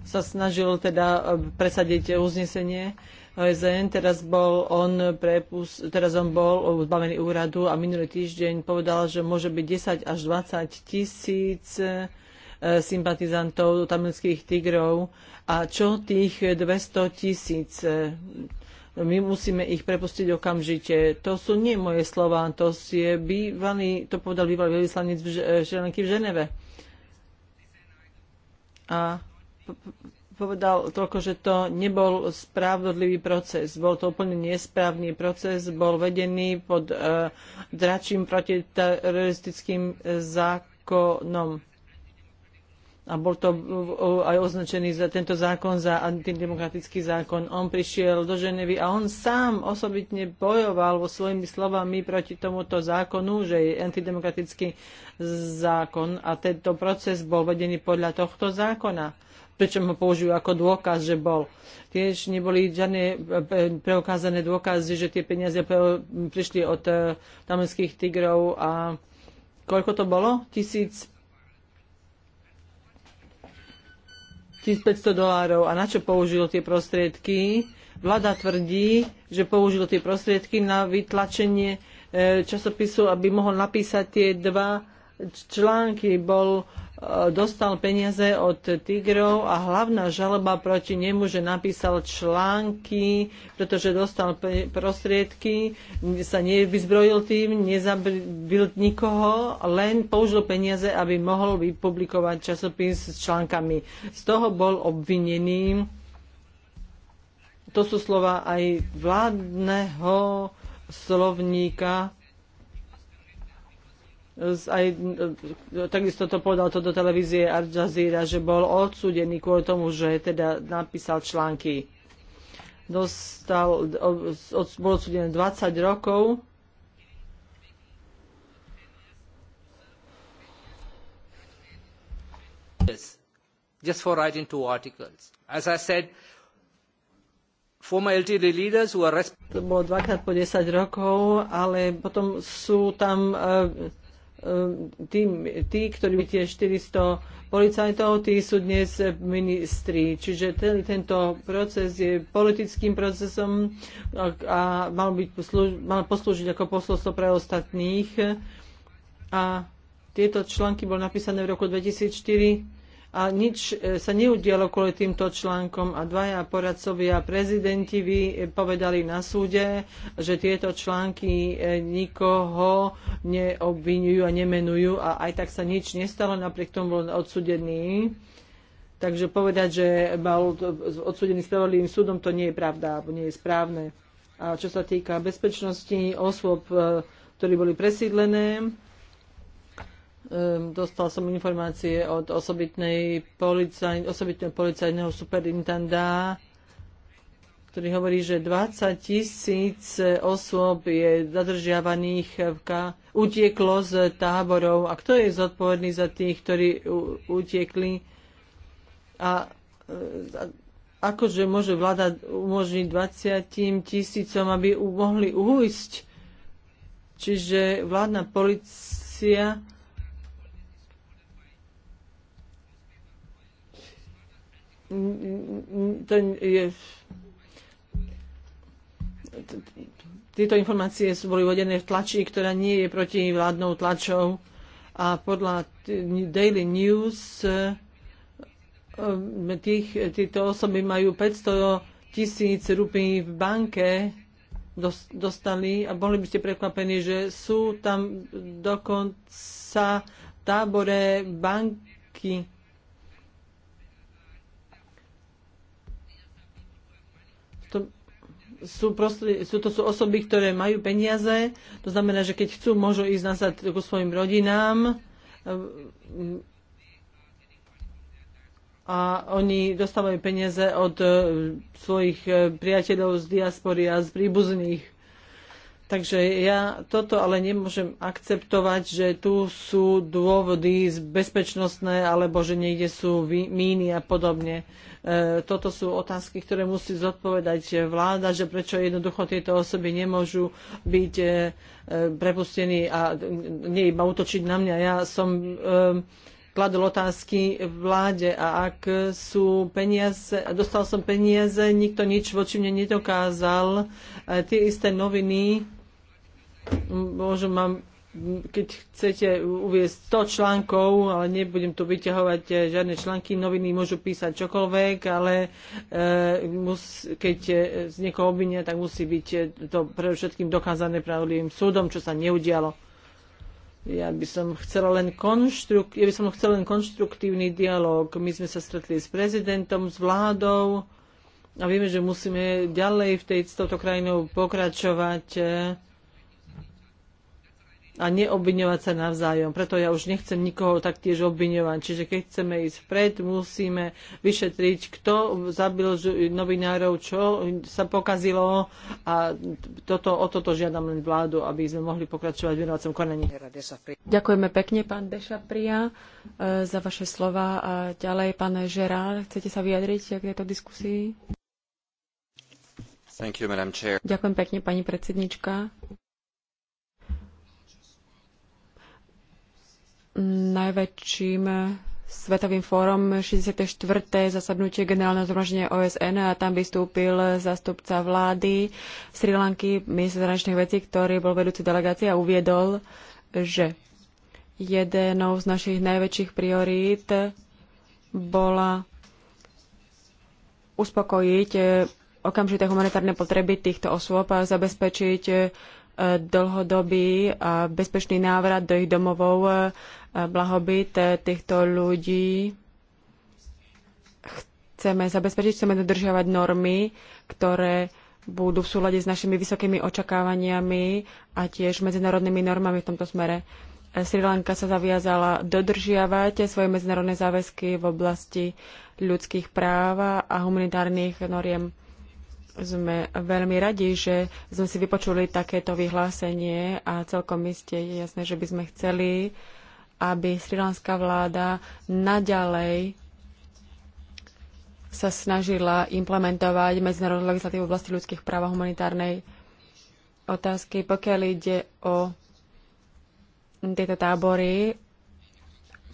sa snažil teda eh, presadiť uznesenie OSN. Teraz bol on, prepus, teraz on bol zbavený úradu a minulý týždeň povedal, že môže byť 10 až 20 tisíc eh, sympatizantov tamilských tigrov a čo tých 200 tisíc my musíme ich prepustiť okamžite. To sú nie moje slova, to je bývalý, to povedal bývalý v e, Šelenky v Ženeve. A povedal toľko, že to nebol spravodlivý proces. Bol to úplne nesprávny proces, bol vedený pod uh, dračím protiteroristickým zákonom a bol to aj označený za tento zákon, za antidemokratický zákon. On prišiel do Ženevy a on sám osobitne bojoval vo svojimi slovami proti tomuto zákonu, že je antidemokratický zákon a tento proces bol vedený podľa tohto zákona pričom ho použijú ako dôkaz, že bol. Tiež neboli žiadne e, preukázané dôkazy, že tie peniaze prišli od e, tamenských tigrov a koľko to bolo? Tisíc 1500 dolárov. A na čo použil tie prostriedky? Vláda tvrdí, že použil tie prostriedky na vytlačenie e, časopisu, aby mohol napísať tie dva články. Bol dostal peniaze od tigrov a hlavná žaloba proti nemu, že napísal články, pretože dostal prostriedky, sa nevyzbrojil tým, nezabil nikoho, len použil peniaze, aby mohol vypublikovať časopis s článkami. Z toho bol obvinený. To sú slova aj vládneho slovníka aj, e, takisto to povedal to do televízie Al Jazeera, že bol odsúdený kvôli tomu, že teda napísal články. Dostal, bol odsudený 20 rokov. Just for writing two articles. As I said, to bolo dvakrát po 10 rokov, ale potom sú tam uh, E, tí, tí, ktorí by tie 400 policajtov, tí sú dnes ministri. Čiže ten, tento proces je politickým procesom a, a mal, byť poslu, mal poslúžiť ako posolstvo pre ostatných. A tieto články boli napísané v roku 2004 a nič e, sa neudialo kvôli týmto článkom a dvaja poradcovia prezidenti e, povedali na súde, že tieto články e, nikoho neobvinujú a nemenujú a aj tak sa nič nestalo, napriek tomu bol odsudený. Takže povedať, že bol odsudený spravodlivým súdom, to nie je pravda, nie je správne. A čo sa týka bezpečnosti osôb, ktorí boli presídlené, Ehm, dostal som informácie od osobitnej policaj, osobitného policajného superintenda, ktorý hovorí, že 20 tisíc osôb je zadržiavaných, utieklo z táborov. A kto je zodpovedný za tých, ktorí utiekli? A, e, a akože môže vláda umožniť 20 tisícom, aby mohli uísť? Čiže vládna policia ten je, tieto informácie sú boli uvedené v tlači, ktorá nie je proti vládnou tlačou a podľa Daily News e, e, tých, tieto osoby majú 500 tisíc rupí v banke dostali a boli by ste prekvapení, že sú tam dokonca tábore banky sú, prostri, sú to sú osoby, ktoré majú peniaze, to znamená, že keď chcú, môžu ísť nazad ku svojim rodinám a oni dostávajú peniaze od e, svojich e, priateľov z diaspory a z príbuzných. Takže ja toto ale nemôžem akceptovať, že tu sú dôvody bezpečnostné alebo že niekde sú míny a podobne. E, toto sú otázky, ktoré musí zodpovedať vláda, že prečo jednoducho tieto osoby nemôžu byť e, e prepustení a nie iba útočiť na mňa. Ja som e, kladol otázky vláde a ak sú peniaze, dostal som peniaze, nikto nič voči mne nedokázal. E, tie isté noviny môžem mám keď chcete uviezť 100 článkov, ale nebudem tu vyťahovať eh, žiadne články, noviny môžu písať čokoľvek, ale e, mus, keď eh, z niekoho obvinia, tak musí byť to pre všetkým dokázané pravdivým súdom, čo sa neudialo. Ja by som chcela len, konštruk- ja by som chcela len konštruktívny dialog. My sme sa stretli s prezidentom, s vládou a vieme, že musíme ďalej v tej, s touto krajinou pokračovať. E, a neobviňovať sa navzájom. Preto ja už nechcem nikoho taktiež obviňovať. Čiže keď chceme ísť vpred, musíme vyšetriť, kto zabil novinárov, čo sa pokazilo a toto, o toto žiadam len vládu, aby sme mohli pokračovať v vinovacom konaní. Ďakujeme pekne, pán Dešapria, e, za vaše slova. A ďalej, pán Žerár, chcete sa vyjadriť k tejto diskusii? You, Ďakujem pekne, pani predsednička. najväčším svetovým fórom 64. zasadnutie generálneho zhromaždenia OSN a tam vystúpil zástupca vlády Sri Lanky, minister zahraničných vecí, ktorý bol vedúci delegácie a uviedol, že jednou z našich najväčších priorít bola uspokojiť okamžité humanitárne potreby týchto osôb a zabezpečiť dlhodobý a e, bezpečný návrat do ich domovov, e, blahobyt e, týchto ľudí. Chceme zabezpečiť, chceme dodržiavať normy, ktoré budú v súlade s našimi vysokými očakávaniami a tiež medzinárodnými normami v tomto smere. Sri Lanka sa zaviazala dodržiavať svoje medzinárodné záväzky v oblasti ľudských práv a humanitárnych noriem sme veľmi radi, že sme si vypočuli takéto vyhlásenie a celkom iste je jasné, že by sme chceli, aby srilanská vláda naďalej sa snažila implementovať medzinárodnú legislatívu v oblasti ľudských práv a humanitárnej otázky. Pokiaľ ide o tieto tábory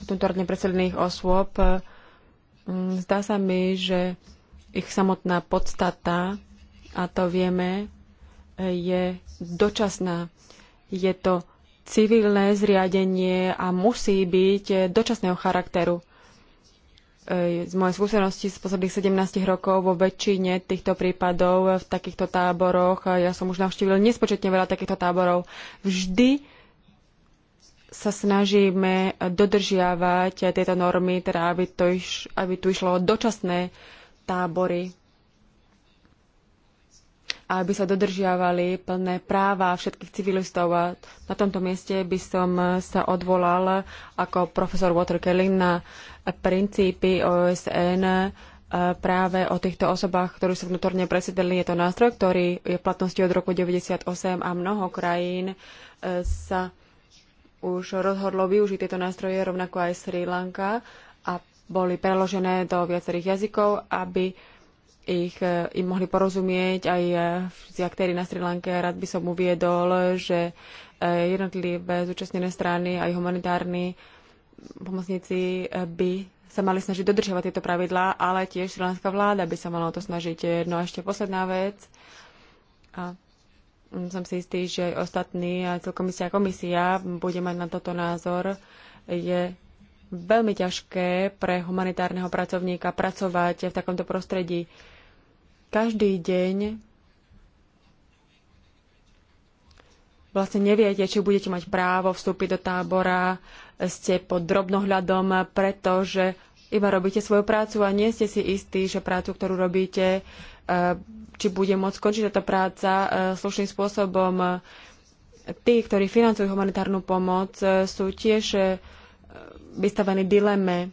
vnútorne preselených osôb, mm, zdá sa mi, že ich samotná podstata a to vieme, e, je dočasná. Je to civilné zriadenie a musí byť e, dočasného charakteru. E, z mojej skúsenosti z posledných 17 rokov vo väčšine týchto prípadov v takýchto táboroch, ja som už navštívil nespočetne veľa takýchto táborov, vždy sa snažíme dodržiavať tieto normy, teda aby, to iš, aby tu išlo o dočasné tábory a aby sa dodržiavali plné práva všetkých civilistov. A na tomto mieste by som sa odvolal ako profesor Walter Kelly na princípy OSN e, práve o týchto osobách, ktorí sú vnútorne presedeli. Je to nástroj, ktorý je v platnosti od roku 1998 a mnoho krajín e, sa už rozhodlo využiť tieto nástroje, rovnako aj Sri Lanka, a boli preložené do viacerých jazykov, aby ich, eh, im mohli porozumieť aj eh, všetci aktéry na Sri Lanke. Rád by som uviedol, že eh, jednotlivé zúčastnené strany aj humanitárni pomocníci by sa mali snažiť dodržiavať tieto pravidlá, ale tiež Sri Lanská vláda by sa mala o to snažiť. No a ešte posledná vec. A mm, som si istý, že aj ostatní, aj celkomisia komisia bude mať na toto názor. Je veľmi ťažké pre humanitárneho pracovníka pracovať v takomto prostredí. Každý deň vlastne neviete, či budete mať právo vstúpiť do tábora, ste pod drobnohľadom, pretože iba robíte svoju prácu a nie ste si istí, že prácu, ktorú robíte, eh, či bude môcť skončiť táto práca eh, slušným spôsobom. Tí, ktorí financujú humanitárnu pomoc, eh, sú tiež vystavení dileme.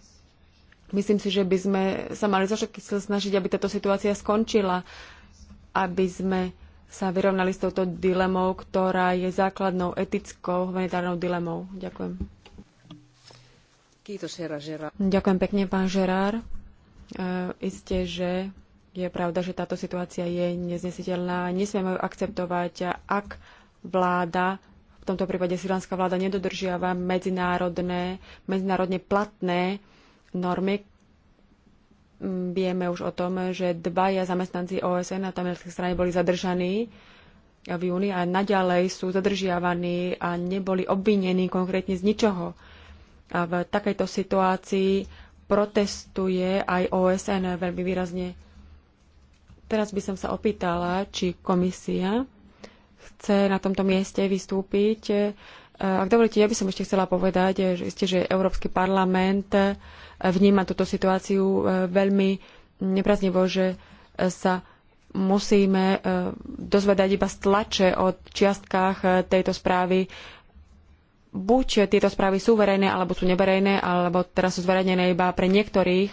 Myslím si, že by sme sa mali zo všetkých snažiť, aby táto situácia skončila, aby sme sa vyrovnali s touto dilemou, ktorá je základnou etickou humanitárnou dilemou. Ďakujem. Ďakujem pekne, pán Žerár. E, eh, isté, že je pravda, že táto situácia je neznesiteľná. Nesmieme ju akceptovať, ak vláda, v tomto prípade síránska vláda, nedodržiava medzinárodné, medzinárodne platné normy. Vieme už o tom, že dvaja zamestnanci OSN na tamilskej strane boli zadržaní v júni a naďalej sú zadržiavaní a neboli obvinení konkrétne z ničoho. A v takejto situácii protestuje aj OSN veľmi výrazne. Teraz by som sa opýtala, či komisia chce na tomto mieste vystúpiť ak dovolíte, ja by som ešte chcela povedať, eh, že isté, že Európsky parlament eh, vníma túto situáciu eh, veľmi nepraznivo, že sa musíme dozvedať iba z tlače o čiastkách tejto správy. Buď tieto správy sú verejné, alebo sú neverejné, alebo teraz sú zverejnené iba pre niektorých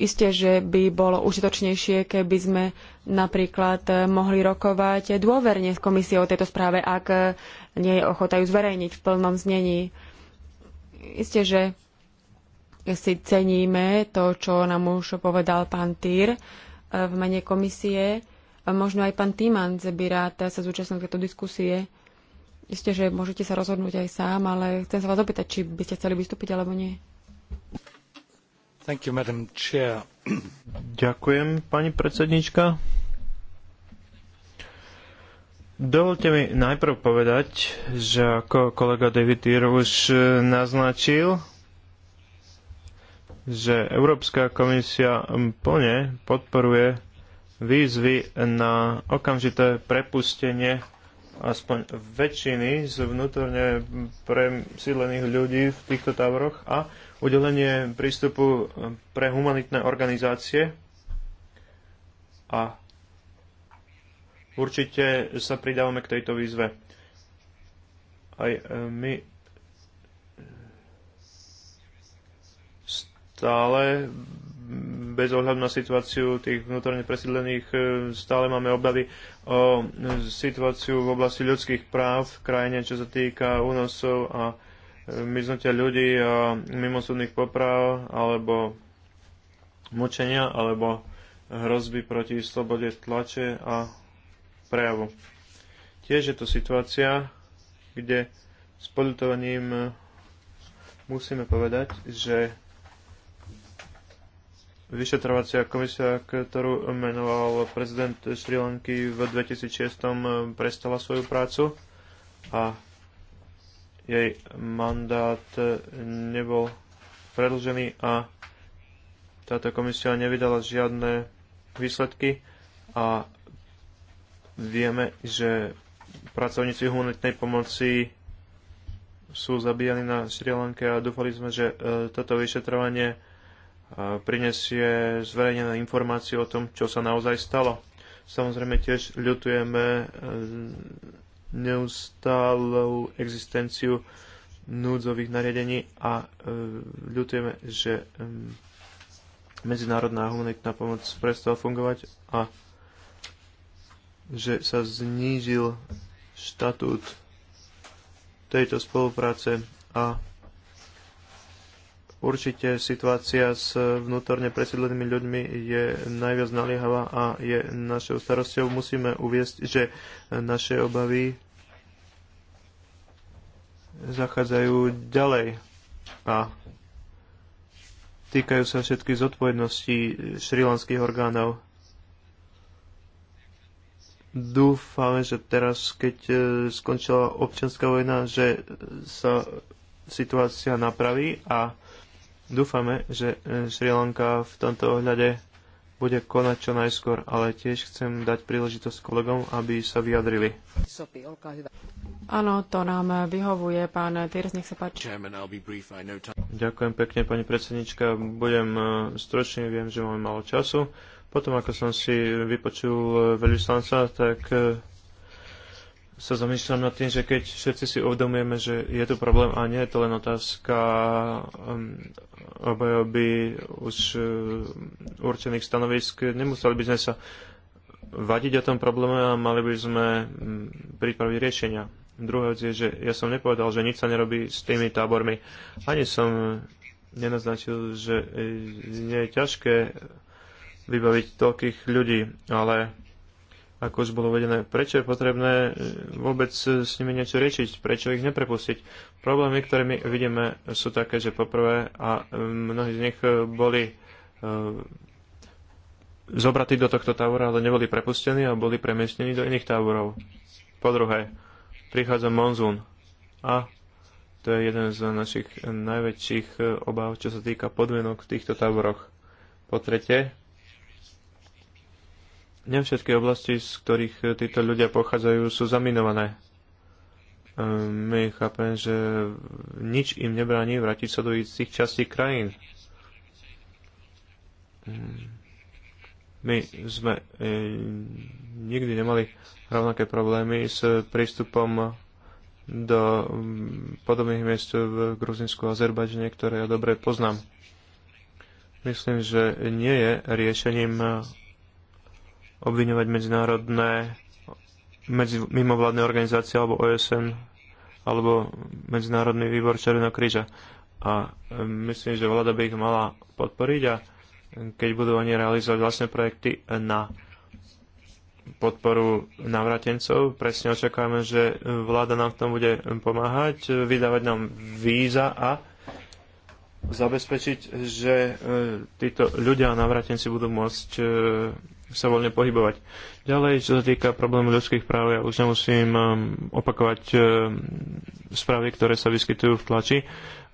Isté, že by bolo užitočnejšie, keby sme napríklad eh, mohli rokovať dôverne s komisiou o tejto správe, ak eh, nie je ochota ju zverejniť v plnom znení. Isté, že si ceníme to, čo nám už povedal pán Týr eh, v mene komisie. Možno aj pán Týmanc by rád sa zúčastnil tejto diskusie. Isté, že môžete sa rozhodnúť aj sám, ale chcem sa vás opýtať, či by ste chceli vystúpiť alebo nie. You, Ďakujem, pani predsednička. Dovolte mi najprv povedať, že ako kolega David Tier už e, naznačil, že Európska komisia plne podporuje výzvy na okamžité prepustenie aspoň väčšiny z vnútorne presídlených ľudí v týchto táboroch a udelenie prístupu eh, pre humanitné organizácie a určite sa pridávame k tejto výzve. Aj eh, my stále bez ohľadu na situáciu tých vnútorne presídlených eh, stále máme obavy o situáciu v oblasti ľudských práv v krajine, čo sa týka únosov a miznutia ľudí a eh, mimosúdnych poprav alebo mučenia alebo hrozby proti slobode tlače a prejavu. Tiež je to situácia, kde s polutovaním eh, musíme povedať, že vyšetrovacia komisia, ktorú menoval prezident Sri Lanky v 2006, eh, prestala svoju prácu a jej mandát e, nebol predlžený a táto komisia nevydala žiadne výsledky a vieme, že pracovníci humanitnej pomoci sú zabíjani na Sri Lanke a dúfali sme, že e, toto vyšetrovanie e, prinesie zverejnené informácie o tom, čo sa naozaj stalo. Samozrejme tiež ľutujeme neustálou existenciu núdzových nariadení a e, ľutujeme, že e, medzinárodná humanitná pomoc prestala fungovať a že sa znížil štatút tejto spolupráce a Určite situácia s vnútorne presídlenými ľuďmi je najviac naliehavá a je našou starosťou. Musíme uviesť, že naše obavy zachádzajú ďalej a týkajú sa všetkých zodpovedností šrilanských orgánov. Dúfame, že teraz, keď e, skončila občianská vojna, že sa situácia napraví a Dúfame, že e, Sri Lanka v tomto ohľade bude konať čo najskôr, ale tiež chcem dať príležitosť kolegom, aby sa vyjadrili. Áno, to nám vyhovuje. Pán Tyrs, nech sa páči. Ďakujem pekne, pani predsednička. Budem e, stručný, viem, že mám málo času. Potom, ako som si vypočul e, veľvyslanca, tak sa zamýšľam nad tým, že keď všetci si uvedomujeme, že je tu problém a nie je to len otázka um, obajoby už uh, určených stanovisk, nemuseli by sme sa vadiť o tom probléme a mali by sme mm, pripraviť riešenia. Druhá vec je, že ja som nepovedal, že nič sa nerobí s tými tábormi. Ani som nenaznačil, že e, nie je ťažké vybaviť toľkých ľudí, ale ako už bolo uvedené. Prečo je potrebné e, vôbec e, s nimi niečo riešiť? Prečo ich neprepustiť? Problémy, ktoré my vidíme, sú také, že poprvé, a e, mnohí z nich boli zobratí do tohto tábora, ale neboli prepustení a boli premiestnení do iných táborov. Po druhé, prichádza monzún a to je jeden z našich najväčších obáv, čo sa týka podmienok v týchto táboroch. Po tretie, Nevšetky všetky oblasti, z ktorých e, títo ľudia pochádzajú, sú zaminované. E, my chápem, že nič im nebráni vrátiť sa do istých častí krajín. My sme e, nikdy nemali rovnaké problémy s prístupom do podobných miest v Gruzinsku a Azerbajdžane, ktoré ja dobre poznám. Myslím, že nie je riešením obviňovať medzinárodné medzi, mimovládne organizácie alebo OSN alebo Medzinárodný výbor Červeného kríža. A myslím, že vláda by ich mala podporiť a keď budú oni realizovať vlastné projekty na podporu navratencov, Presne očakávame, že vláda nám v tom bude pomáhať, vydávať nám víza a zabezpečiť, že e, títo ľudia a navratenci budú môcť e, sa voľne pohybovať. Ďalej, čo sa týka problému ľudských práv, ja už nemusím um, opakovať um, správy, ktoré sa vyskytujú v tlači.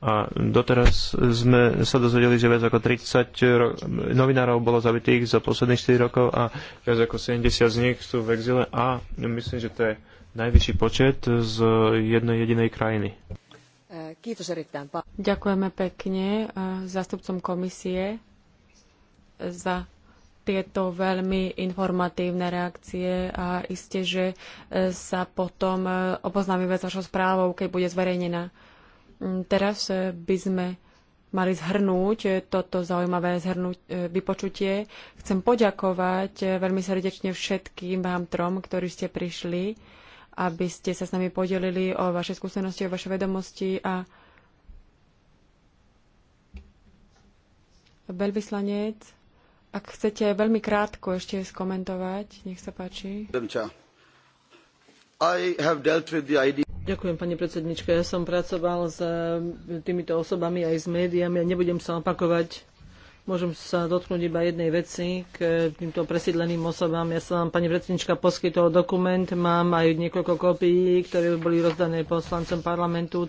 A doteraz sme sa dozvedeli, že viac ako 30 novinárov bolo zabitých za posledných 4 rokov a viac ako 70 z nich sú v exile a myslím, že to je najvyšší počet z jednej jedinej krajiny. Ďakujeme pekne uh, zástupcom komisie za tieto veľmi informatívne reakcie a iste, že e, sa potom e, oboznámime s vašou správou, keď bude zverejnená. Mm, teraz e, by sme mali zhrnúť toto zaujímavé zhrnúť, vypočutie. Chcem poďakovať veľmi srdečne všetkým vám trom, ktorí ste prišli, aby ste sa s nami podelili o vaše skúsenosti, o vaše vedomosti a veľvyslanec ak chcete veľmi krátko ešte skomentovať, nech sa páči. Ďakujem, pani predsednička. Ja som pracoval s e, týmito osobami aj s médiami a ja nebudem sa opakovať. Môžem sa dotknúť iba jednej veci k týmto presídleným osobám. Ja som vám, pani predsednička, poskytol dokument. Mám aj niekoľko kópií, ktoré boli rozdané poslancom parlamentu,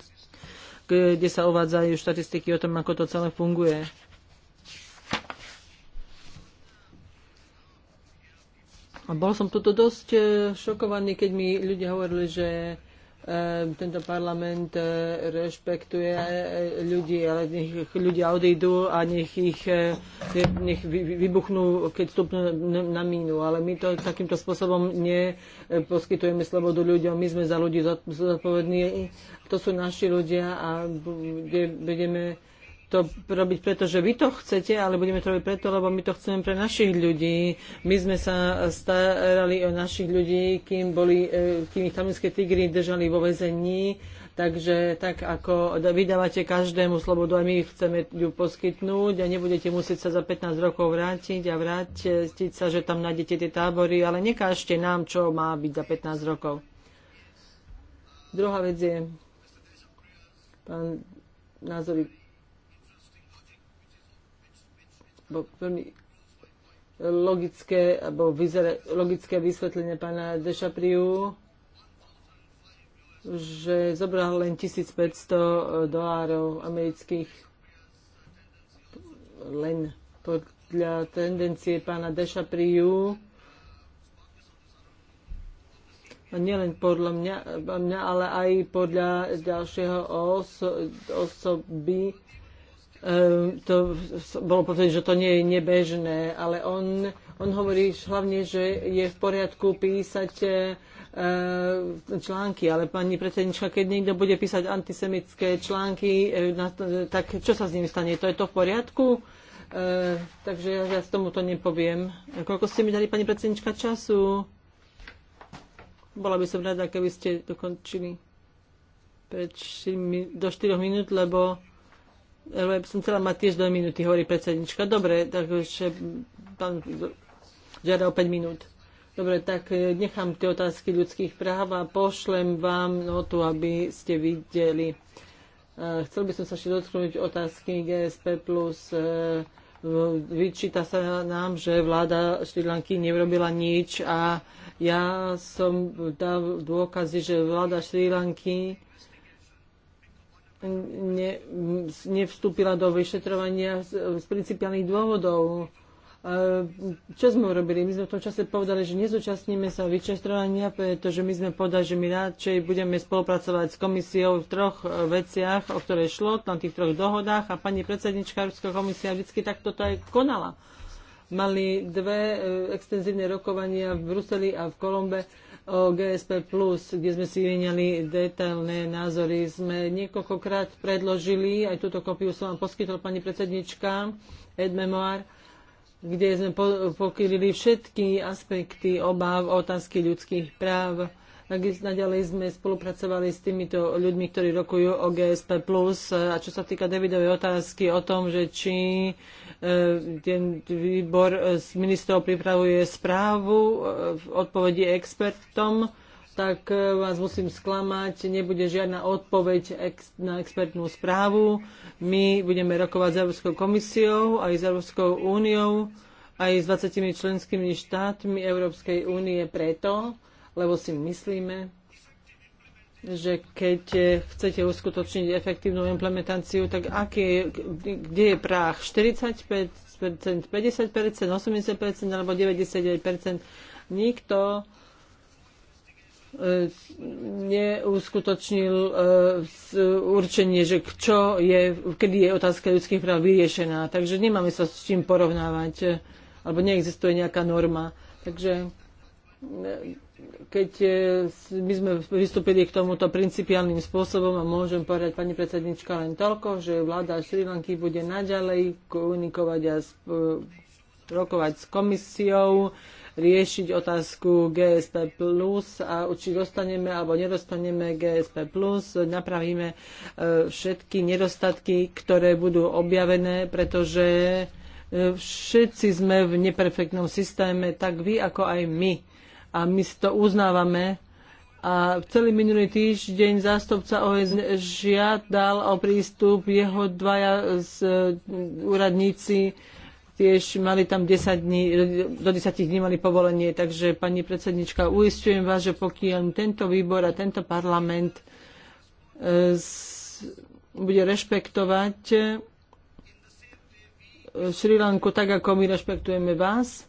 kde sa uvádzajú štatistiky o tom, ako to celé funguje. A bol som toto dosť e, šokovaný, keď mi ľudia hovorili, že e, tento parlament e, rešpektuje ľudí, ale nech ľudia odídu a nech ich nech vybuchnú, keď vstupnú na mínu. Ale my to takýmto spôsobom neposkytujeme slobodu ľuďom. My sme za ľudí zodpovední. To sú naši ľudia a budeme to robiť preto, že vy to chcete, ale budeme to robiť preto, lebo my to chceme pre našich ľudí. My sme sa starali o našich ľudí, kým, boli, e, kým ich tamilské tigry držali vo väzení. Takže tak ako vydávate každému slobodu a my chceme ju poskytnúť a nebudete musieť sa za 15 rokov vrátiť a vrátiť sa, že tam nájdete tie tábory, ale nekážte nám, čo má byť za 15 rokov. Druhá vec je, pán názory veľmi logické, alebo vyzera, logické vysvetlenie pána Dešapriu, že zobral len 1500 dolárov amerických len podľa tendencie pána Dešapriu a nielen podľa mňa, mňa, ale aj podľa ďalšieho oso, osoby, Ehm, to bolo povedané, že to nie je nebežné, ale on, on hovorí hlavne, že je v poriadku písať e, e, články, ale pani predsednička, keď niekto bude písať antisemické články, e, tak čo sa s ním stane? To je to v poriadku? takže ja s tomu tomuto nepoviem. Koľko ste mi dali, pani predsednička, času? Bola by som rada, keby ste dokončili 4, do 4 minút, lebo lebo som chcela mať tiež 2 minúty, hovorí predsednička. Dobre, takže eh, pán žiada o 5 minút. Dobre, tak eh, nechám tie otázky ľudských práv a pošlem vám notu, aby ste videli. Eh, chcel by som sa ešte dotknúť otázky GSP+. Vyčíta sa nám, že vláda Šri nevrobila nič a ja som dal dôkazy, že vláda Šri Lanky ne, nevstúpila do vyšetrovania z, z principiálnych dôvodov. Čo sme urobili? My sme v tom čase povedali, že nezúčastníme sa vyšetrovania, pretože my sme povedali, že my radšej budeme spolupracovať s komisiou v troch e, veciach, o ktoré šlo, na tých troch dohodách a pani predsednička Európska komisia vždy takto to aj konala. Mali dve e, extenzívne rokovania v Bruseli a v Kolombe o GSP+, kde sme si vyňali detailné názory. Sme niekoľkokrát predložili, aj túto kopiu som vám poskytol pani predsednička, Ed Memoir, kde sme pokryli všetky aspekty obáv otázky ľudských práv Naďalej sme spolupracovali s týmito ľuďmi, ktorí rokujú o GSP+. A čo sa týka Davidovej otázky o tom, že či e, ten výbor s ministrov pripravuje správu e, v odpovedi expertom, tak e, vás musím sklamať, nebude žiadna odpoveď ex, na expertnú správu. My budeme rokovať s Európskou komisiou, aj s Európskou úniou, aj s 20 členskými štátmi Európskej únie preto, lebo si myslíme, že keď chcete uskutočniť efektívnu implementáciu, tak aký, kde je práh? 45 50%, 80%, alebo 99%? Nikto e, neuskutočnil e, určenie, že čo je, kedy je otázka ľudských práv vyriešená. Takže nemáme sa s čím porovnávať, alebo neexistuje nejaká norma. Takže e, keď e, my sme vystúpili k tomuto principiálnym spôsobom a môžem povedať pani predsednička len toľko, že vláda Sri Lanky bude naďalej komunikovať a e, rokovať s komisiou, riešiť otázku GSP+, plus a či dostaneme alebo nedostaneme GSP+, plus, napravíme e, všetky nedostatky, ktoré budú objavené, pretože všetci sme v neperfektnom systéme, tak vy ako aj my a my to uznávame. A celý minulý týždeň zástupca OSN e žiadal o prístup jeho dvaja z, mm, úradníci tiež mali tam 10 dní, do 10 dní mali povolenie, takže pani predsednička, uistujem vás, že pokiaľ tento výbor a tento parlament e, bude rešpektovať Sri e, Lanku tak, ako my rešpektujeme vás,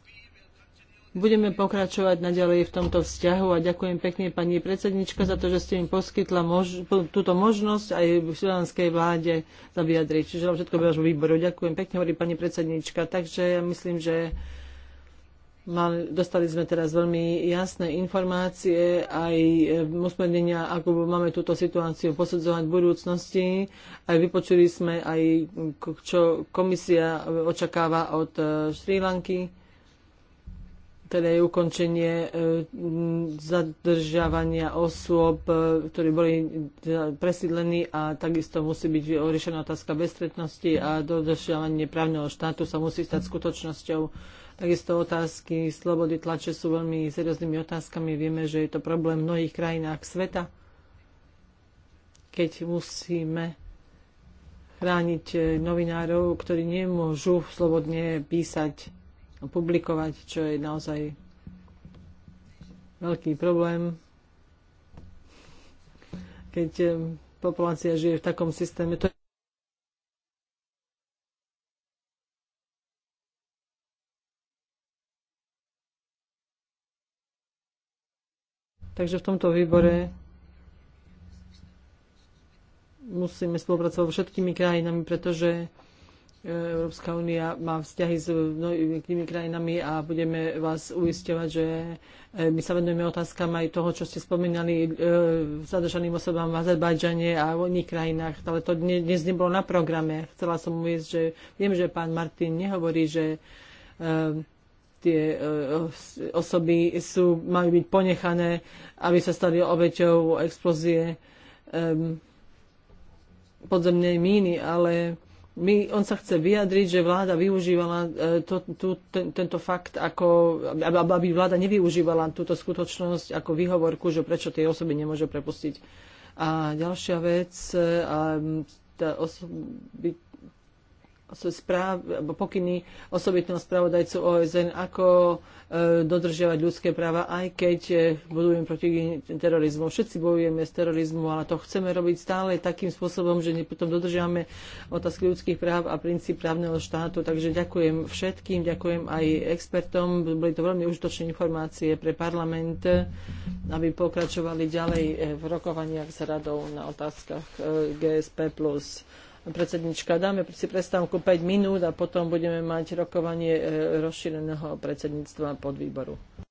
Budeme pokračovať naďalej v tomto vzťahu a ďakujem pekne pani predsednička za to, že ste im poskytla mož- túto možnosť aj v šrilanskej vláde za vyjadriť. Čiže všetko vášho výboru. Ďakujem pekne, hovorí pani predsednička. Takže ja myslím, že Mal, dostali sme teraz veľmi jasné informácie aj e, usmernenia, ako máme túto situáciu posudzovať v budúcnosti. Aj vypočuli sme aj, čo komisia očakáva od Sri e, Lanky teda je ukončenie e, zadržiavania osôb, e, ktorí boli presídlení a takisto musí byť riešená otázka bezstretnosti a dodržiavanie právneho štátu sa musí stať skutočnosťou. Takisto otázky slobody tlače sú veľmi serióznymi otázkami. Vieme, že je to problém v mnohých krajinách sveta, keď musíme chrániť novinárov, ktorí nemôžu slobodne písať publikovať, čo je naozaj veľký problém, keď eh, populácia žije v takom systéme. To Takže v tomto výbore musíme spolupracovať so všetkými krajinami, pretože Európska únia má vzťahy s mnohými krajinami a budeme vás uisťovať, že e, my sa venujeme otázkam aj toho, čo ste spomínali e, zadržaným osobám v Azerbajdžane a v iných krajinách, ale to dnes nebolo na programe. Chcela som uvieť, že viem, že pán Martin nehovorí, že e, tie osoby sú, majú byť ponechané, aby sa stali obeťou explózie podzemnej míny, ale my, on sa chce vyjadriť, že vláda využívala e, to, tu, ten, tento fakt, ako, aby vláda nevyužívala túto skutočnosť ako výhovorku, že prečo tie osoby nemôže prepustiť. A ďalšia vec, e, a tá osoby, správ, pokyny osobitného spravodajcu OSN, ako e, dodržiavať ľudské práva, aj keď e, budujeme proti terorizmu. Všetci bojujeme s terorizmom, ale to chceme robiť stále takým spôsobom, že potom dodržiame otázky ľudských práv a princíp právneho štátu. Takže ďakujem všetkým, ďakujem aj expertom. Boli to veľmi užitočné informácie pre parlament, aby pokračovali ďalej e, v rokovaniach s radou na otázkach GSP+ predsednička. Dáme si prestávku 5 minút a potom budeme mať rokovanie e, rozšíreného predsedníctva podvýboru.